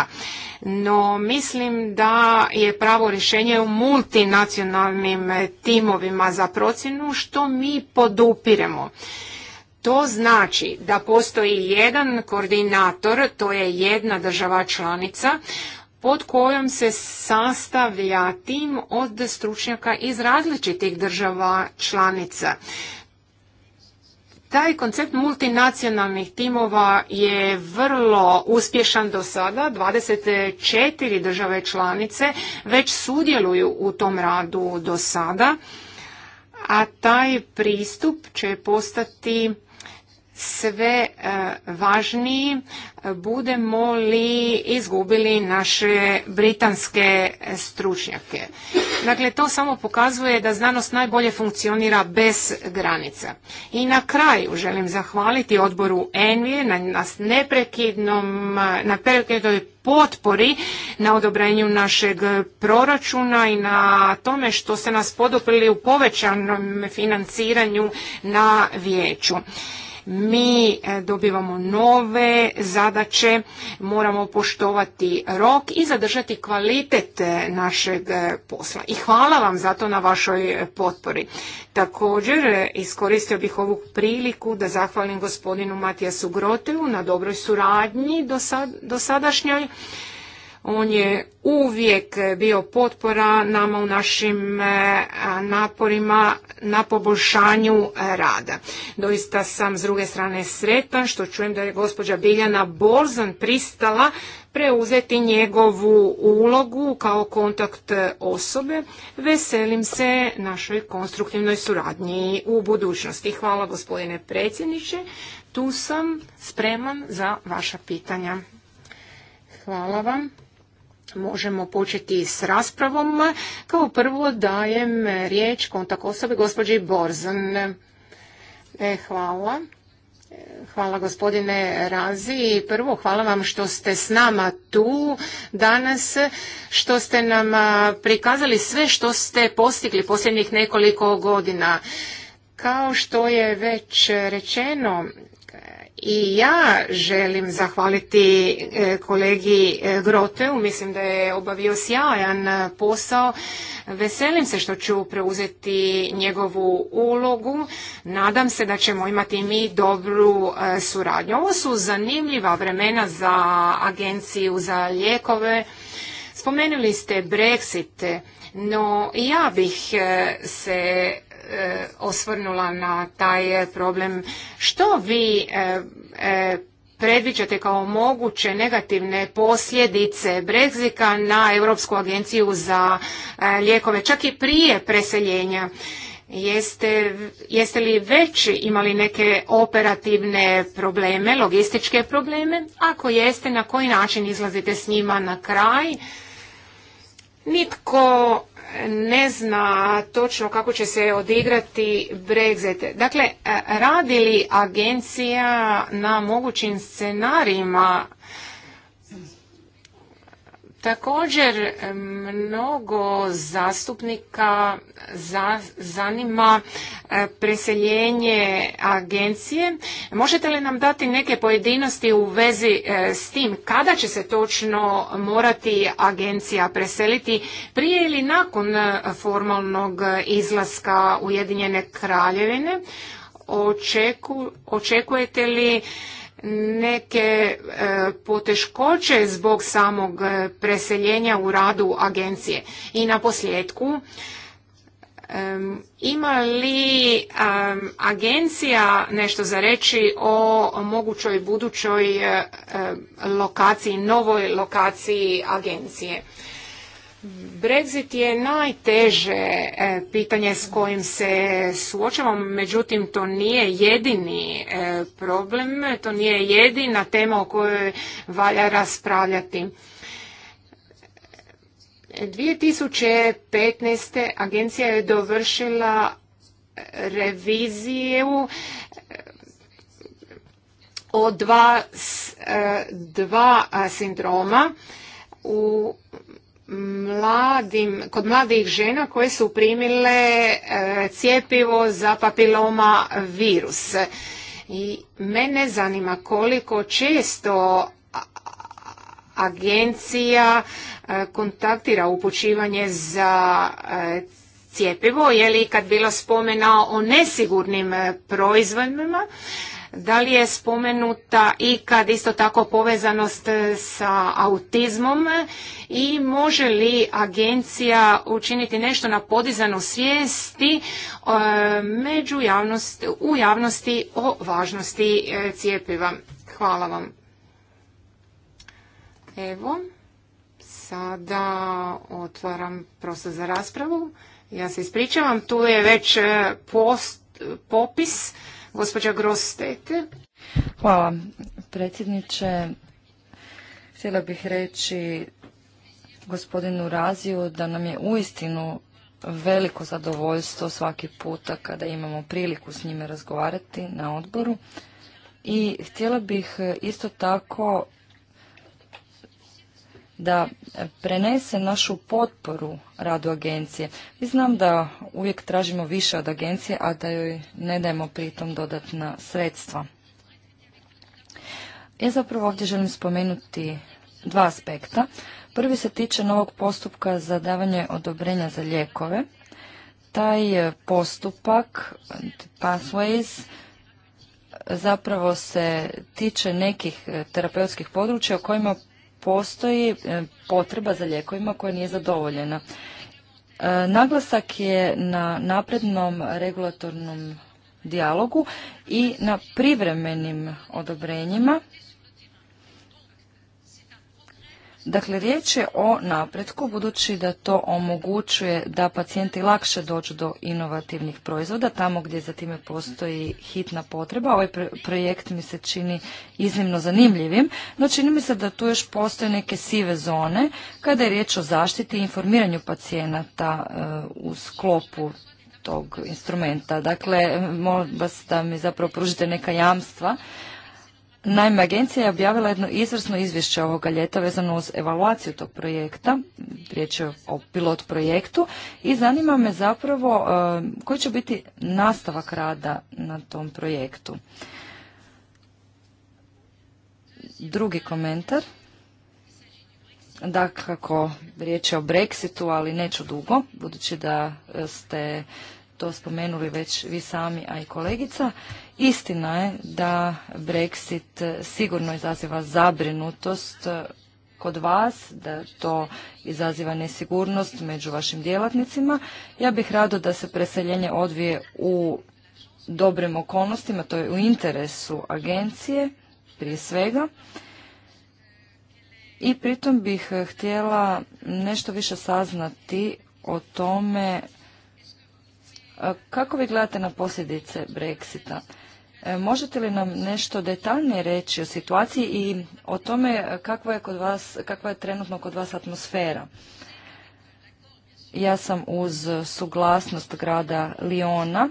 No mislim da je pravo rješenje u multinacionalnim timovima za procjenu što mi podupiremo. To znači da postoji jedan koordinator, to je jedna država članica, pod kojom se sastavlja tim od stručnjaka iz različitih država članica. Taj koncept multinacionalnih timova je vrlo uspješan do sada. 24 države članice već sudjeluju u tom radu do sada, a taj pristup će postati sve e, važniji budemo li izgubili naše britanske stručnjake. Dakle, to samo pokazuje da znanost najbolje funkcionira bez granica. I na kraju želim zahvaliti odboru Envije na, neprekidnom, na prekidnoj potpori na odobrenju našeg proračuna i na tome što ste nas podoprili u povećanom financiranju na vijeću. Mi e, dobivamo nove zadaće, moramo poštovati rok i zadržati kvalitet e, našeg e, posla. I hvala vam zato na vašoj potpori. Također iskoristio bih ovu priliku da zahvalim gospodinu Matijasu groteju na dobroj suradnji do dosadašnjoj on je uvijek bio potpora nama u našim e, naporima na poboljšanju e, rada. Doista sam s druge strane sretan što čujem da je gospođa Biljana Borzan pristala preuzeti njegovu ulogu kao kontakt osobe. Veselim se našoj konstruktivnoj suradnji u budućnosti. Hvala gospodine predsjedniče. Tu sam spreman za vaša pitanja. Hvala vam možemo početi s raspravom. Kao prvo dajem riječ kontak osobe gospođi Borzan. E, hvala. E, hvala gospodine Razi. Prvo hvala vam što ste s nama tu danas, što ste nam prikazali sve što ste postigli posljednjih nekoliko godina. Kao što je već rečeno, i ja želim zahvaliti e, kolegi e, Groteu. Mislim da je obavio sjajan e, posao. Veselim se što ću preuzeti njegovu ulogu. Nadam se da ćemo imati mi dobru suradnju. Ovo su zanimljiva vremena za agenciju za lijekove. Spomenuli ste Brexit, no ja bih se E, osvrnula na taj e, problem. Što vi e, predviđate kao moguće negativne posljedice brezika na Europsku agenciju za lijekove, čak i prije preseljenja? Jeste, jeste li već imali neke operativne probleme, logističke probleme? Ako jeste, na koji način izlazite s njima na kraj? Nitko ne zna točno kako će se odigrati Brexit. Dakle, radi li agencija na mogućim scenarijima Također, mnogo zastupnika zanima e, preseljenje agencije. Možete li nam dati neke pojedinosti u vezi e, s tim? Kada će se točno morati agencija preseliti? Prije ili nakon e, formalnog izlaska Ujedinjene kraljevine? očekujete li neke e, poteškoće zbog samog e, preseljenja u radu agencije. I na posljedku, ima li agencija nešto za reći o mogućoj budućoj e, lokaciji, novoj lokaciji agencije? Brexit je najteže e, pitanje s kojim se suočavamo, međutim to nije jedini e, problem, to nije jedina tema o kojoj valja raspravljati. 2015. agencija je dovršila reviziju e, o dva, dva sindroma u mladim, kod mladih žena koje su primile e, cijepivo za papiloma virus. I mene zanima koliko često agencija e, kontaktira upućivanje za e, cijepivo, je li kad bilo spomena o nesigurnim proizvodima, da li je spomenuta i kad isto tako povezanost e, sa autizmom i može li agencija učiniti nešto na podizanu svijesti e, među javnost, u javnosti o važnosti e, cijepiva? Hvala vam. Evo, sada otvaram prostor za raspravu. Ja se ispričavam, tu je već post, popis Gospođa Hvala predsjedniče. Htjela bih reći gospodinu Raziju da nam je uistinu veliko zadovoljstvo svaki puta kada imamo priliku s njime razgovarati na odboru. I htjela bih isto tako da prenese našu potporu radu agencije. mi znam da uvijek tražimo više od agencije, a da joj ne dajemo pritom dodatna sredstva. Ja zapravo ovdje želim spomenuti dva aspekta. Prvi se tiče novog postupka za davanje odobrenja za lijekove. Taj postupak, pathways, zapravo se tiče nekih terapeutskih područja o kojima postoji e, potreba za lijekovima koja nije zadovoljena. E, naglasak je na naprednom regulatornom dijalogu i na privremenim odobrenjima Dakle, riječ je o napretku, budući da to omogućuje da pacijenti lakše dođu do inovativnih proizvoda, tamo gdje za time postoji hitna potreba. Ovaj projekt mi se čini iznimno zanimljivim, no čini mi se da tu još postoje neke sive zone kada je riječ o zaštiti i informiranju pacijenata e, u sklopu tog instrumenta. Dakle, molim vas da mi zapravo pružite neka jamstva Naime, agencija je objavila jedno izvrsno izvješće ovoga ljeta vezano uz evaluaciju tog projekta, riječ je o pilot projektu, i zanima me zapravo e, koji će biti nastavak rada na tom projektu. Drugi komentar. Dakle, riječ je o Brexitu, ali neću dugo, budući da ste to spomenuli već vi sami, a i kolegica. Istina je da Brexit sigurno izaziva zabrinutost eh, kod vas, da to izaziva nesigurnost među vašim djelatnicima. Ja bih rado da se preseljenje odvije u dobrim okolnostima, to je u interesu agencije prije svega. I pritom bih htjela nešto više saznati o tome E, kako vi gledate na posljedice Brexita? E, možete li nam nešto detaljnije reći o situaciji i o tome kakva je, kod vas, kakva je trenutno kod vas atmosfera? Ja sam uz suglasnost grada Liona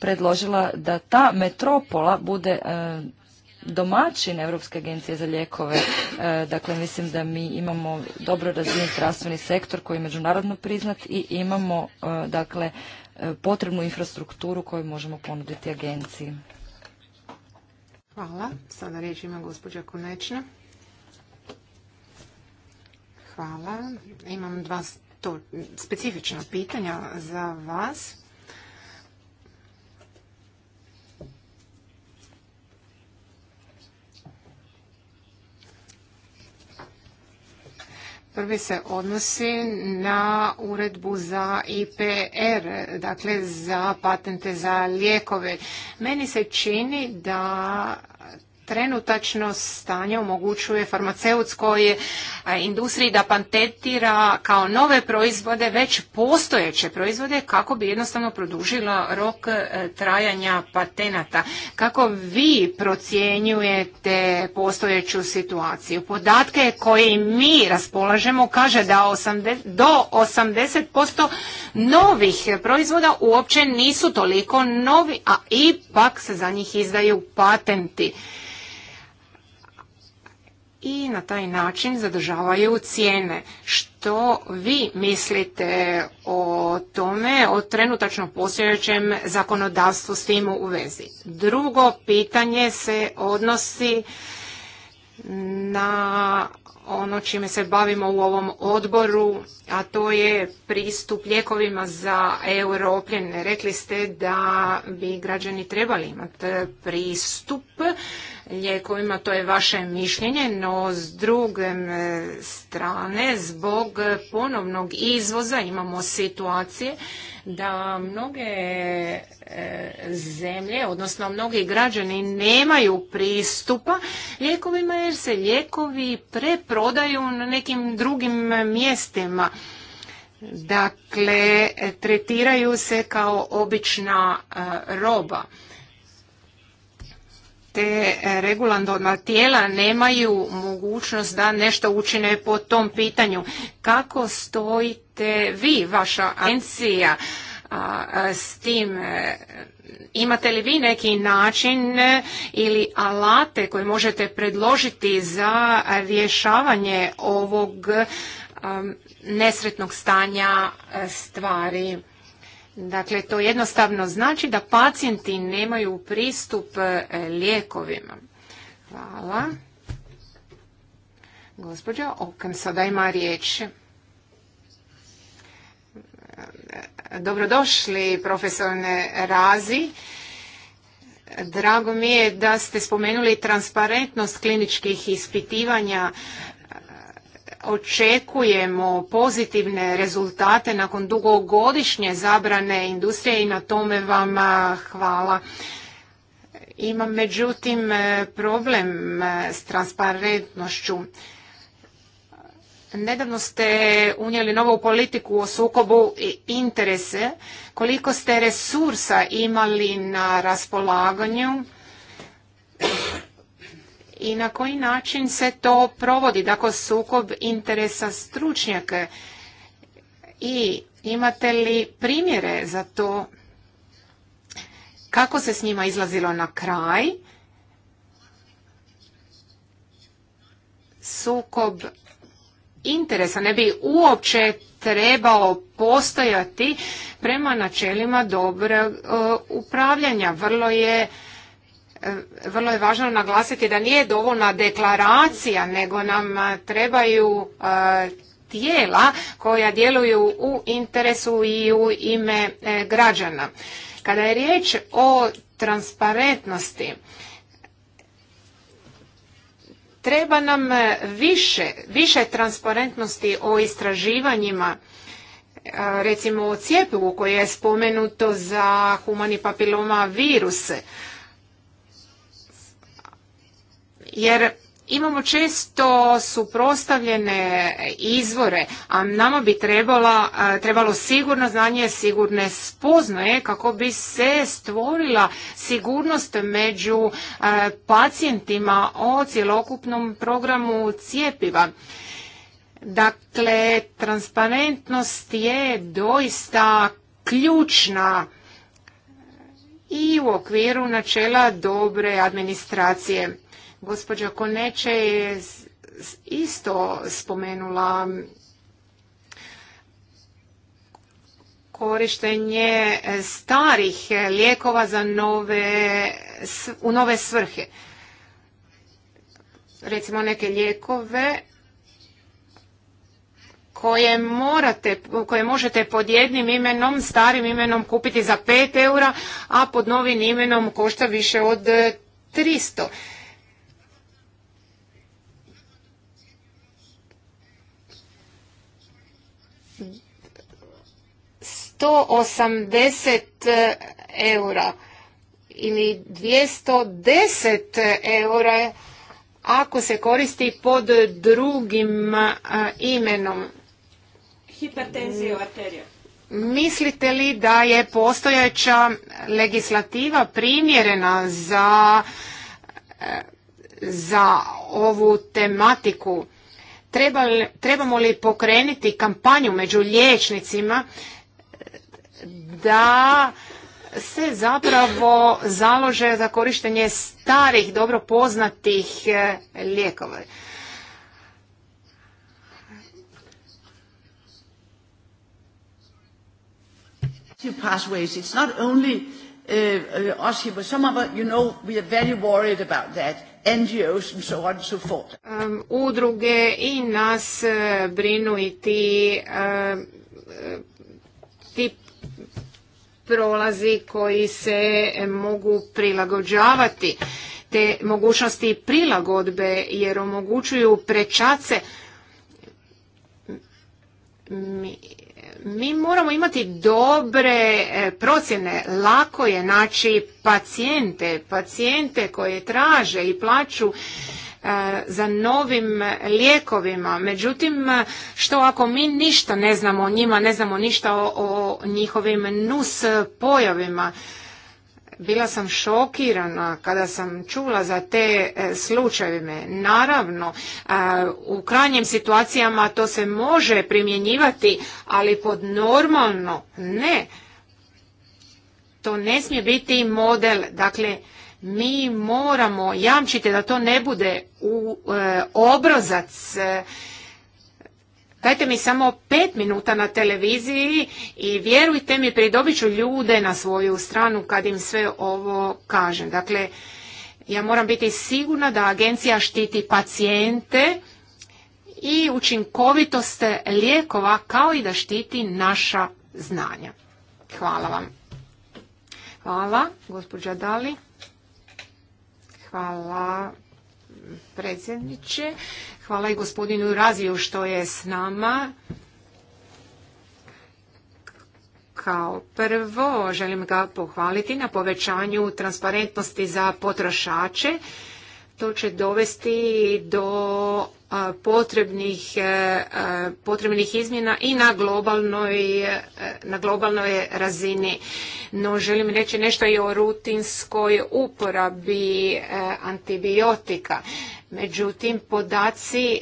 predložila da ta metropola bude e, domaćin Europske agencije za lijekove. Dakle, mislim da mi imamo dobro razvijen zdravstveni sektor koji je međunarodno priznat i imamo, dakle, potrebnu infrastrukturu koju možemo ponuditi agenciji. Hvala. Sada riječ ima gospođa Konečna. Hvala. Imam dva specifična pitanja za vas. Prvi se odnosi na uredbu za IPR, dakle za patente za lijekove. Meni se čini da trenutačno stanje omogućuje farmaceutskoj eh, industriji da patentira kao nove proizvode već postojeće proizvode kako bi jednostavno produžila rok eh, trajanja patenata. Kako vi procjenjujete postojeću situaciju? Podatke koje mi raspolažemo kaže da do do 80% novih proizvoda uopće nisu toliko novi, a ipak se za njih izdaju patenti i na taj način zadržavaju cijene. Što vi mislite o tome, o trenutačno postojećem zakonodavstvu s tim u vezi? Drugo pitanje se odnosi na ono čime se bavimo u ovom odboru, a to je pristup ljekovima za europljene. Rekli ste da bi građani trebali imati pristup lijekovima, to je vaše mišljenje, no s druge strane zbog ponovnog izvoza imamo situacije da mnoge e, zemlje, odnosno mnogi građani nemaju pristupa lijekovima jer se lijekovi preprodaju na nekim drugim mjestima. Dakle, tretiraju se kao obična e, roba te e, regulatorna tijela nemaju mogućnost da nešto učine po tom pitanju. Kako stojite vi, vaša agencija, s tim e, imate li vi neki način e, ili alate koje možete predložiti za rješavanje ovog nesretnog stanja stvari? Dakle, to jednostavno znači da pacijenti nemaju pristup e, lijekovima. Hvala. Gospođa Okan sada ima riječ. E, dobrodošli, profesorne Razi. Drago mi je da ste spomenuli transparentnost kliničkih ispitivanja očekujemo pozitivne rezultate nakon dugogodišnje zabrane industrije i na tome vam hvala. Imam međutim e, problem e, s transparentnošću. Nedavno ste unijeli novu politiku o sukobu interese. Koliko ste resursa imali na raspolaganju i na koji način se to provodi, dakle sukob interesa stručnjaka i imate li primjere za to kako se s njima izlazilo na kraj, sukob interesa ne bi uopće trebao postojati prema načelima dobrog e, upravljanja. Vrlo je E, vrlo je važno naglasiti da nije dovoljna deklaracija, nego nam e, trebaju e, tijela koja djeluju u interesu i u ime građana. Kada je riječ o transparentnosti, treba nam više, više transparentnosti o istraživanjima recimo o cijepivu koje je spomenuto za humani papiloma virus jer imamo često suprostavljene izvore, a nama bi trebala, trebalo sigurno znanje, sigurne spoznaje kako bi se stvorila sigurnost među pacijentima o cjelokupnom programu cijepiva. Dakle, transparentnost je doista ključna i u okviru načela dobre administracije. Gospođa Koneče je isto spomenula korištenje e, starih e, lijekova za nove, u nove svrhe. Recimo neke lijekove koje, morate, koje možete pod jednim imenom, starim imenom kupiti za 5 eura, a pod novim imenom košta više od 300. E, 180 e, eura ili 210 e, eura ako se koristi pod drugim e, imenom. Hipertenzija arteriju. Mislite li da je postojeća legislativa primjerena za, za ovu tematiku? trebamo li pokrenuti kampanju među liječnicima da se zapravo založe za korištenje starih, dobro poznatih e, lijekova. pathways. It's not only uh, uh, us here, but some of us, you know, we are very worried about that. NGOs and so on and so forth. Um, udruge i nas uh, brinu i ti, uh, ti prolazi koji se mogu prilagođavati te mogućnosti prilagodbe jer omogućuju prečace mi, mi moramo imati dobre e, procjene lako je naći pacijente pacijente koje traže i plaću za novim lijekovima. Međutim, što ako mi ništa ne znamo o njima, ne znamo ništa o, njihovim nus pojavima? Bila sam šokirana kada sam čula za te e, slučajeve. Naravno, e, u krajnjim situacijama to se može primjenjivati, ali pod normalno ne. To ne smije biti model. Dakle, mi moramo jamčiti da to ne bude u e, dajte mi samo pet minuta na televiziji i vjerujte mi pridobit ću ljude na svoju stranu kad im sve ovo kažem dakle ja moram biti sigurna da agencija štiti pacijente i učinkovitost lijekova kao i da štiti naša znanja hvala vam hvala gospođa dali Hvala predsjedniče. Hvala i gospodinu Raziju što je s nama. Kao prvo želim ga pohvaliti na povećanju transparentnosti za potrošače to će dovesti do potrebnih, e, potrebnih izmjena i na globalnoj, e, na globalnoj razini. No želim reći nešto i o rutinskoj uporabi e, antibiotika. Međutim, podaci e,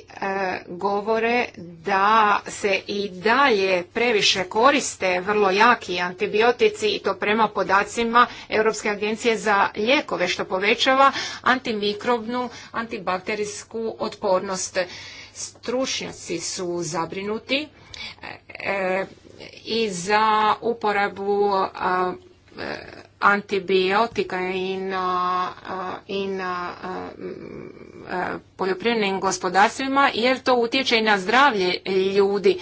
govore da se i dalje previše koriste vrlo jaki antibiotici i to prema podacima Europske agencije za lijekove što povećava antimikrobnu, antibakterijsku otpornost. Stručnjaci su zabrinuti e, i za uporabu e, antibiotika i na, i na E, poljoprivrednim gospodarstvima jer to utječe i na zdravlje ljudi.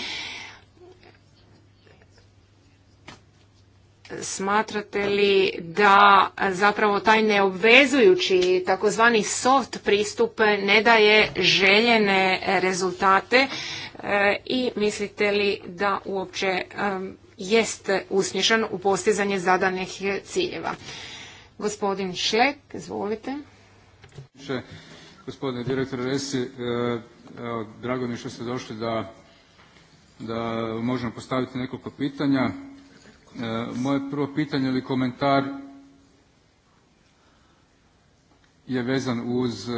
Smatrate li da zapravo taj neobvezujući takozvani soft pristup ne daje željene rezultate e, i mislite li da uopće e, jest uspješan u postizanje zadanih ciljeva? Gospodin Šlek, izvolite. Gospodine direktore. Resi, e, drago mi je što ste došli da, možemo postaviti nekoliko pitanja. E, moje prvo pitanje ili komentar je vezan uz e,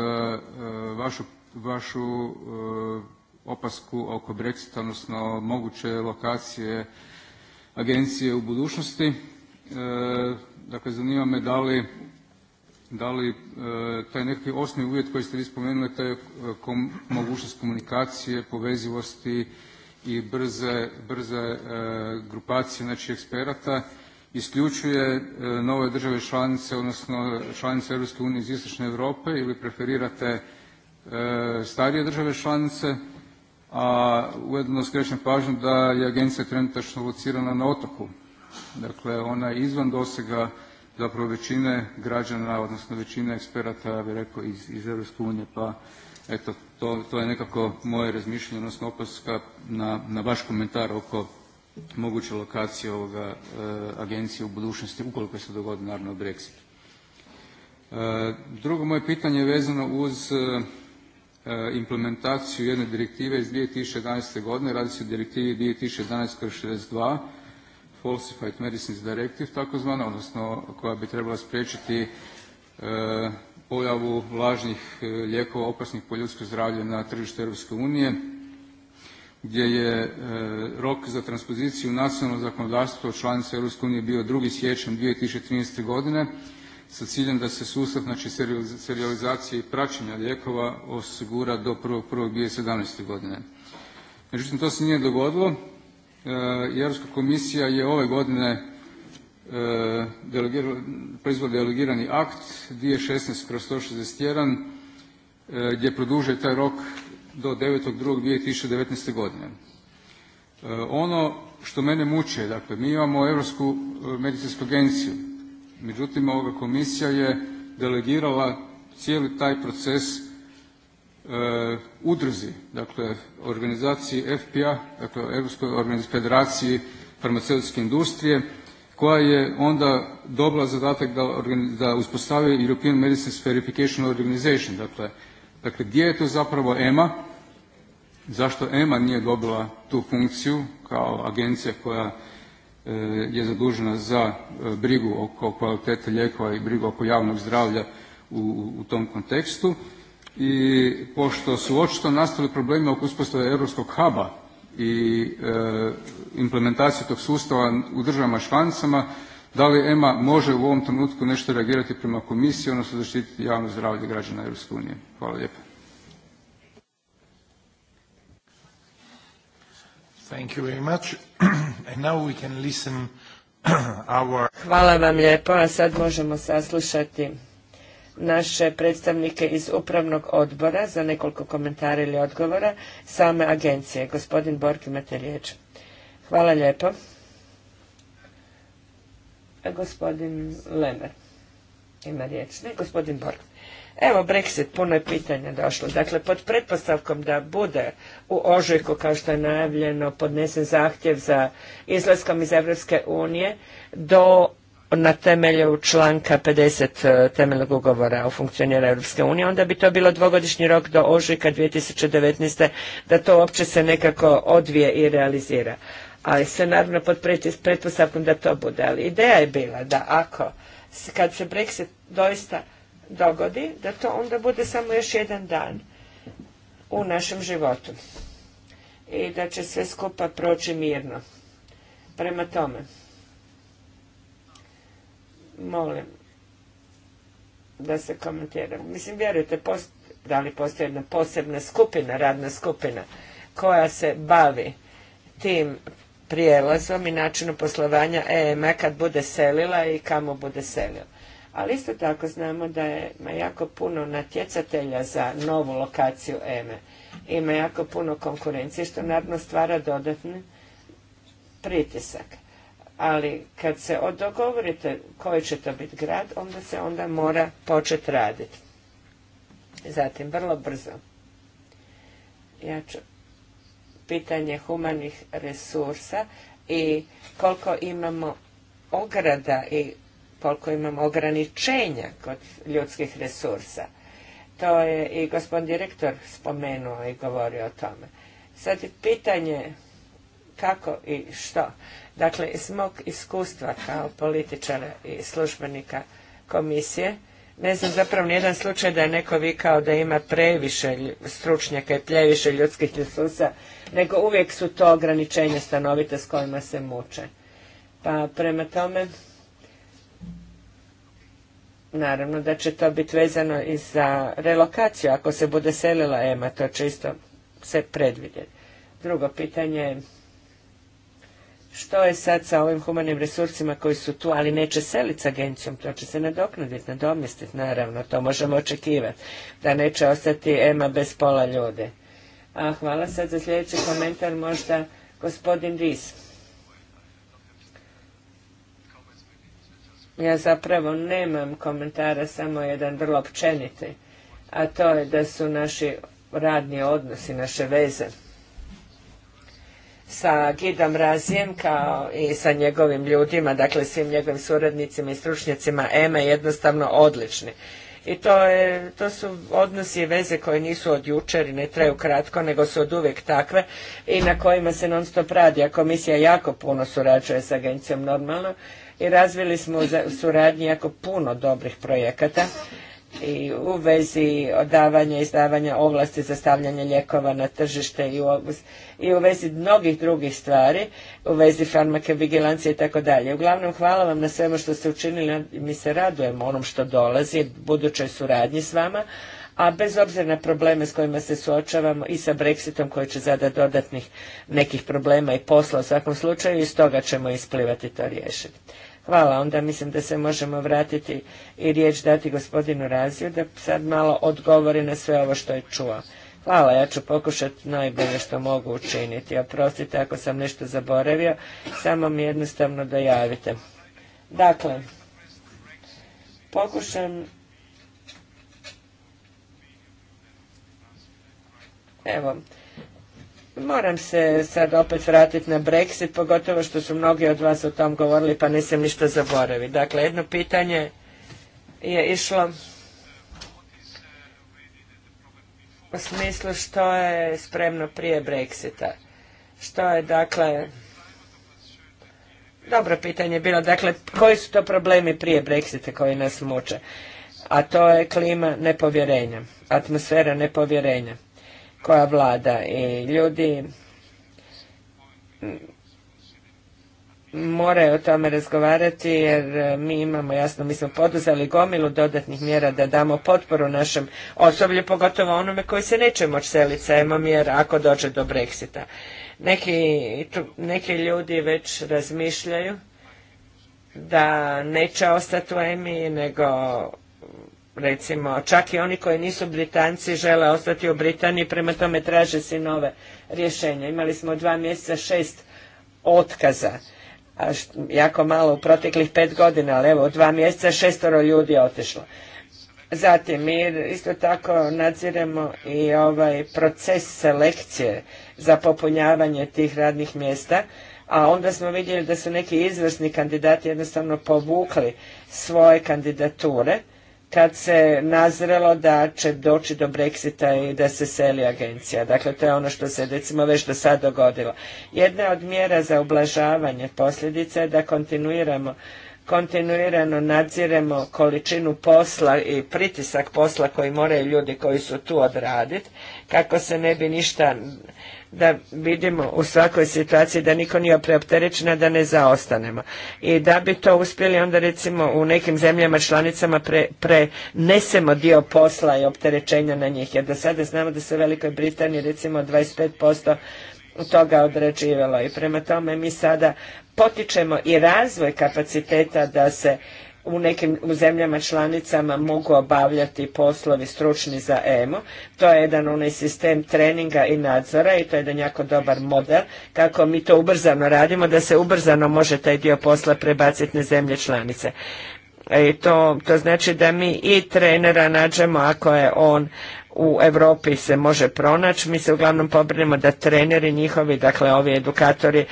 vašu, opasku oko Brexita, odnosno moguće lokacije agencije u budućnosti. Dakle, zanima me da li da li e, taj neki osnovni uvjet koji ste vi spomenuli, to je e, mogućnost komunikacije, povezivosti i brze, brze e, grupacije znači eksperata isključuje nove države članice, odnosno članice Europske unije iz Istočne Europe ili preferirate starije države članice, a ujedno skrećem pažnju da je agencija trenutačno locirana na otoku. Dakle, ona je izvan dosega zapravo većine građana, odnosno većine eksperata, ja bih rekao, iz, iz unije. Pa eto, to, je nekako moje razmišljanje, odnosno opaska na, vaš komentar oko moguće lokacije ovoga e, agencije u budućnosti, ukoliko se dogodi, naravno, Brexit. E, drugo moje pitanje je vezano uz e, implementaciju jedne direktive iz 2011. godine, radi se o direktivi 2011/62 Falsified Medicines Directive takozvana, odnosno koja bi trebala spriječiti e, pojavu lažnih e, lijekova opasnih po ljudsko zdravlje na tržištu Europske unije gdje je e, rok za transpoziciju nacionalno zakonodavstvo članica Europske unije bio 2. siječanj 2013. godine sa ciljem da se sustav znači serijalizacije i praćenja lijekova osigura do 1.1.2017. godine. Međutim, to se nije dogodilo i e, Europska komisija je ove godine e, proizvod delegirani akt 2016 kroz 161 e, gdje produžuje taj rok do 9.2.2019. godine. Ono što mene muče, dakle mi imamo Europsku medicinsku agenciju, međutim ova komisija je delegirala cijeli taj proces E, udruzi, dakle organizaciji FPA, dakle Europskoj federaciji farmaceutske industrije koja je onda dobila zadatak da, uspostavi European Medicines Verification Organization. Dakle, dakle, gdje je to zapravo EMA? Zašto EMA nije dobila tu funkciju kao agencija koja e, je zadužena za e, brigu oko kvalitete lijekova i brigu oko javnog zdravlja u tom kontekstu? i pošto su očito nastali problemi oko uspostave europskog huba i e, implementacije tog sustava u državama članicama, da li EMA može u ovom trenutku nešto reagirati prema komisiji, odnosno zaštititi javno zdravlje građana Europske unije? Hvala lijepa. Hvala vam lijepo, a sad možemo saslušati naše predstavnike iz upravnog odbora za nekoliko komentara ili odgovora same agencije. Gospodin Bork, imate riječ. Hvala lijepo. E, gospodin Lemer ima riječ. Ne, gospodin Bork. Evo, Brexit, puno je pitanja došlo. Dakle, pod pretpostavkom da bude u ožujku, kao što je najavljeno, podnesen zahtjev za izlaskom iz Evropske unije, do na temelju članka 50 e, temeljnog ugovora o funkcioniranju Europske unije, onda bi to bilo dvogodišnji rok do ožujka 2019. da to uopće se nekako odvije i realizira. Ali se naravno pod pretpostavkom da to bude. Ali ideja je bila da ako kad se Brexit doista dogodi, da to onda bude samo još jedan dan u našem životu. I da će sve skupa proći mirno. Prema tome, molim da se komentiram. Mislim, vjerujte, da li postoji jedna posebna skupina, radna skupina, koja se bavi tim prijelazom i načinom poslovanja EMA kad bude selila i kamo bude selila. Ali isto tako znamo da je, ima jako puno natjecatelja za novu lokaciju EME. Ima jako puno konkurencije što naravno stvara dodatni pritisak ali kad se dogovorite koji će to biti grad, onda se onda mora početi raditi. Zatim, vrlo brzo, ja pitanje humanih resursa i koliko imamo ograda i koliko imamo ograničenja kod ljudskih resursa. To je i gospodin direktor spomenuo i govorio o tome. Sad je pitanje kako i što. Dakle, iz mog iskustva kao političara i službenika komisije, ne znam zapravo nijedan slučaj da je neko vikao da ima previše stručnjaka i previše ljudskih resursa, nego uvijek su to ograničenja stanovite s kojima se muče. Pa prema tome, naravno da će to biti vezano i za relokaciju. Ako se bude selila EMA, to će isto se predvidjeti. Drugo pitanje je što je sad sa ovim humanim resursima koji su tu, ali neće seliti s agencijom, to će se nadoknaditi, nadomjestiti, naravno, to možemo očekivati, da neće ostati EMA bez pola ljude. A hvala sad za sljedeći komentar, možda gospodin Ris. Ja zapravo nemam komentara, samo jedan vrlo općeniti, a to je da su naši radni odnosi, naše veze, sa Gidom Razijem kao i sa njegovim ljudima, dakle svim njegovim suradnicima i stručnjacima EMA jednostavno odlični. I to, je, to su odnosi i veze koje nisu od jučer i ne traju kratko, nego su od uvijek takve i na kojima se non stop radi. A komisija jako puno surađuje s agencijom normalno i razvili smo u suradnji jako puno dobrih projekata i u vezi odavanja i izdavanja ovlasti za stavljanje lijekova na tržište i u, vezi mnogih drugih stvari, u vezi farmake, vigilancije i tako dalje. Uglavnom, hvala vam na svemu što ste učinili, mi se radujemo onom što dolazi, budućoj suradnji s vama, a bez obzira na probleme s kojima se suočavamo i sa Brexitom koji će zada dodatnih nekih problema i posla u svakom slučaju, iz toga ćemo isplivati to riješiti. Hvala, onda mislim da se možemo vratiti i riječ dati gospodinu Raziju da sad malo odgovori na sve ovo što je čuo. Hvala, ja ću pokušati najbolje što mogu učiniti. Oprostite ako sam nešto zaboravio, samo mi jednostavno da javite. Dakle, pokušam... Evo, Moram se sad opet vratiti na Brexit, pogotovo što su mnogi od vas o tom govorili, pa nisam ništa zaboravi. Dakle, jedno pitanje je išlo u smislu što je spremno prije Brexita. Što je, dakle, dobro pitanje je bilo, dakle, koji su to problemi prije Brexita koji nas muče? A to je klima nepovjerenja, atmosfera nepovjerenja koja vlada i ljudi moraju o tome razgovarati jer e, mi imamo jasno, mi smo poduzeli gomilu dodatnih mjera da damo potporu našem osoblju, pogotovo onome koji se neće moći seliti sa emom jer ako dođe do Brexita. Neki, neki ljudi već razmišljaju da neće ostati u EMI, nego recimo, čak i oni koji nisu Britanci žele ostati u Britaniji, prema tome traže se nove rješenja. Imali smo dva mjeseca šest otkaza, a jako malo u proteklih pet godina, ali evo, dva mjeseca šestoro ljudi je otišlo. Zatim, mi isto tako nadziremo i ovaj proces selekcije za popunjavanje tih radnih mjesta, a onda smo vidjeli da su neki izvrsni kandidati jednostavno povukli svoje kandidature, kad se nazrelo da će doći do Brexita i da se seli agencija. Dakle, to je ono što se recimo već do sad dogodilo. Jedna od mjera za ublažavanje posljedica je da kontinuiramo kontinuirano nadziremo količinu posla i pritisak posla koji moraju ljudi koji su tu odraditi kako se ne bi ništa da vidimo u svakoj situaciji da niko nije preopterećen, da ne zaostanemo. I da bi to uspjeli onda recimo u nekim zemljama članicama pre, prenesemo dio posla i opterećenja na njih. Jer do sada znamo da se u Velikoj Britaniji recimo 25% toga odrađivalo i prema tome mi sada potičemo i razvoj kapaciteta da se u nekim zemljama članicama mogu obavljati poslovi stručni za EMO. To je jedan onaj sistem treninga i nadzora i to je jedan jako dobar model kako mi to ubrzano radimo, da se ubrzano može taj dio posla prebaciti na zemlje članice. E, to, to znači da mi i trenera nađemo ako je on u Europi se može pronaći. Mi se uglavnom pobrinemo da treneri njihovi, dakle ovi edukatori,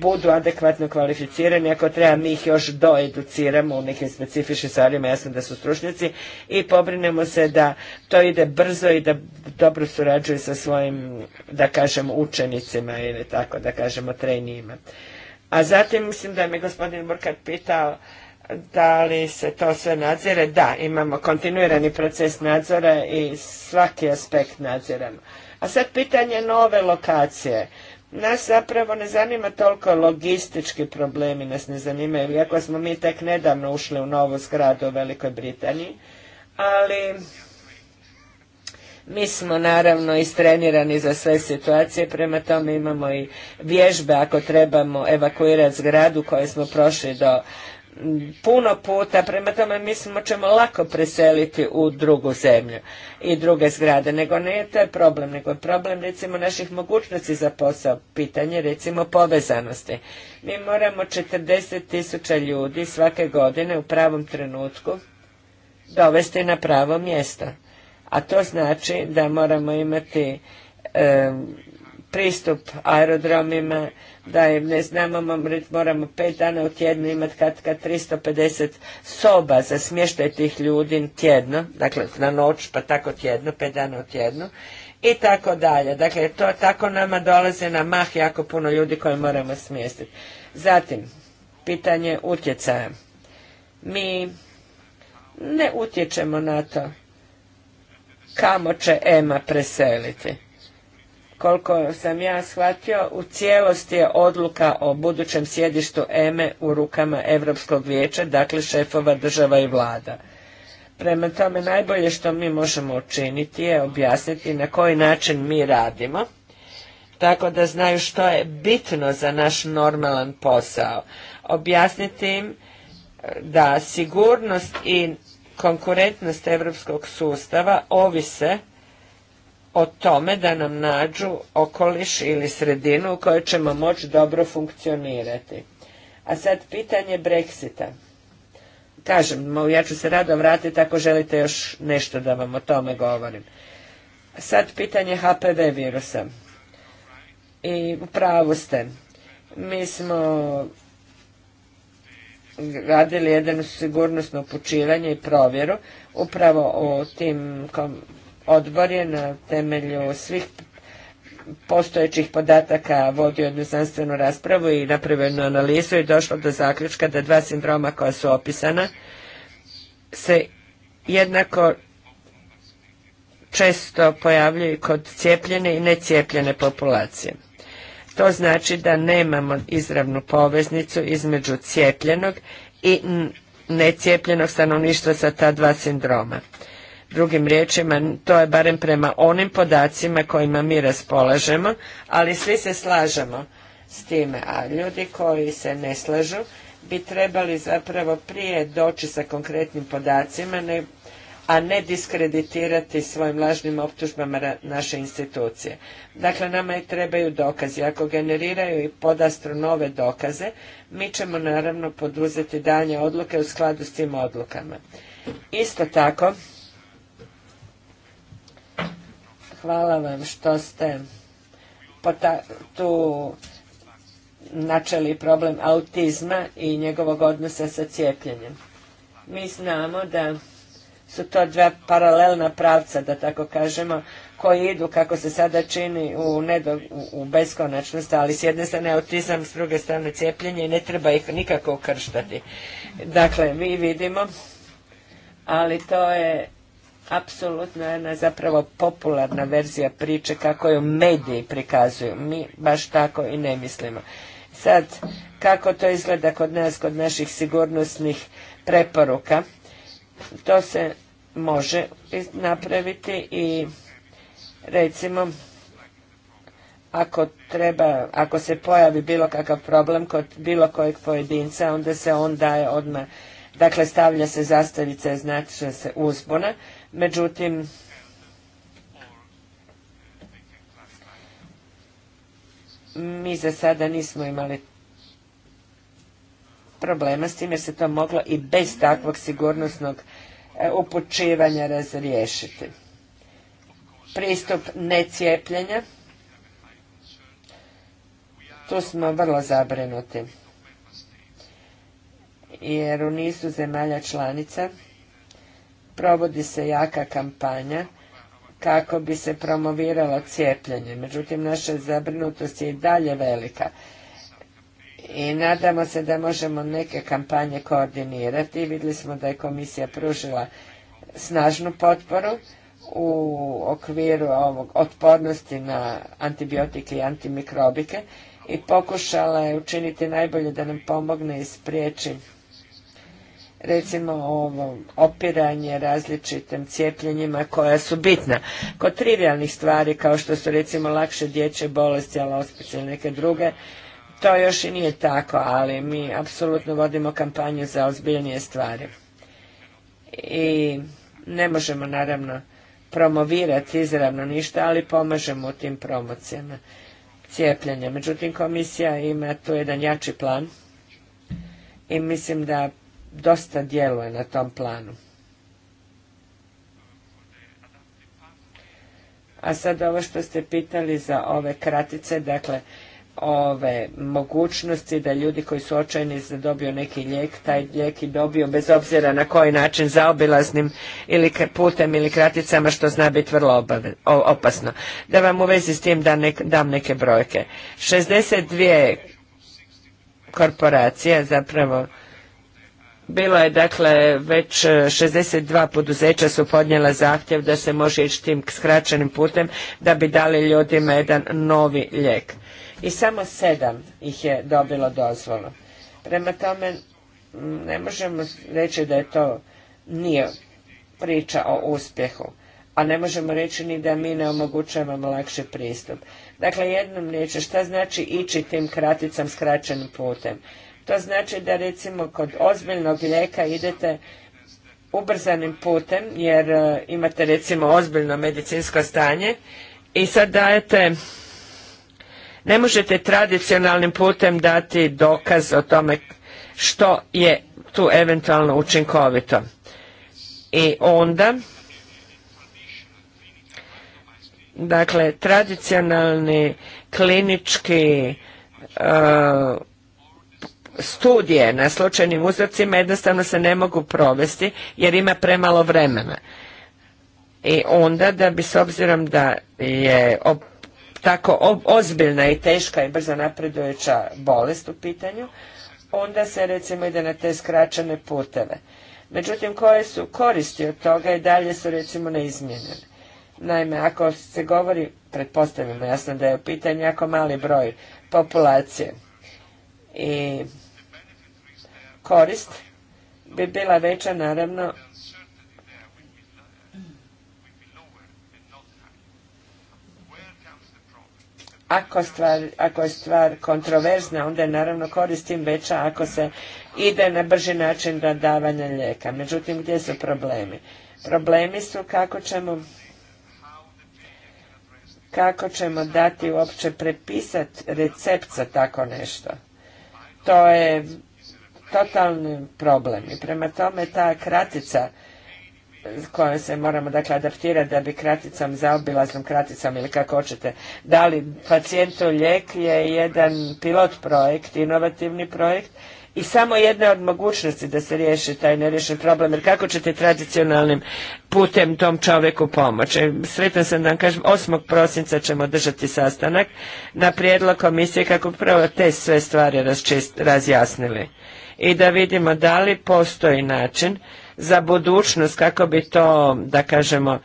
budu adekvatno kvalificirani. Ako treba, mi ih još doeduciramo u nekim specifičnim stvarima, jasno da su stručnjaci, i pobrinemo se da to ide brzo i da dobro surađuje sa svojim, da kažem, učenicima ili tako, da kažemo, trenijima. A zatim mislim da me gospodin Burkard pitao da li se to sve nadzire? Da, imamo kontinuirani proces nadzora i svaki aspekt nadziramo. A sad pitanje nove lokacije. Nas zapravo ne zanima toliko logistički problemi, nas ne zanimaju, iako smo mi tek nedavno ušli u novu zgradu u Velikoj Britaniji, ali mi smo naravno istrenirani za sve situacije, prema tome imamo i vježbe ako trebamo evakuirati zgradu koju smo prošli do puno puta, prema tome mi ćemo lako preseliti u drugu zemlju i druge zgrade, nego ne to problem, nego je problem recimo naših mogućnosti za posao, pitanje recimo povezanosti. Mi moramo 40 tisuća ljudi svake godine u pravom trenutku dovesti na pravo mjesto, a to znači da moramo imati pristup aerodromima, da je, ne znamo, moramo pet dana u tjednu imati kad, kad 350 soba za smještaj tih ljudi tjedno, dakle na noć pa tako tjedno, pet dana u tjednu i tako dalje. Dakle, to tako nama dolaze na mah jako puno ljudi koje moramo smjestiti. Zatim, pitanje utjecaja. Mi ne utječemo na to kamo će EMA preseliti. Koliko sam ja shvatio, u cijelosti je odluka o budućem sjedištu EME u rukama Europskog vijeća, dakle šefova država i vlada. Prema tome, najbolje što mi možemo učiniti je objasniti na koji način mi radimo, tako da znaju što je bitno za naš normalan posao. Objasniti im e, da sigurnost i konkurentnost europskog sustava ovise o tome da nam nađu okoliš ili sredinu u kojoj ćemo moći dobro funkcionirati. A sad pitanje Brexita. Kažem, ja ću se rado vratiti ako želite još nešto da vam o tome govorim. sad pitanje HPV virusa. I u pravu ste. Mi smo radili jedno sigurnosno upućivanje i provjeru upravo o tim odbor je na temelju svih postojećih podataka vodio jednu znanstvenu raspravu i napravio jednu analizu i došlo do zaključka da dva sindroma koja su opisana se jednako često pojavljuju kod cijepljene i necijepljene populacije. To znači da nemamo izravnu poveznicu između cijepljenog i necijepljenog stanovništva sa ta dva sindroma. Drugim riječima, to je barem prema onim podacima kojima mi raspolažemo, ali svi se slažemo s time, a ljudi koji se ne slažu bi trebali zapravo prije doći sa konkretnim podacima, a ne diskreditirati svojim lažnim optužbama naše institucije. Dakle, nama je trebaju dokazi. Ako generiraju i podastru nove dokaze, mi ćemo naravno poduzeti dalje odluke u skladu s tim odlukama. Isto tako, Hvala vam što ste tu načeli problem autizma i njegovog odnosa sa cijepljenjem. Mi znamo da su to dva paralelna pravca, da tako kažemo, koji idu, kako se sada čini, u, beskonačnost, ali s jedne strane autizam, s druge strane cijepljenje i ne treba ih nikako ukrštati. Dakle, mi vidimo, ali to je apsolutno jedna zapravo popularna verzija priče kako ju mediji prikazuju. Mi baš tako i ne mislimo. Sad, kako to izgleda kod nas, kod naših sigurnosnih preporuka, to se može napraviti i recimo ako treba, ako se pojavi bilo kakav problem kod bilo kojeg pojedinca, onda se on daje odmah, dakle stavlja se zastavica znači se uzbuna Međutim, mi za sada nismo imali problema s tim jer se to moglo i bez takvog sigurnosnog e, upućivanja razriješiti. Pristup necijepljenja, tu smo vrlo zabrinuti, jer u nisu zemalja članica provodi se jaka kampanja kako bi se promoviralo cijepljenje. Međutim, naša zabrinutost je i dalje velika. I nadamo se da možemo neke kampanje koordinirati. Vidjeli smo da je komisija pružila snažnu potporu u okviru ovog otpornosti na antibiotike i antimikrobike i pokušala je učiniti najbolje da nam pomogne i spriječi recimo ovo opiranje različitim cijepljenjima koja su bitna. Kod trivialnih stvari kao što su recimo lakše dječje bolesti, ali ili neke druge, to još i nije tako, ali mi apsolutno vodimo kampanju za ozbiljnije stvari. I ne možemo naravno promovirati izravno ništa, ali pomažemo u tim promocijama cijepljenja. Međutim, komisija ima tu jedan jači plan i mislim da dosta djeluje na tom planu. A sad ovo što ste pitali za ove kratice, dakle ove mogućnosti da ljudi koji su očajni da dobiju neki lijek, taj lijek i dobiju bez obzira na koji način zaobilaznim ili putem ili kraticama što zna biti vrlo opasno. Da vam u vezi s tim da dam neke brojke. 62 korporacije zapravo bilo je dakle već 62 e, poduzeća su podnijela zahtjev da se može ići tim skraćenim putem da bi dali ljudima jedan novi lijek. I samo sedam ih je dobilo dozvolu. Prema tome ne možemo reći da je to nije priča o uspjehu, a ne možemo reći ni da mi ne omogućavamo lakši pristup. Dakle, jednom riječi, šta znači ići tim kraticam skraćenim putem? To znači da recimo kod ozbiljnog lijeka idete ubrzanim putem jer e, imate recimo ozbiljno medicinsko stanje i sad dajete ne možete tradicionalnim putem dati dokaz o tome što je tu eventualno učinkovito. I onda dakle tradicionalni klinički e, studije na slučajnim uzorcima jednostavno se ne mogu provesti jer ima premalo vremena. I onda da bi s obzirom da je tako ozbiljna i teška i brzo napredujuća bolest u pitanju, onda se recimo ide na te skraćene puteve. Međutim, koje su koristi od toga i dalje su recimo neizmjenjene. Naime, ako se govori, pretpostavimo jasno da je u pitanju jako mali broj populacije i korist bi bila veća naravno Ako, stvar, ako je stvar kontroverzna, onda je naravno koristim veća ako se ide na brži način da davanja lijeka. Međutim, gdje su problemi? Problemi su kako ćemo kako ćemo dati uopće prepisati recept za tako nešto. To je totalni problem i prema tome ta kratica kojom se moramo dakle adaptirati da bi kraticom, zaobilaznom kraticom ili kako hoćete, dali pacijentu lijek je jedan pilot projekt, inovativni projekt i samo jedna od mogućnosti da se riješi taj nerješen problem, jer kako ćete tradicionalnim putem tom čovjeku pomoći. E, Sretan sam da vam kažem, 8. prosinca ćemo držati sastanak na prijedlog komisije kako prvo te sve stvari razjasnili i da vidimo da li postoji način za budućnost kako bi to, da kažemo,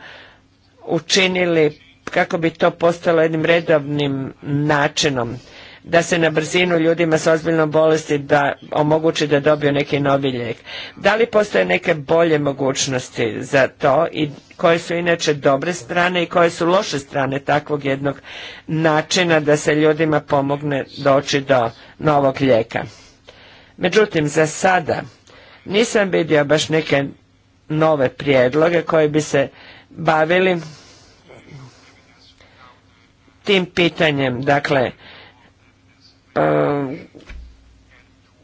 učinili, kako bi to postalo jednim redovnim načinom da se na brzinu ljudima s ozbiljnom bolesti da omogući da dobiju neki novi lijek. Da li postoje neke bolje mogućnosti za to i koje su inače dobre strane i koje su loše strane takvog jednog načina da se ljudima pomogne doći do novog lijeka? Međutim, za sada nisam vidio baš neke nove prijedloge koji bi se bavili tim pitanjem, dakle, um,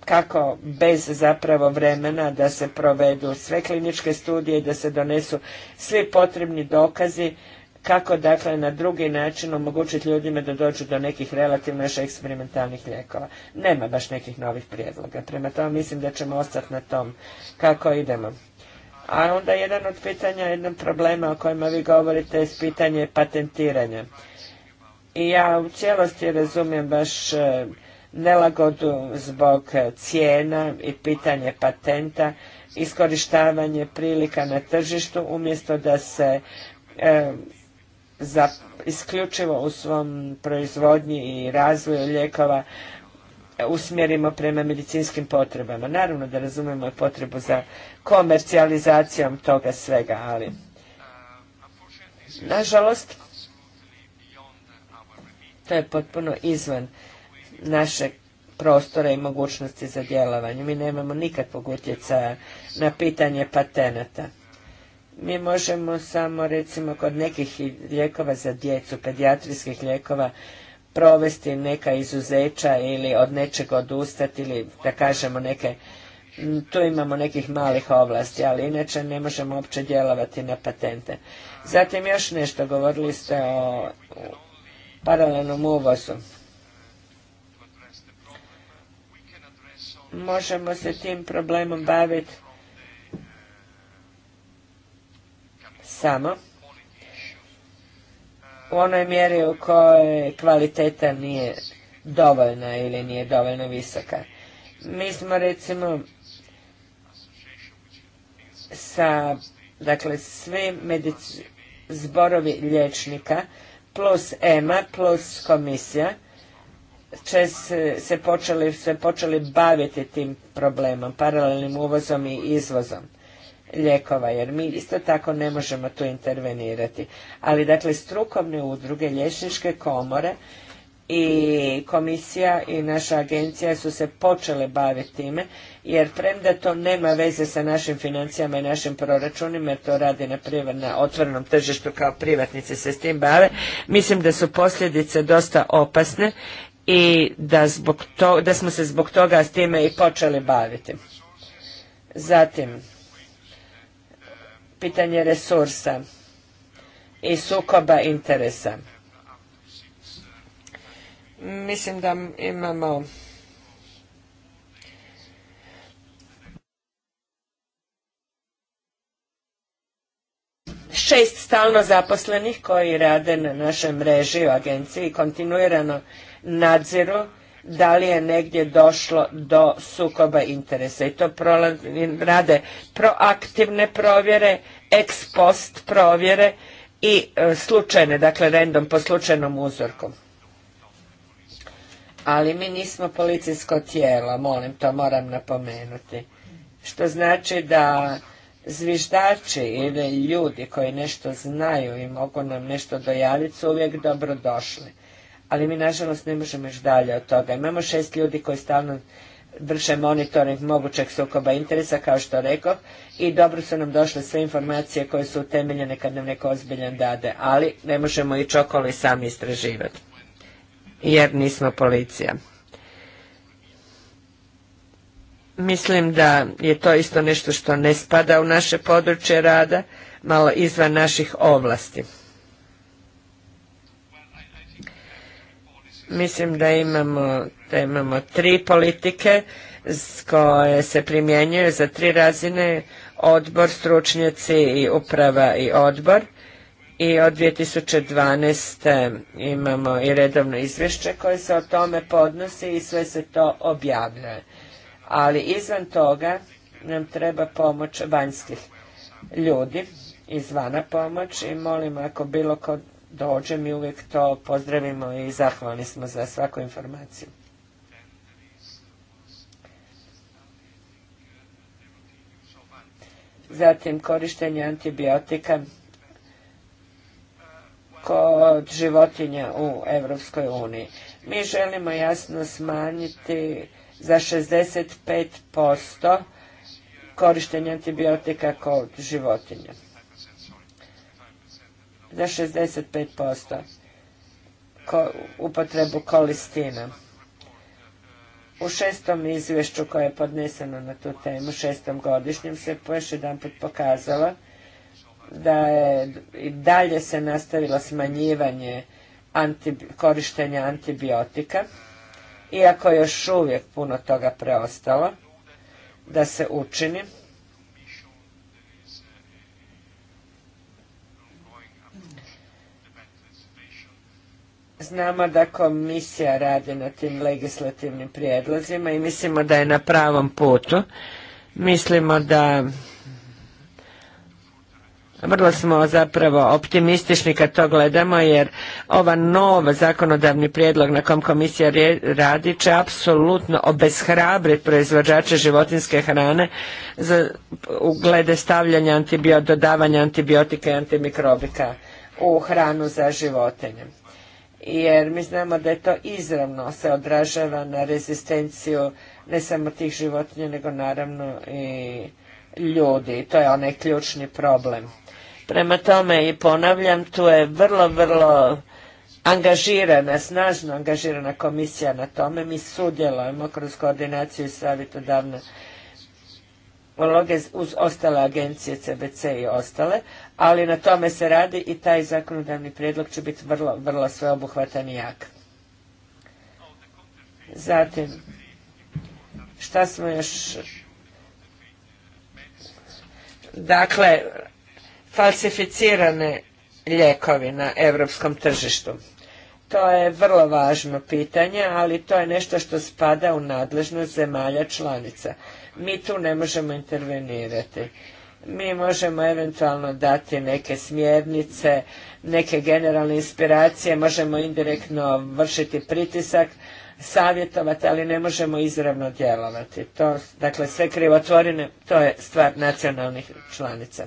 kako bez zapravo vremena da se provedu sve kliničke studije i da se donesu svi potrebni dokazi kako dakle na drugi način omogućiti ljudima da dođu do nekih relativno još eksperimentalnih lijekova. Nema baš nekih novih prijedloga. Prema tome mislim da ćemo ostati na tom kako idemo. A onda jedan od pitanja, jedan problema o kojima vi govorite je pitanje patentiranja. I ja u cijelosti razumijem baš e, nelagodu zbog e, cijena i pitanje patenta, iskorištavanje prilika na tržištu umjesto da se e, za isključivo u svom proizvodnji i razvoju lijekova usmjerimo prema medicinskim potrebama. Naravno da razumemo potrebu za komercijalizacijom toga svega, ali nažalost to je potpuno izvan našeg prostora i mogućnosti za djelovanje. Mi nemamo nikakvog utjecaja na pitanje patenata mi možemo samo recimo kod nekih lijekova za djecu, pedijatrijskih lijekova, provesti neka izuzeća ili od nečeg odustati ili da kažemo neke, tu imamo nekih malih ovlasti, ali inače ne možemo uopće djelovati na patente. Zatim još nešto, govorili ste o paralelnom uvozu. Možemo se tim problemom baviti samo u onoj mjeri u kojoj kvaliteta nije dovoljna ili nije dovoljno visoka. Mi smo recimo sa, dakle, svi zborovi liječnika plus EMA plus komisija će se, počeli, se počeli baviti tim problemom, paralelnim uvozom i izvozom lijekova, jer mi isto tako ne možemo tu intervenirati. Ali dakle, strukovne udruge, liječničke komore i komisija i naša agencija su se počele baviti time, jer premda to nema veze sa našim financijama i našim proračunima, jer to radi na, otvornom otvorenom tržištu kao privatnici se s tim bave, mislim da su posljedice dosta opasne i da, da smo se zbog toga s time i počeli baviti. Zatim, pitanje resursa i sukoba interesa. Mislim da imamo šest stalno zaposlenih koji rade na našoj mreži u agenciji i kontinuirano nadziru da li je negdje došlo do sukoba interesa i to rade proaktivne provjere, ex post provjere i e, slučajne, dakle random po slučajnom uzorku. Ali mi nismo policijsko tijelo, molim, to moram napomenuti. Što znači da zviždači ili ljudi koji nešto znaju i mogu nam nešto dojaviti su uvijek dobrodošli ali mi nažalost ne možemo još dalje od toga. Imamo šest ljudi koji stalno vrše monitoring mogućeg sukoba interesa, kao što rekoh, i dobro su nam došle sve informacije koje su utemeljene kad nam neko ozbiljan dade, ali ne možemo i okolo sami istraživati, jer nismo policija. Mislim da je to isto nešto što ne spada u naše područje rada, malo izvan naših ovlasti. Mislim da imamo, da imamo tri politike koje se primjenjuju za tri razine, odbor, stručnjaci i uprava i odbor. I od 2012. imamo i redovno izvješće koje se o tome podnosi i sve se to objavljuje. Ali izvan toga nam treba pomoć vanjskih ljudi, izvana pomoć i molim ako bilo kod dođe, mi uvijek to pozdravimo i zahvalni smo za svaku informaciju. Zatim korištenje antibiotika kod životinja u Europskoj uniji. Mi želimo jasno smanjiti za 65% korištenje antibiotika kod životinja za 65% upotrebu kolistina. U šestom izvješću koje je podneseno na tu temu, šestom godišnjem, se još jedan put pokazalo da je i dalje se nastavilo smanjivanje korištenja antibiotika, iako je još uvijek puno toga preostalo da se učini Znamo da komisija radi na tim legislativnim prijedlozima i mislimo da je na pravom putu. Mislimo da vrlo smo zapravo optimistični kad to gledamo jer ova nova zakonodavni prijedlog na kom komisija radi će apsolutno obeshrabriti proizvođače životinske hrane za, u glede stavljanja dodavanja antibiotika i antimikrobika u hranu za životinje jer mi znamo da je to izravno se odražava na rezistenciju ne samo tih životinja nego naravno i ljudi to je onaj ključni problem. Prema tome i ponavljam, tu je vrlo, vrlo angažirana, snažno angažirana komisija na tome. Mi sudjelujemo kroz koordinaciju i savjetodavne uloge uz ostale agencije CBC i ostale, ali na tome se radi i taj zakonodavni prijedlog će biti vrlo, vrlo sveobuhvatan i jak. Zatim, šta smo još... Dakle, falsificirane lijekovi na europskom tržištu. To je vrlo važno pitanje, ali to je nešto što spada u nadležnost zemalja članica mi tu ne možemo intervenirati. Mi možemo eventualno dati neke smjernice, neke generalne inspiracije, možemo indirektno vršiti pritisak, savjetovati, ali ne možemo izravno djelovati. To, dakle, sve krivotvorine, to je stvar nacionalnih članica.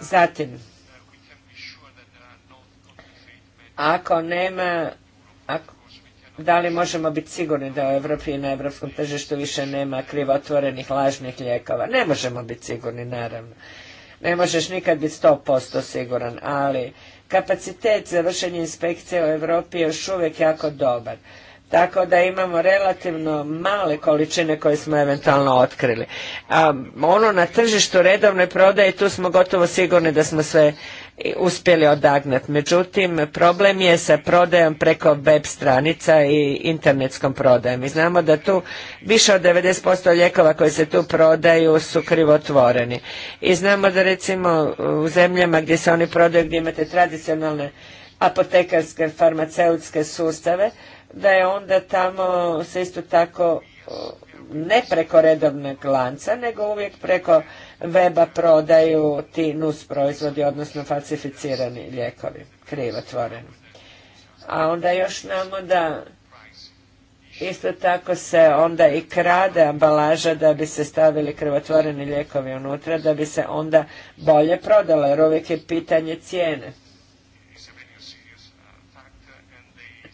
Zatim, ako nema da li možemo biti sigurni da u Europi i na europskom tržištu više nema krivotvorenih lažnih lijekova. Ne možemo biti sigurni, naravno. Ne možeš nikad biti 100% siguran, ali kapacitet za vršenje inspekcije u Europi je još uvijek jako dobar. Tako da imamo relativno male količine koje smo eventualno otkrili. ono na tržištu redovne prodaje, tu smo gotovo sigurni da smo sve uspjeli odagnat. Međutim, problem je sa prodajom preko web stranica i internetskom prodajom. I znamo da tu više od 90% lijekova koji se tu prodaju su krivotvoreni. I znamo da recimo u zemljama gdje se oni prodaju, gdje imate tradicionalne apotekarske, farmaceutske sustave, da je onda tamo se isto tako ne preko redovnog lanca, nego uvijek preko weba prodaju ti nus proizvodi, odnosno falsificirani lijekovi, krivotvoreni. A onda još namo da isto tako se onda i krade ambalaža da bi se stavili krivotvoreni lijekovi unutra, da bi se onda bolje prodala, jer uvijek je pitanje cijene.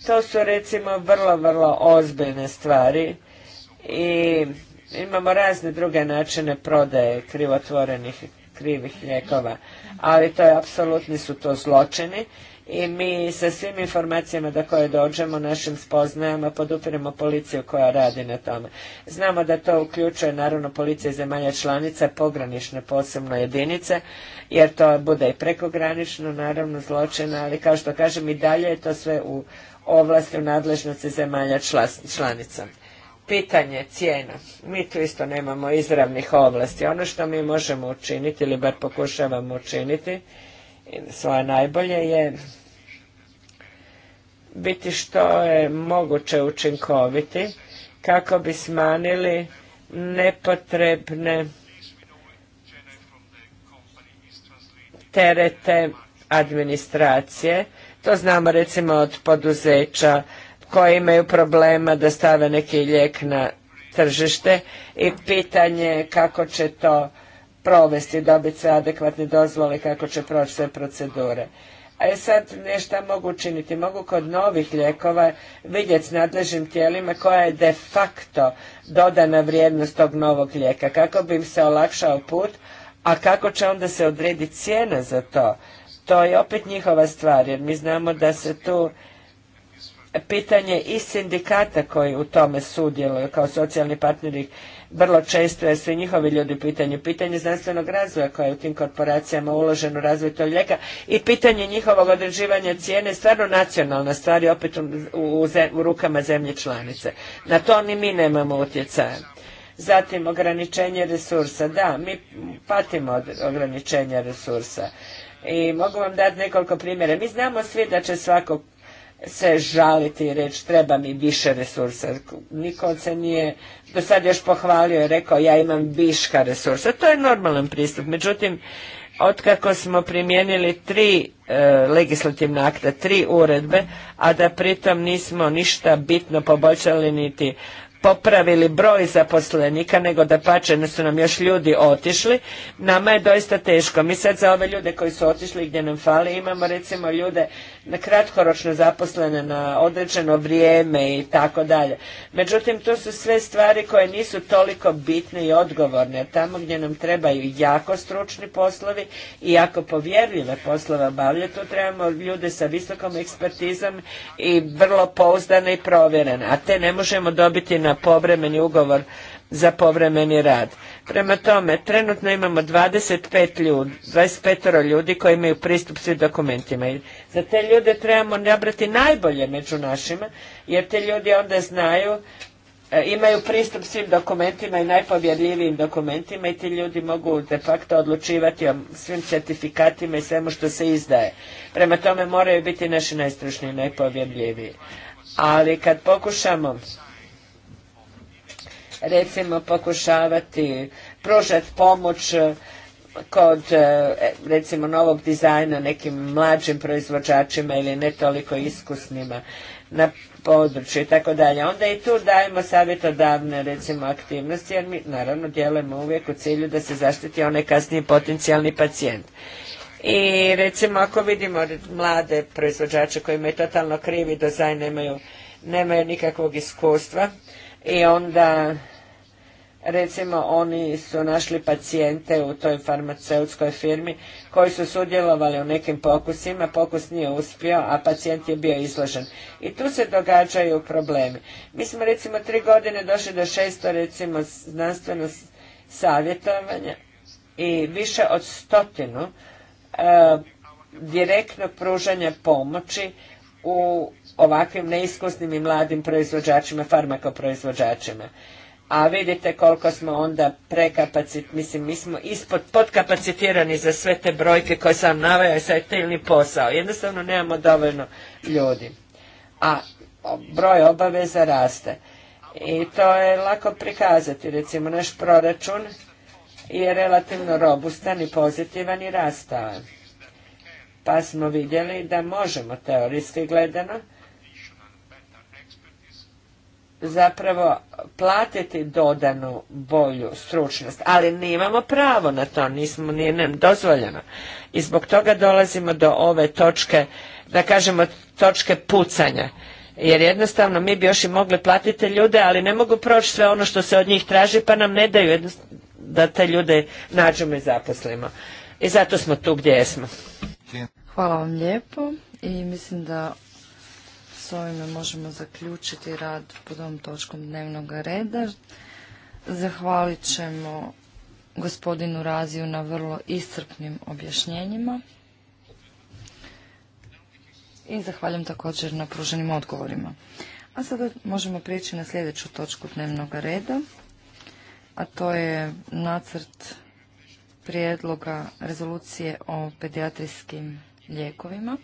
To su recimo vrlo, vrlo ozbiljne stvari i Imamo razne druge načine prodaje krivotvorenih krivih lijekova, ali to je apsolutni su to zločini i mi sa svim informacijama do koje dođemo, našim spoznajama, podupiremo policiju koja radi na tome. Znamo da to uključuje naravno policija zemalja članica, pogranične posebno jedinice, jer to bude i prekogranično, naravno zločina, ali kao što kažem i dalje je to sve u ovlasti u nadležnosti zemalja članica pitanje cijena. Mi tu isto nemamo izravnih ovlasti. Ono što mi možemo učiniti ili bar pokušavamo učiniti svoje najbolje je biti što je moguće učinkoviti kako bi smanili nepotrebne terete administracije. To znamo recimo od poduzeća koje imaju problema da stave neki lijek na tržište i pitanje kako će to provesti, dobiti sve adekvatne dozvole, kako će proći sve procedure. A je sad nešto mogu učiniti. Mogu kod novih lijekova vidjeti s nadležnim tijelima koja je de facto dodana vrijednost tog novog lijeka, kako bi im se olakšao put, a kako će onda se odrediti cijena za to. To je opet njihova stvar, jer mi znamo da se tu pitanje i sindikata koji u tome sudjeluju kao socijalni partneri vrlo često jer su i njihovi ljudi u pitanju. Pitanje znanstvenog razvoja koje je u tim korporacijama uloženo u razvoj tog lijeka i pitanje njihovog određivanja cijene stvarno nacionalna stvar je opet u, u rukama zemlje članice. Na to ni mi nemamo utjecaja. Zatim ograničenje resursa. Da, mi patimo od ograničenja resursa. I mogu vam dati nekoliko primjera. Mi znamo svi da će svako se žaliti i reći treba mi više resursa. Niko se nije do sad još pohvalio i rekao ja imam viška resursa. To je normalan pristup. Međutim, otkako smo primijenili tri legislativne legislativna akta, tri uredbe, a da pritom nismo ništa bitno poboljšali niti popravili broj zaposlenika, nego da pače su nam još ljudi otišli, nama je doista teško. Mi sad za ove ljude koji su otišli gdje nam fali, imamo recimo ljude na kratkoročno zaposlene na određeno vrijeme i tako dalje. Međutim, to su sve stvari koje nisu toliko bitne i odgovorne. Tamo gdje nam trebaju jako stručni poslovi i jako povjerljive poslove obavljaju, tu trebamo ljude sa visokom ekspertizom i vrlo pouzdane i provjerene. A te ne možemo dobiti na na povremeni ugovor za povremeni rad. Prema tome, trenutno imamo 25 ljudi, 25 ljudi koji imaju pristup svim dokumentima. za te ljude trebamo nabrati najbolje među našima, jer te ljudi onda znaju, e, imaju pristup svim dokumentima i najpovjerljivijim dokumentima i ti ljudi mogu de facto odlučivati o svim certifikatima i svemu što se izdaje. Prema tome moraju biti naši najstručniji i najpovjerljiviji. Ali kad pokušamo recimo pokušavati pružati pomoć eh, kod eh, recimo novog dizajna nekim mlađim proizvođačima ili ne toliko iskusnima na području i tako dalje. Onda i tu dajemo savjetodavne recimo aktivnosti jer mi naravno djelujemo uvijek u cilju da se zaštiti onaj kasniji potencijalni pacijent. I recimo ako vidimo mlade proizvođače koji imaju totalno krivi dizajn, nemaju, nemaju nikakvog iskustva, i onda recimo oni su našli pacijente u toj farmaceutskoj firmi koji su sudjelovali u nekim pokusima, pokus nije uspio, a pacijent je bio izložen. I tu se događaju problemi. Mi smo recimo tri godine došli do šesto, recimo znanstveno savjetovanja i više od stotinu e, direktno pružanja pomoći u ovakvim neiskusnim i mladim proizvođačima, farmakoproizvođačima. A vidite koliko smo onda prekapacit, mislim, mi smo ispod, podkapacitirani za sve te brojke koje sam naveo i ili posao. Jednostavno nemamo dovoljno ljudi. A broj obaveza raste. I to je lako prikazati. Recimo, naš proračun je relativno robustan i pozitivan i rastavan pa smo vidjeli da možemo teorijski gledano zapravo platiti dodanu bolju stručnost, ali nemamo pravo na to, nismo, nije nam dozvoljeno. I zbog toga dolazimo do ove točke, da kažemo točke pucanja. Jer jednostavno mi bi još i mogli platiti ljude, ali ne mogu proći sve ono što se od njih traži, pa nam ne daju da te ljude nađemo i zaposlimo. I zato smo tu gdje smo. Hvala vam lijepo i mislim da s ovime možemo zaključiti rad pod ovom točkom dnevnog reda. Zahvalit ćemo gospodinu Raziju na vrlo iscrpnim objašnjenjima i zahvaljujem također na pruženim odgovorima. A sada možemo prijeći na sljedeću točku dnevnog reda, a to je nacrt prijedloga rezolucije o pedijatrijskim lijekovima.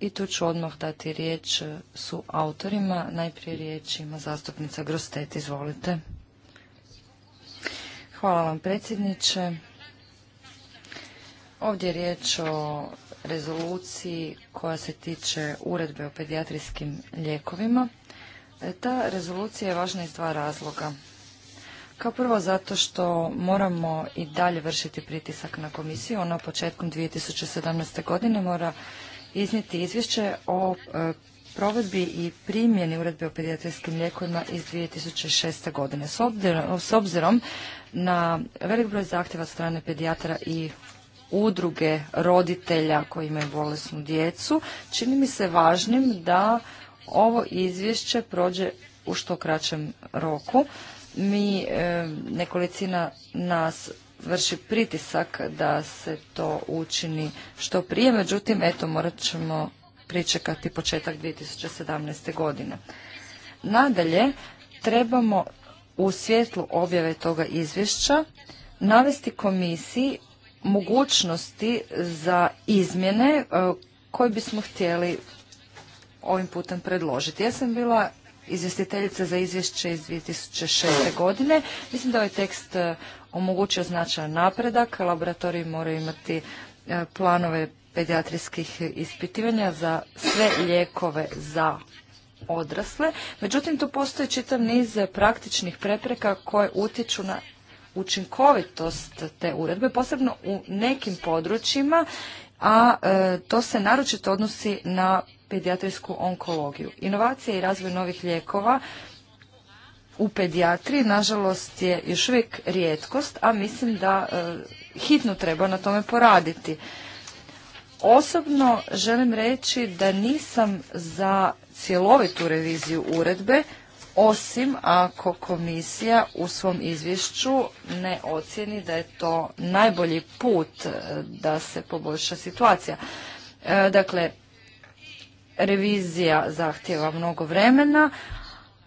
I tu ću odmah dati riječ su autorima. Najprije riječ ima zastupnica Grostet, izvolite. Hvala vam predsjedniče. Ovdje je riječ o rezoluciji koja se tiče uredbe o pedijatrijskim lijekovima. E, ta rezolucija je važna iz dva razloga. Kao prvo zato što moramo i dalje vršiti pritisak na komisiju. Ona početkom 2017. godine mora iznijeti izvješće o e, provedbi i primjeni uredbe o pedijatrijskim lijekovima iz 2006. godine. S obzirom, s obzirom na velik broj zahtjeva strane pedijatra i udruge roditelja koji imaju bolesnu djecu, čini mi se važnim da ovo izvješće prođe u što kraćem roku mi e, nekolicina nas vrši pritisak da se to učini što prije, međutim, eto, morat ćemo pričekati početak 2017. godine. Nadalje, trebamo u svjetlu objave toga izvješća navesti komisiji mogućnosti za izmjene e, koje bismo htjeli ovim putem predložiti. Ja sam bila izvjestiteljica za izvješće iz 2006. godine. Mislim da ovaj tekst e, omogućio značajan napredak. Laboratoriji moraju imati e, planove pedijatrijskih ispitivanja za sve lijekove za odrasle. Međutim, tu postoji čitav niz praktičnih prepreka koje utječu na učinkovitost te uredbe, posebno u nekim područjima, a e, to se naročito odnosi na pedijatrijsku onkologiju. Inovacija i razvoj novih lijekova u pedijatriji, nažalost, je još uvijek rijetkost, a mislim da e, hitno treba na tome poraditi. Osobno želim reći da nisam za cjelovitu reviziju uredbe, osim ako komisija u svom izvješću ne ocjeni da je to najbolji put e, da se poboljša situacija. E, dakle, revizija zahtjeva mnogo vremena,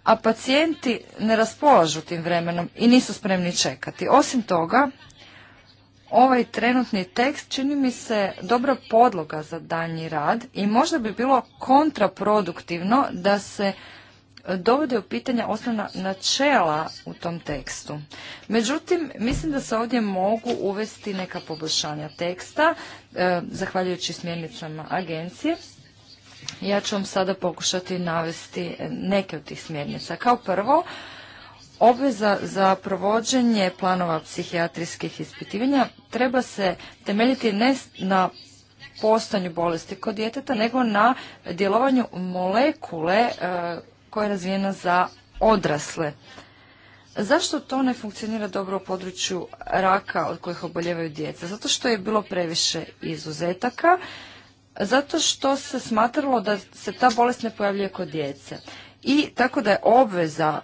a pacijenti ne raspolažu tim vremenom i nisu spremni čekati. Osim toga, ovaj trenutni tekst čini mi se dobra podloga za danji rad i možda bi bilo kontraproduktivno da se dovode u pitanja osnovna načela u tom tekstu. Međutim, mislim da se ovdje mogu uvesti neka poboljšanja teksta, e, zahvaljujući smjernicama agencije, ja ću vam sada pokušati navesti neke od tih smjernica. Kao prvo, obveza za provođenje planova psihijatrijskih ispitivanja treba se temeljiti ne na postanju bolesti kod djeteta, nego na djelovanju molekule e, koja je razvijena za odrasle. Zašto to ne funkcionira dobro u području raka od kojih oboljevaju djeca? Zato što je bilo previše izuzetaka zato što se smatralo da se ta bolest ne pojavljuje kod djece. I tako da je obveza,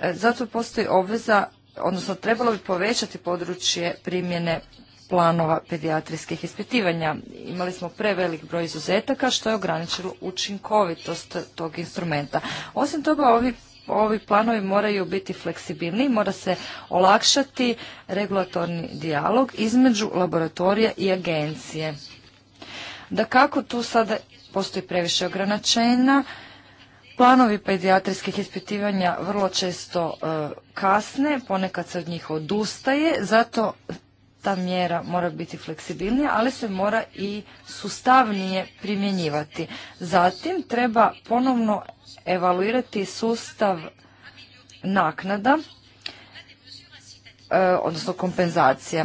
e, zato postoji obveza, odnosno trebalo bi povećati područje primjene planova pedijatrijskih ispitivanja. Imali smo prevelik broj izuzetaka što je ograničilo učinkovitost tog instrumenta. Osim toga, ovi ovi planovi moraju biti fleksibilni, mora se olakšati regulatorni dijalog između laboratorija i agencije. Da kako tu sada postoji previše ograničenja, Planovi pedijatrijskih ispitivanja vrlo često e, kasne, ponekad se od njih odustaje, zato ta mjera mora biti fleksibilnija, ali se mora i sustavnije primjenjivati. Zatim treba ponovno evaluirati sustav naknada, e, odnosno kompenzacija.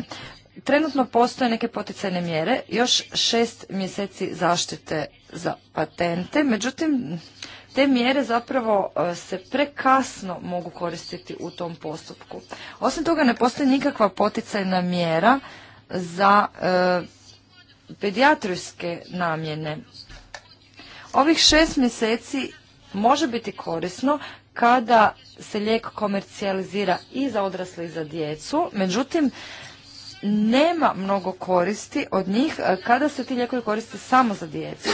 Trenutno postoje neke poticajne mjere, još šest mjeseci zaštite za patente, međutim te mjere zapravo e, se prekasno mogu koristiti u tom postupku. Osim toga ne postoji nikakva poticajna mjera za e, pedijatrijske namjene. Ovih šest mjeseci može biti korisno kada se lijek komercijalizira i za odrasle i za djecu, međutim nema mnogo koristi od njih e, kada se ti lijekovi koriste samo za djecu.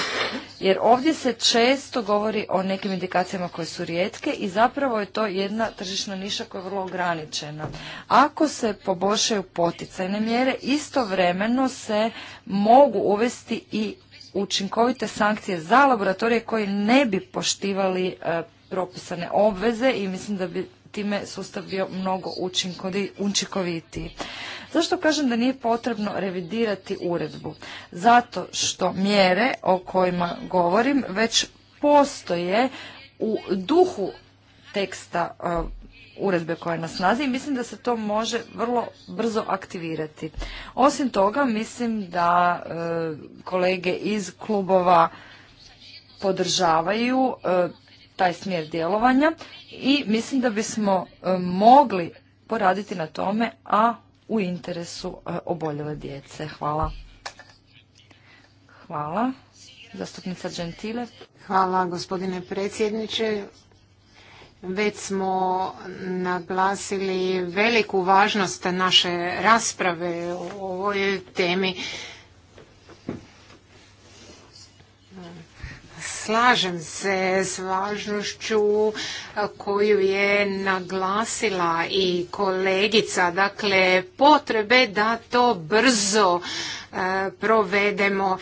Jer ovdje se često govori o nekim indikacijama koje su rijetke i zapravo je to jedna tržišna niša koja je vrlo ograničena. Ako se poboljšaju poticajne mjere, istovremeno se mogu uvesti i učinkovite sankcije za laboratorije koji ne bi poštivali e, propisane obveze i mislim da bi time sustav bio mnogo učinkovitiji. Zašto kažem da nije potrebno revidirati uredbu? Zato što mjere o kojima govorim već postoje u duhu teksta e, uredbe koja nas na snazi i mislim da se to može vrlo brzo aktivirati. Osim toga, mislim da e, kolege iz klubova podržavaju e, taj smjer djelovanja i mislim da bismo mogli poraditi na tome, a u interesu e, oboljele djece. Hvala. Hvala. Zastupnica Gentile. Hvala gospodine predsjedniče. Već smo naglasili veliku važnost naše rasprave o ovoj temi. slažem se s važnošću koju je naglasila i kolegica, dakle potrebe da to brzo provedemo.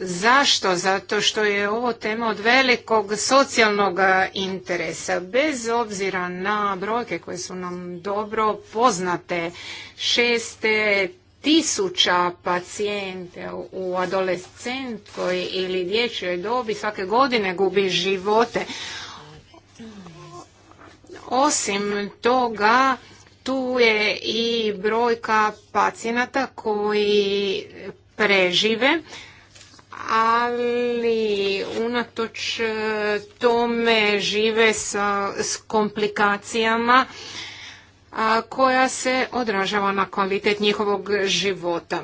Zašto? Zato što je ovo tema od velikog socijalnog interesa. Bez obzira na brojke koje su nam dobro poznate, šeste tisuća pacijente u adolescentkoj ili dječjoj dobi svake godine gubi živote. Osim toga, tu je i brojka pacijenata koji prežive, ali unatoč tome žive s komplikacijama koja se odražava na kvalitet njihovog života.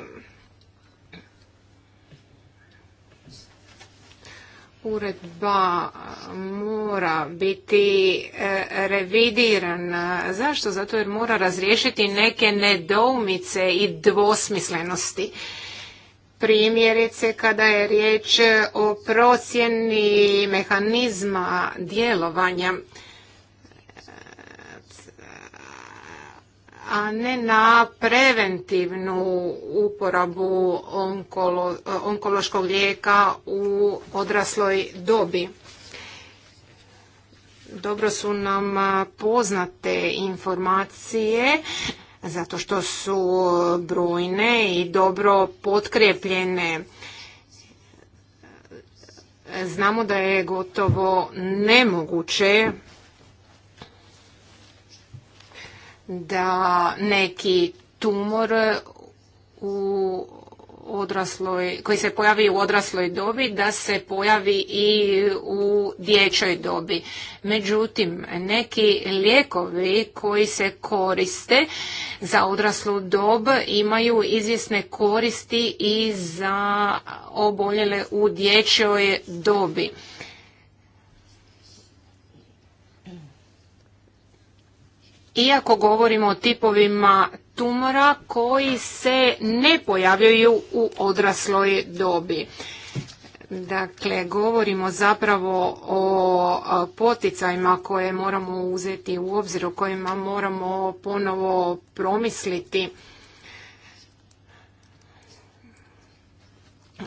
uredba mora biti e, revidirana. Zašto? Zato jer mora razriješiti neke nedoumice i dvosmislenosti. Primjerice kada je riječ o procjeni mehanizma djelovanja a ne na preventivnu uporabu onkološkog lijeka u odrasloj dobi. Dobro su nam poznate informacije zato što su brojne i dobro potkrepljene. Znamo da je gotovo nemoguće da neki tumor u odrasloj, koji se pojavi u odrasloj dobi, da se pojavi i u dječoj dobi. Međutim, neki lijekovi koji se koriste za odraslu dob imaju izvjesne koristi i za oboljele u dječjoj dobi. iako govorimo o tipovima tumora koji se ne pojavljaju u odrasloj dobi. Dakle, govorimo zapravo o poticajima koje moramo uzeti u obzir, o kojima moramo ponovo promisliti.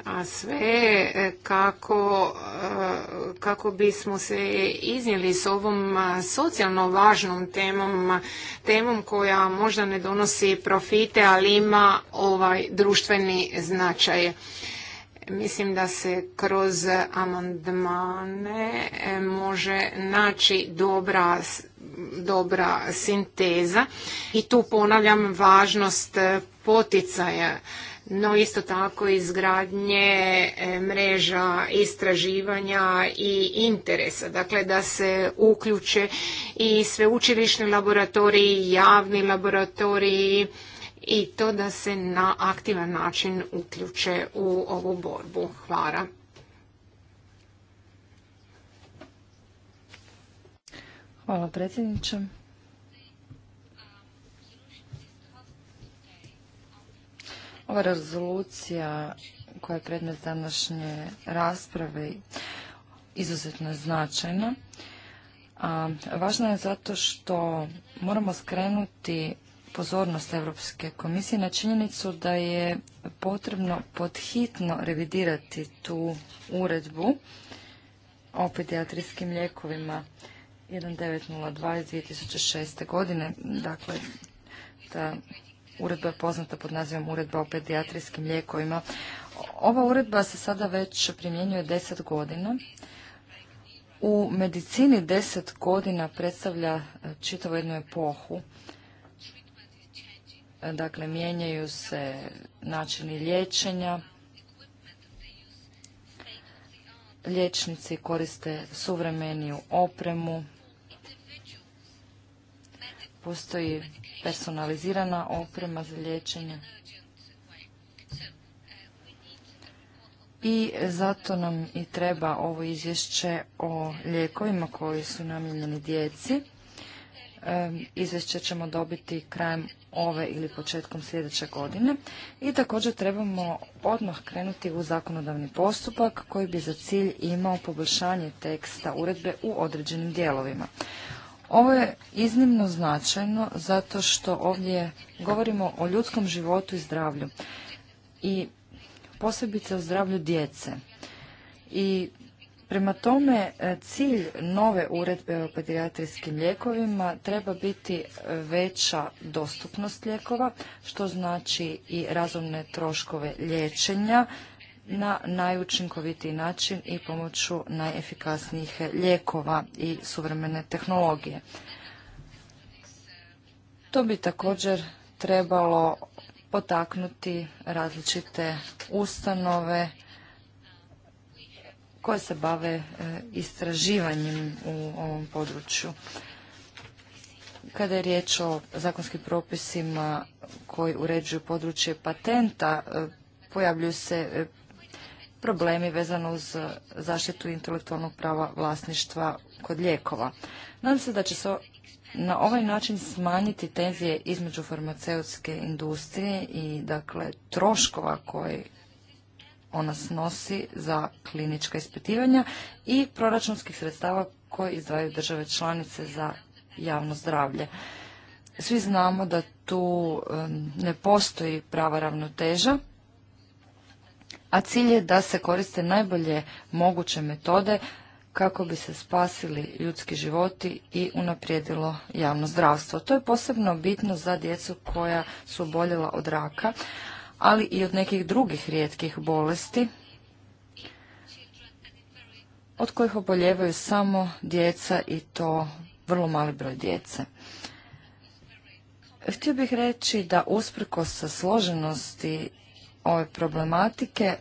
a sve e, kako, e, kako bismo se iznijeli s ovom e, socijalno važnom temom, temom koja možda ne donosi profite, ali ima ovaj društveni značaj. Mislim da se kroz amandmane može naći dobra dobra sinteza i tu ponavljam važnost poticaja no isto tako izgradnje e, mreža istraživanja i interesa. Dakle, da se uključe i sveučilišni laboratoriji, javni laboratoriji i to da se na aktivan način uključe u ovu borbu. Hvala. Hvala predsjedniče. Ova rezolucija koja je predmet današnje rasprave izuzetno je značajna. A, važna je zato što moramo skrenuti pozornost Europske komisije na činjenicu da je potrebno podhitno revidirati tu uredbu o pedijatrijskim lijekovima 1902 iz 2006. godine. Dakle, da uredba je poznata pod nazivom Uredba o pedijatrijskim lijekovima. Ova uredba se sada već primjenjuje deset godina. U medicini deset godina predstavlja e, čitavu jednu epohu. E, dakle, mijenjaju se načini liječenja, liječnici koriste suvremeniju opremu, postoji personalizirana oprema za liječenje. I zato nam i treba ovo izvješće o lijekovima koji su namijenjeni djeci. Izvješće ćemo dobiti krajem ove ili početkom sljedeće godine. I također trebamo odmah krenuti u zakonodavni postupak koji bi za cilj imao poboljšanje teksta uredbe u određenim dijelovima. Ovo je iznimno značajno zato što ovdje govorimo o ljudskom životu i zdravlju i posebice o zdravlju djece. I prema tome e, cilj nove uredbe o pedijatrijskim lijekovima treba biti veća dostupnost lijekova, što znači i razumne troškove liječenja na najučinkovitiji način i pomoću najefikasnijih lijekova i suvremene tehnologije. To bi također trebalo potaknuti različite ustanove koje se bave e, istraživanjem u ovom području. Kada je riječ o zakonskim propisima koji uređuju područje patenta, e, pojavljuju se e, problemi vezano uz zaštitu intelektualnog prava vlasništva kod lijekova. Nadam se da će se na ovaj način smanjiti tenzije između farmaceutske industrije i dakle troškova koje ona snosi za klinička ispitivanja i proračunskih sredstava koje izdvajaju države članice za javno zdravlje. Svi znamo da tu ne postoji prava ravnoteža a cilj je da se koriste najbolje moguće metode kako bi se spasili ljudski životi i unaprijedilo javno zdravstvo. To je posebno bitno za djecu koja su oboljela od raka, ali i od nekih drugih rijetkih bolesti, od kojih oboljevaju samo djeca i to vrlo mali broj djece. Htio bih reći da usprkos složenosti ove problematike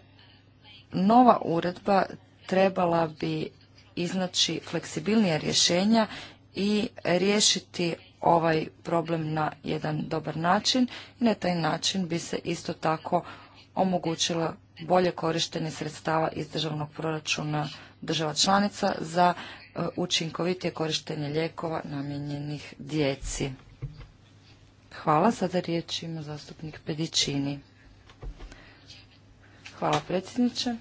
Nova uredba trebala bi iznaći fleksibilnija rješenja i riješiti ovaj problem na jedan dobar način i na taj način bi se isto tako omogućilo bolje korištenje sredstava iz državnog proračuna država članica za e, učinkovitije korištenje lijekova namijenjenih djeci. Hvala. Sada riječ ima zastupnik Pedičini. Hvala predsjedniče.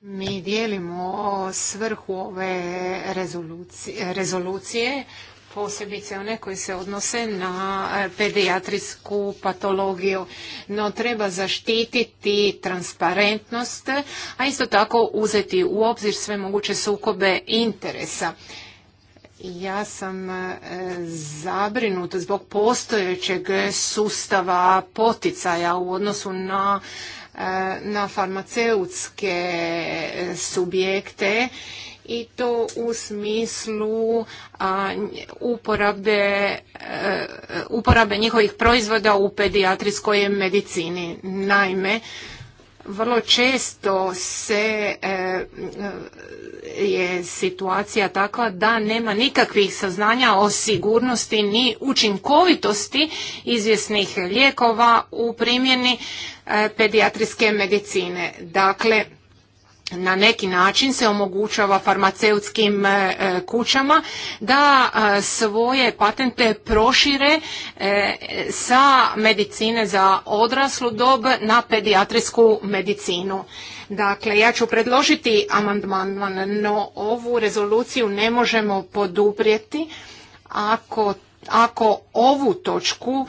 Mi dijelimo svrhu ove rezolucije, posebice one koje se odnose na pedijatrijsku patologiju. No treba zaštititi transparentnost, a isto tako uzeti u obzir sve moguće sukobe interesa. Ja sam e, zabrinuta zbog postojećeg sustava poticaja u odnosu na, e, na farmaceutske subjekte i to u smislu uporabe, e, uporabe njihovih proizvoda u pedijatrijskoj medicini. Naime, vrlo često se e, e, je situacija takva da nema nikakvih saznanja o sigurnosti ni učinkovitosti izvjesnih lijekova u primjeni e, pedijatrijske medicine. Dakle, na neki način se omogućava farmaceutskim e, kućama da e, svoje patente prošire e, sa medicine za odraslu dob na pedijatrijsku medicinu. Dakle, ja ću predložiti amandman, no ovu rezoluciju ne možemo poduprijeti ako ako ovu točku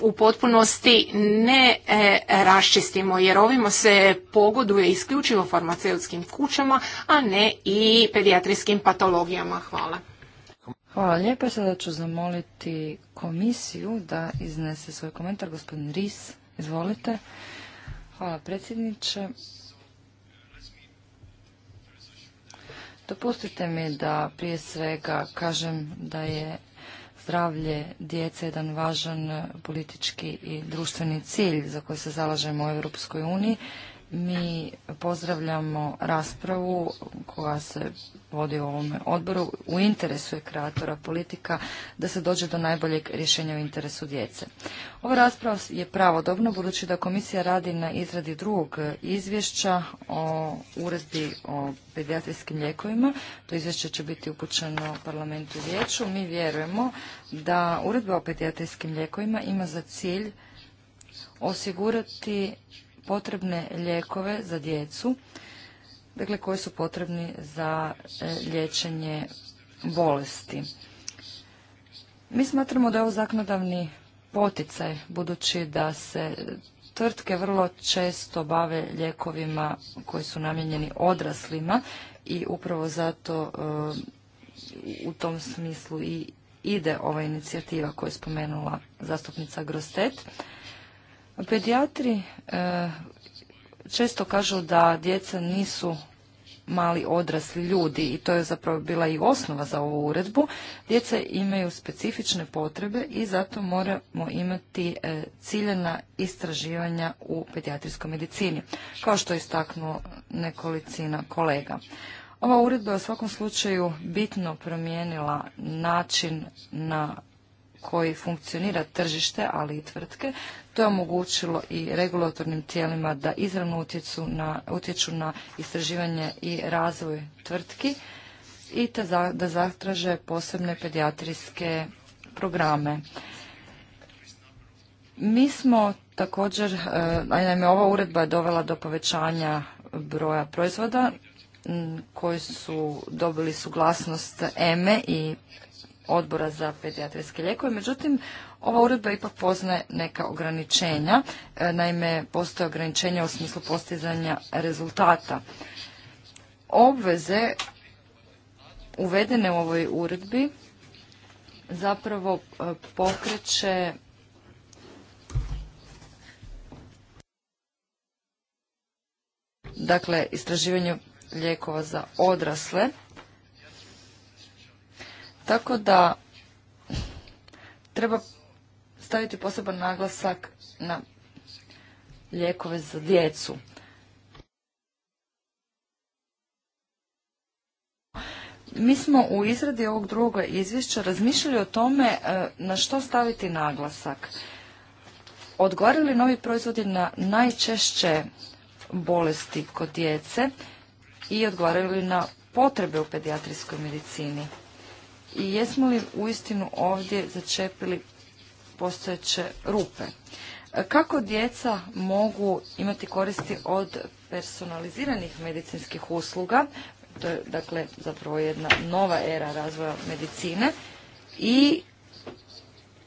u potpunosti ne e, raščistimo, jer ovimo se pogoduje isključivo farmaceutskim kućama, a ne i pedijatrijskim patologijama. Hvala. Hvala lijepo Sada ću zamoliti komisiju da iznese svoj komentar. Gospodin Ris, izvolite. Hvala predsjedniče. Dopustite mi da prije svega kažem da je zdravlje djece jedan važan politički i društveni cilj za koji se zalažemo u Europskoj uniji mi pozdravljamo raspravu koja se vodi u ovom odboru. U interesu je kreatora politika da se dođe do najboljeg rješenja u interesu djece. Ova rasprava je pravodobna budući da komisija radi na izradi drugog izvješća o uredbi o pedijatrijskim lijekovima. To izvješće će biti upućeno parlamentu i vijeću. Mi vjerujemo da uredba o pedijatrijskim lijekovima ima za cilj osigurati potrebne lijekove za djecu, dakle koji su potrebni za e, liječenje bolesti. Mi smatramo da je ovo zakonodavni poticaj, budući da se tvrtke vrlo često bave lijekovima koji su namijenjeni odraslima i upravo zato e, u tom smislu i ide ova inicijativa koju je spomenula zastupnica Grostet. Pedijatri e, često kažu da djeca nisu mali odrasli ljudi i to je zapravo bila i osnova za ovu uredbu. Djeca imaju specifične potrebe i zato moramo imati e, ciljena istraživanja u pedijatrijskoj medicini, kao što je istaknuo nekolicina kolega. Ova uredba je u svakom slučaju bitno promijenila način na koji funkcionira tržište, ali i tvrtke. To je omogućilo i regulatornim tijelima da izravno utječu na, istraživanje i razvoj tvrtki i da zatraže posebne pedijatrijske programe. Mi smo također, e, naime ova uredba je dovela do povećanja broja proizvoda koji su dobili suglasnost EME e i odbora za pedijatrijske lijekove. Međutim, ova uredba ipak poznaje neka ograničenja. E, naime, postoje ograničenja u smislu postizanja rezultata. Obveze uvedene u ovoj uredbi zapravo e, pokreće dakle istraživanje lijekova za odrasle tako da treba staviti poseban naglasak na lijekove za djecu. Mi smo u izradi ovog drugog izvješća razmišljali o tome e, na što staviti naglasak. Odgovaraju novi proizvodi na najčešće bolesti kod djece i odgovaraju na potrebe u pedijatrijskoj medicini? i jesmo li uistinu ovdje začepili postojeće rupe. E, kako djeca mogu imati koristi od personaliziranih medicinskih usluga, to je dakle zapravo jedna nova era razvoja medicine i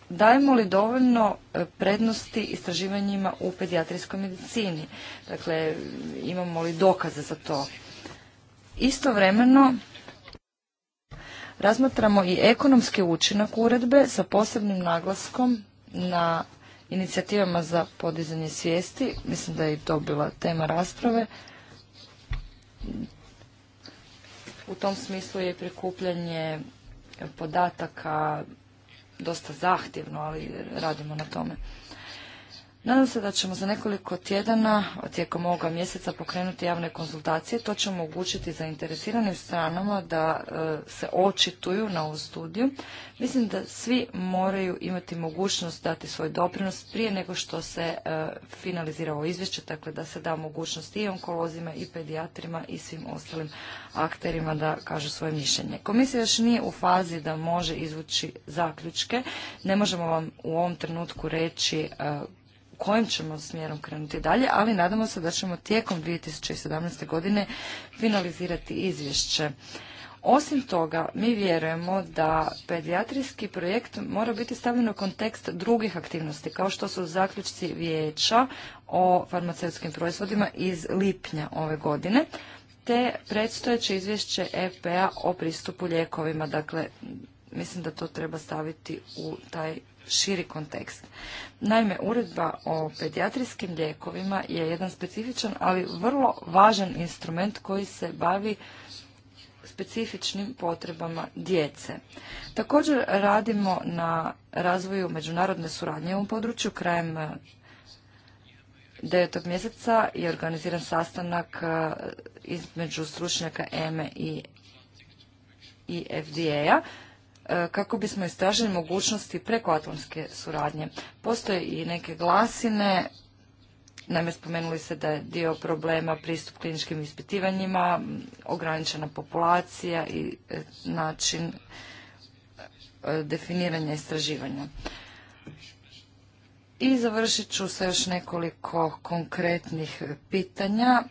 dajemo li dovoljno e, prednosti istraživanjima u pedijatrijskoj medicini? Dakle, imamo li dokaze za to? Istovremeno, Razmatramo i ekonomski učinak uredbe sa posebnim naglaskom na inicijativama za podizanje svijesti. Mislim da je i to bila tema rasprave. U tom smislu je prikupljanje podataka dosta zahtjevno, ali radimo na tome. Nadam se da ćemo za nekoliko tjedana tijekom ovoga mjeseca pokrenuti javne konzultacije. To će omogućiti zainteresiranim stranama da e, se očituju na ovu studiju. Mislim da svi moraju imati mogućnost dati svoj doprinos prije nego što se e, finalizira ovo izvješće, dakle da se da mogućnost i onkolozima i pedijatrima i svim ostalim akterima da kažu svoje mišljenje. Komisija još nije u fazi da može izvući zaključke. Ne možemo vam u ovom trenutku reći e, kojim ćemo smjerom krenuti dalje, ali nadamo se da ćemo tijekom 2017. godine finalizirati izvješće. Osim toga, mi vjerujemo da pedijatrijski projekt mora biti stavljen u kontekst drugih aktivnosti, kao što su zaključci vijeća o farmaceutskim proizvodima iz lipnja ove godine, te predstojeće izvješće EPA o pristupu lijekovima. Dakle, mislim da to treba staviti u taj širi kontekst. Naime, uredba o pedijatrijskim lijekovima je jedan specifičan, ali vrlo važan instrument koji se bavi specifičnim potrebama djece. Također radimo na razvoju međunarodne suradnje u području. Krajem 9. Eh, mjeseca je organiziran sastanak eh, između stručnjaka EME e i i FDA-a E, kako bismo istražili mogućnosti prekoatlonske suradnje. Postoje i neke glasine, naime spomenuli se da je dio problema pristup kliničkim ispitivanjima, ograničena populacija i e, način e, definiranja istraživanja. I završit ću sa još nekoliko konkretnih pitanja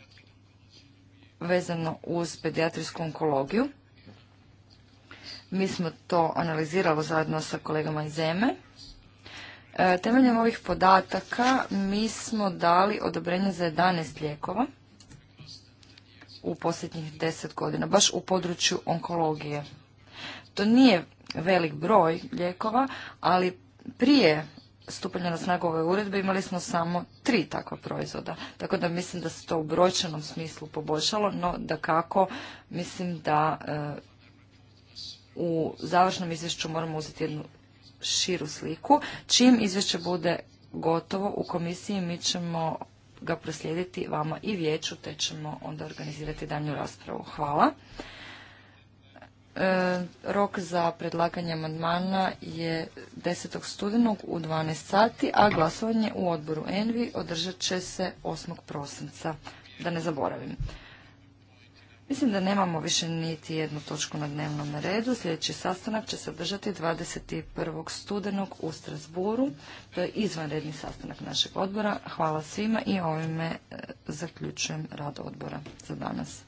vezano uz pedijatrijsku onkologiju. Mi smo to analizirali zajedno sa kolegama iz EME. E. E, temeljem ovih podataka mi smo dali odobrenje za 11 lijekova u posljednjih 10 godina, baš u području onkologije. To nije velik broj lijekova, ali prije stupanja na snagu ove uredbe imali smo samo tri takva proizvoda. Tako da mislim da se to u brojčanom smislu poboljšalo, no da kako mislim da e, u završnom izvješću moramo uzeti jednu širu sliku. Čim izvješće bude gotovo u komisiji mi ćemo ga proslijediti vama i vijeću te ćemo onda organizirati danju raspravu. Hvala. E, rok za predlaganje amandmana je 10. studenog u 12 sati, a glasovanje u odboru Envi održat će se 8. prosinca. Da ne zaboravim. Mislim da nemamo više niti jednu točku na dnevnom redu. Sljedeći sastanak će se održati 21. studenog u Strasburu. To je izvanredni sastanak našeg odbora. Hvala svima i ovime e, zaključujem rad odbora za danas.